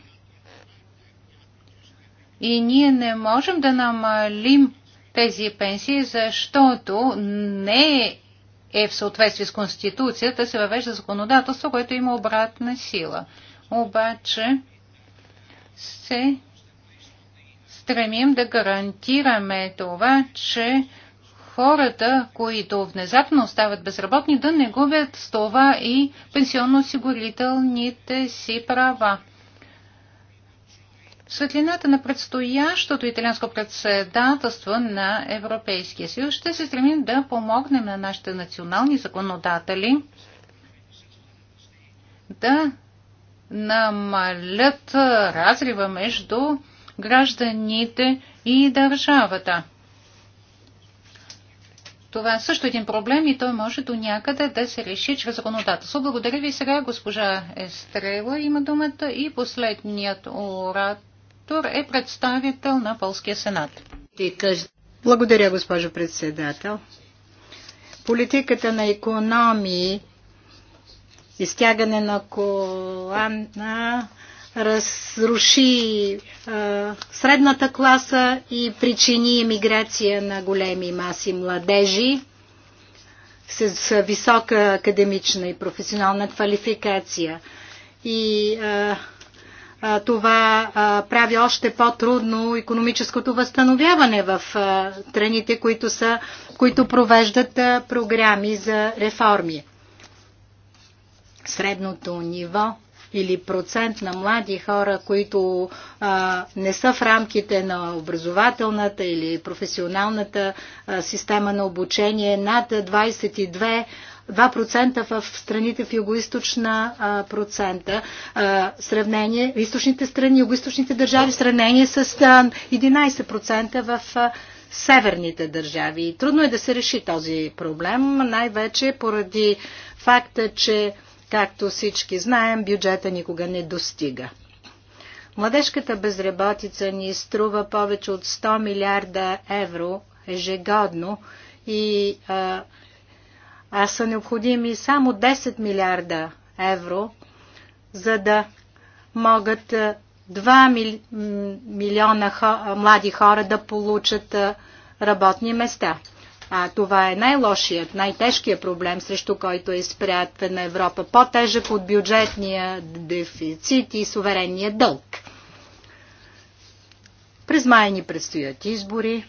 И ние не можем да намалим тези пенсии, защото не е в съответствие с Конституцията, се въвежда законодателство, което има обратна сила. Обаче се стремим да гарантираме това, че хората, които внезапно остават безработни, да не губят с това и пенсионно-осигурителните си права. В светлината на предстоящото италианско председателство на Европейския съюз ще се стремим да помогнем на нашите национални законодатели да намалят разрива между гражданите и държавата. Това е също един проблем и той може до някъде да се реши чрез законодателство. Благодаря ви сега, госпожа Естрела има думата и последният оратор е представител на Полския сенат. Благодаря, госпожо председател. Политиката на економии изтягане на колана разруши а, средната класа и причини емиграция на големи маси младежи с, висока академична и професионална квалификация. И а, а, това а, прави още по-трудно економическото възстановяване в страните, които, които провеждат а, програми за реформи. Средното ниво или процент на млади хора, които а, не са в рамките на образователната или професионалната а, система на обучение, над 22 2% в страните в югоисточна процента а, сравнение, в източните страни, югоисточните държави в сравнение с 11% в а, северните държави. Трудно е да се реши този проблем, най-вече поради факта, че Както всички знаем, бюджета никога не достига. Младежката безработица ни струва повече от 100 милиарда евро ежегодно и а, а са необходими само 10 милиарда евро, за да могат 2 мили, милиона хо, млади хора да получат работни места. А, това е най-лошият, най-тежкият проблем, срещу който е на Европа. По-тежък от бюджетния дефицит и суверенния дълг. През май ни предстоят избори.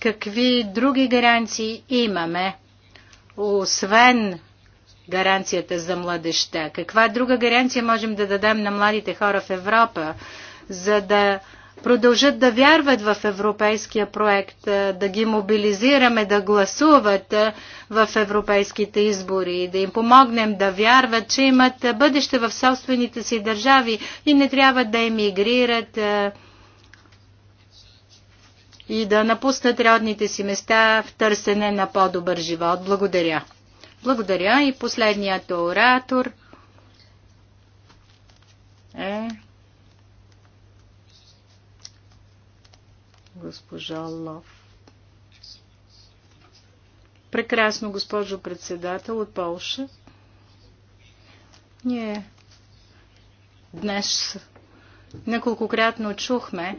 Какви други гаранции имаме, освен гаранцията за младеща? Каква друга гаранция можем да дадем на младите хора в Европа, за да продължат да вярват в европейския проект, да ги мобилизираме да гласуват в европейските избори, да им помогнем да вярват, че имат бъдеще в собствените си държави и не трябва да емигрират и да напуснат родните си места в търсене на по-добър живот. Благодаря. Благодаря и последният оратор е госпожа Лов. Прекрасно, госпожо председател от Полша. Ние днес неколкократно чухме,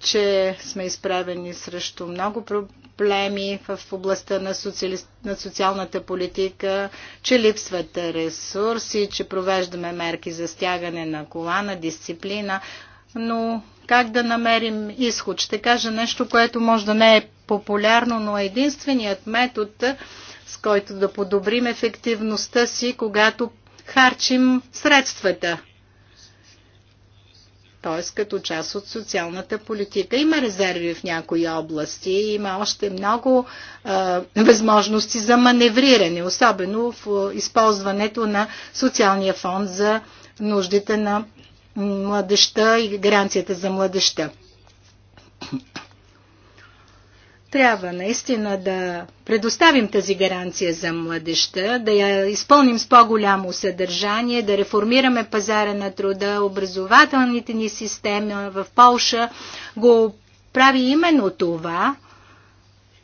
че сме изправени срещу много проблеми в областта на, социали... на социалната политика, че липсват ресурси, че провеждаме мерки за стягане на кола, на дисциплина но как да намерим изход? Ще кажа нещо, което може да не е популярно, но е единственият метод, с който да подобрим ефективността си, когато харчим средствата. Т.е. като част от социалната политика. Има резерви в някои области, има още много е, възможности за маневриране, особено в използването на социалния фонд за нуждите на младеща и гаранцията за младеща. Трябва наистина да предоставим тази гаранция за младеща, да я изпълним с по-голямо съдържание, да реформираме пазара на труда, образователните ни системи в Полша го прави именно това.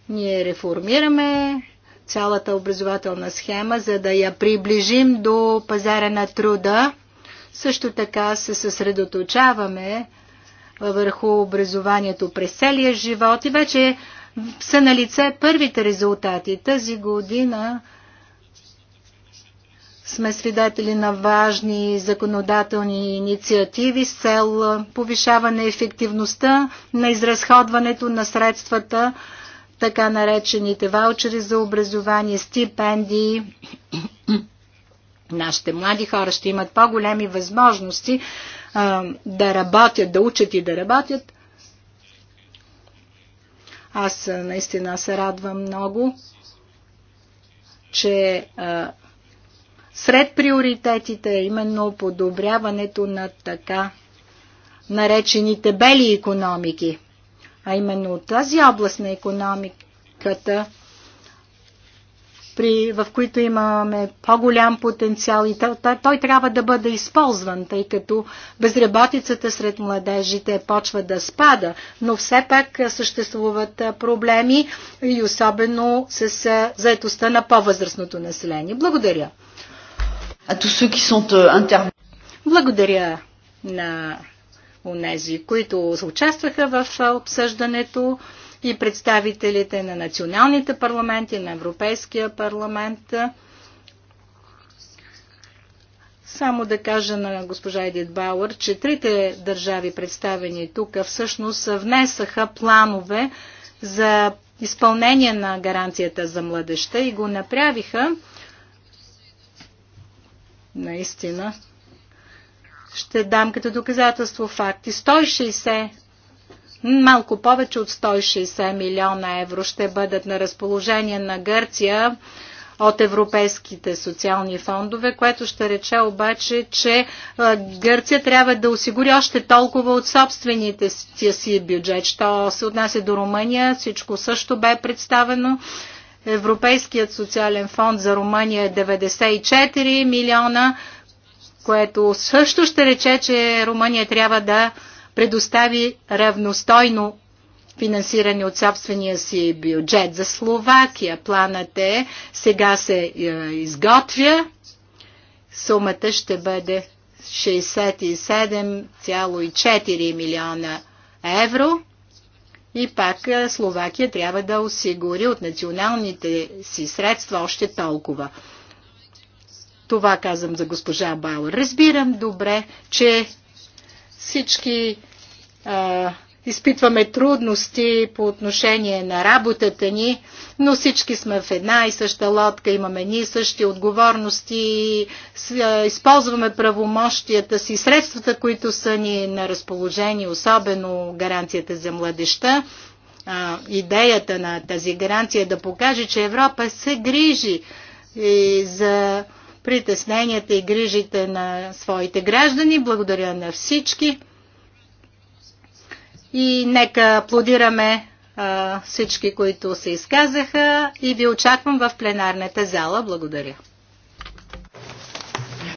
Ние реформираме цялата образователна схема, за да я приближим до пазара на труда също така се съсредоточаваме върху образованието през целия живот и вече са на лице първите резултати. Тази година сме свидетели на важни законодателни инициативи с цел повишаване ефективността на изразходването на средствата, така наречените ваучери за образование, стипендии Нашите млади хора ще имат по-големи възможности а, да работят, да учат и да работят. Аз наистина се радвам много, че а, сред приоритетите е именно подобряването на така наречените бели економики. А именно тази област на економиката при, в които имаме по-голям потенциал и той, той трябва да бъде използван, тъй като безработицата сред младежите почва да спада, но все пак съществуват проблеми и особено с заетостта на по-възрастното население. Благодаря. Euh, Благодаря на унези, които участваха в обсъждането и представителите на националните парламенти, на Европейския парламент. Само да кажа на госпожа Едит Бауър, че трите държави представени тук всъщност внесаха планове за изпълнение на гаранцията за младеща и го направиха наистина ще дам като доказателство факти. 160 малко повече от 160 милиона евро ще бъдат на разположение на Гърция от европейските социални фондове, което ще рече обаче, че е, Гърция трябва да осигури още толкова от собствените си бюджет. Що се отнася до Румъния, всичко също бе представено. Европейският социален фонд за Румъния е 94 милиона, което също ще рече, че Румъния трябва да предостави равностойно финансиране от собствения си бюджет. За Словакия планът е, сега се е, изготвя, сумата ще бъде 67,4 милиона евро. И пак е, Словакия трябва да осигури от националните си средства още толкова. Това казвам за госпожа Бауер. Разбирам добре, че всички а, изпитваме трудности по отношение на работата ни, но всички сме в една и съща лодка, имаме ние същи отговорности, използваме правомощията си, средствата, които са ни на разположение, особено гаранцията за младеща. Идеята на тази гаранция е да покаже, че Европа се грижи за притесненията и грижите на своите граждани. Благодаря на всички и нека аплодираме всички, които се изказаха и ви очаквам в пленарната зала. Благодаря.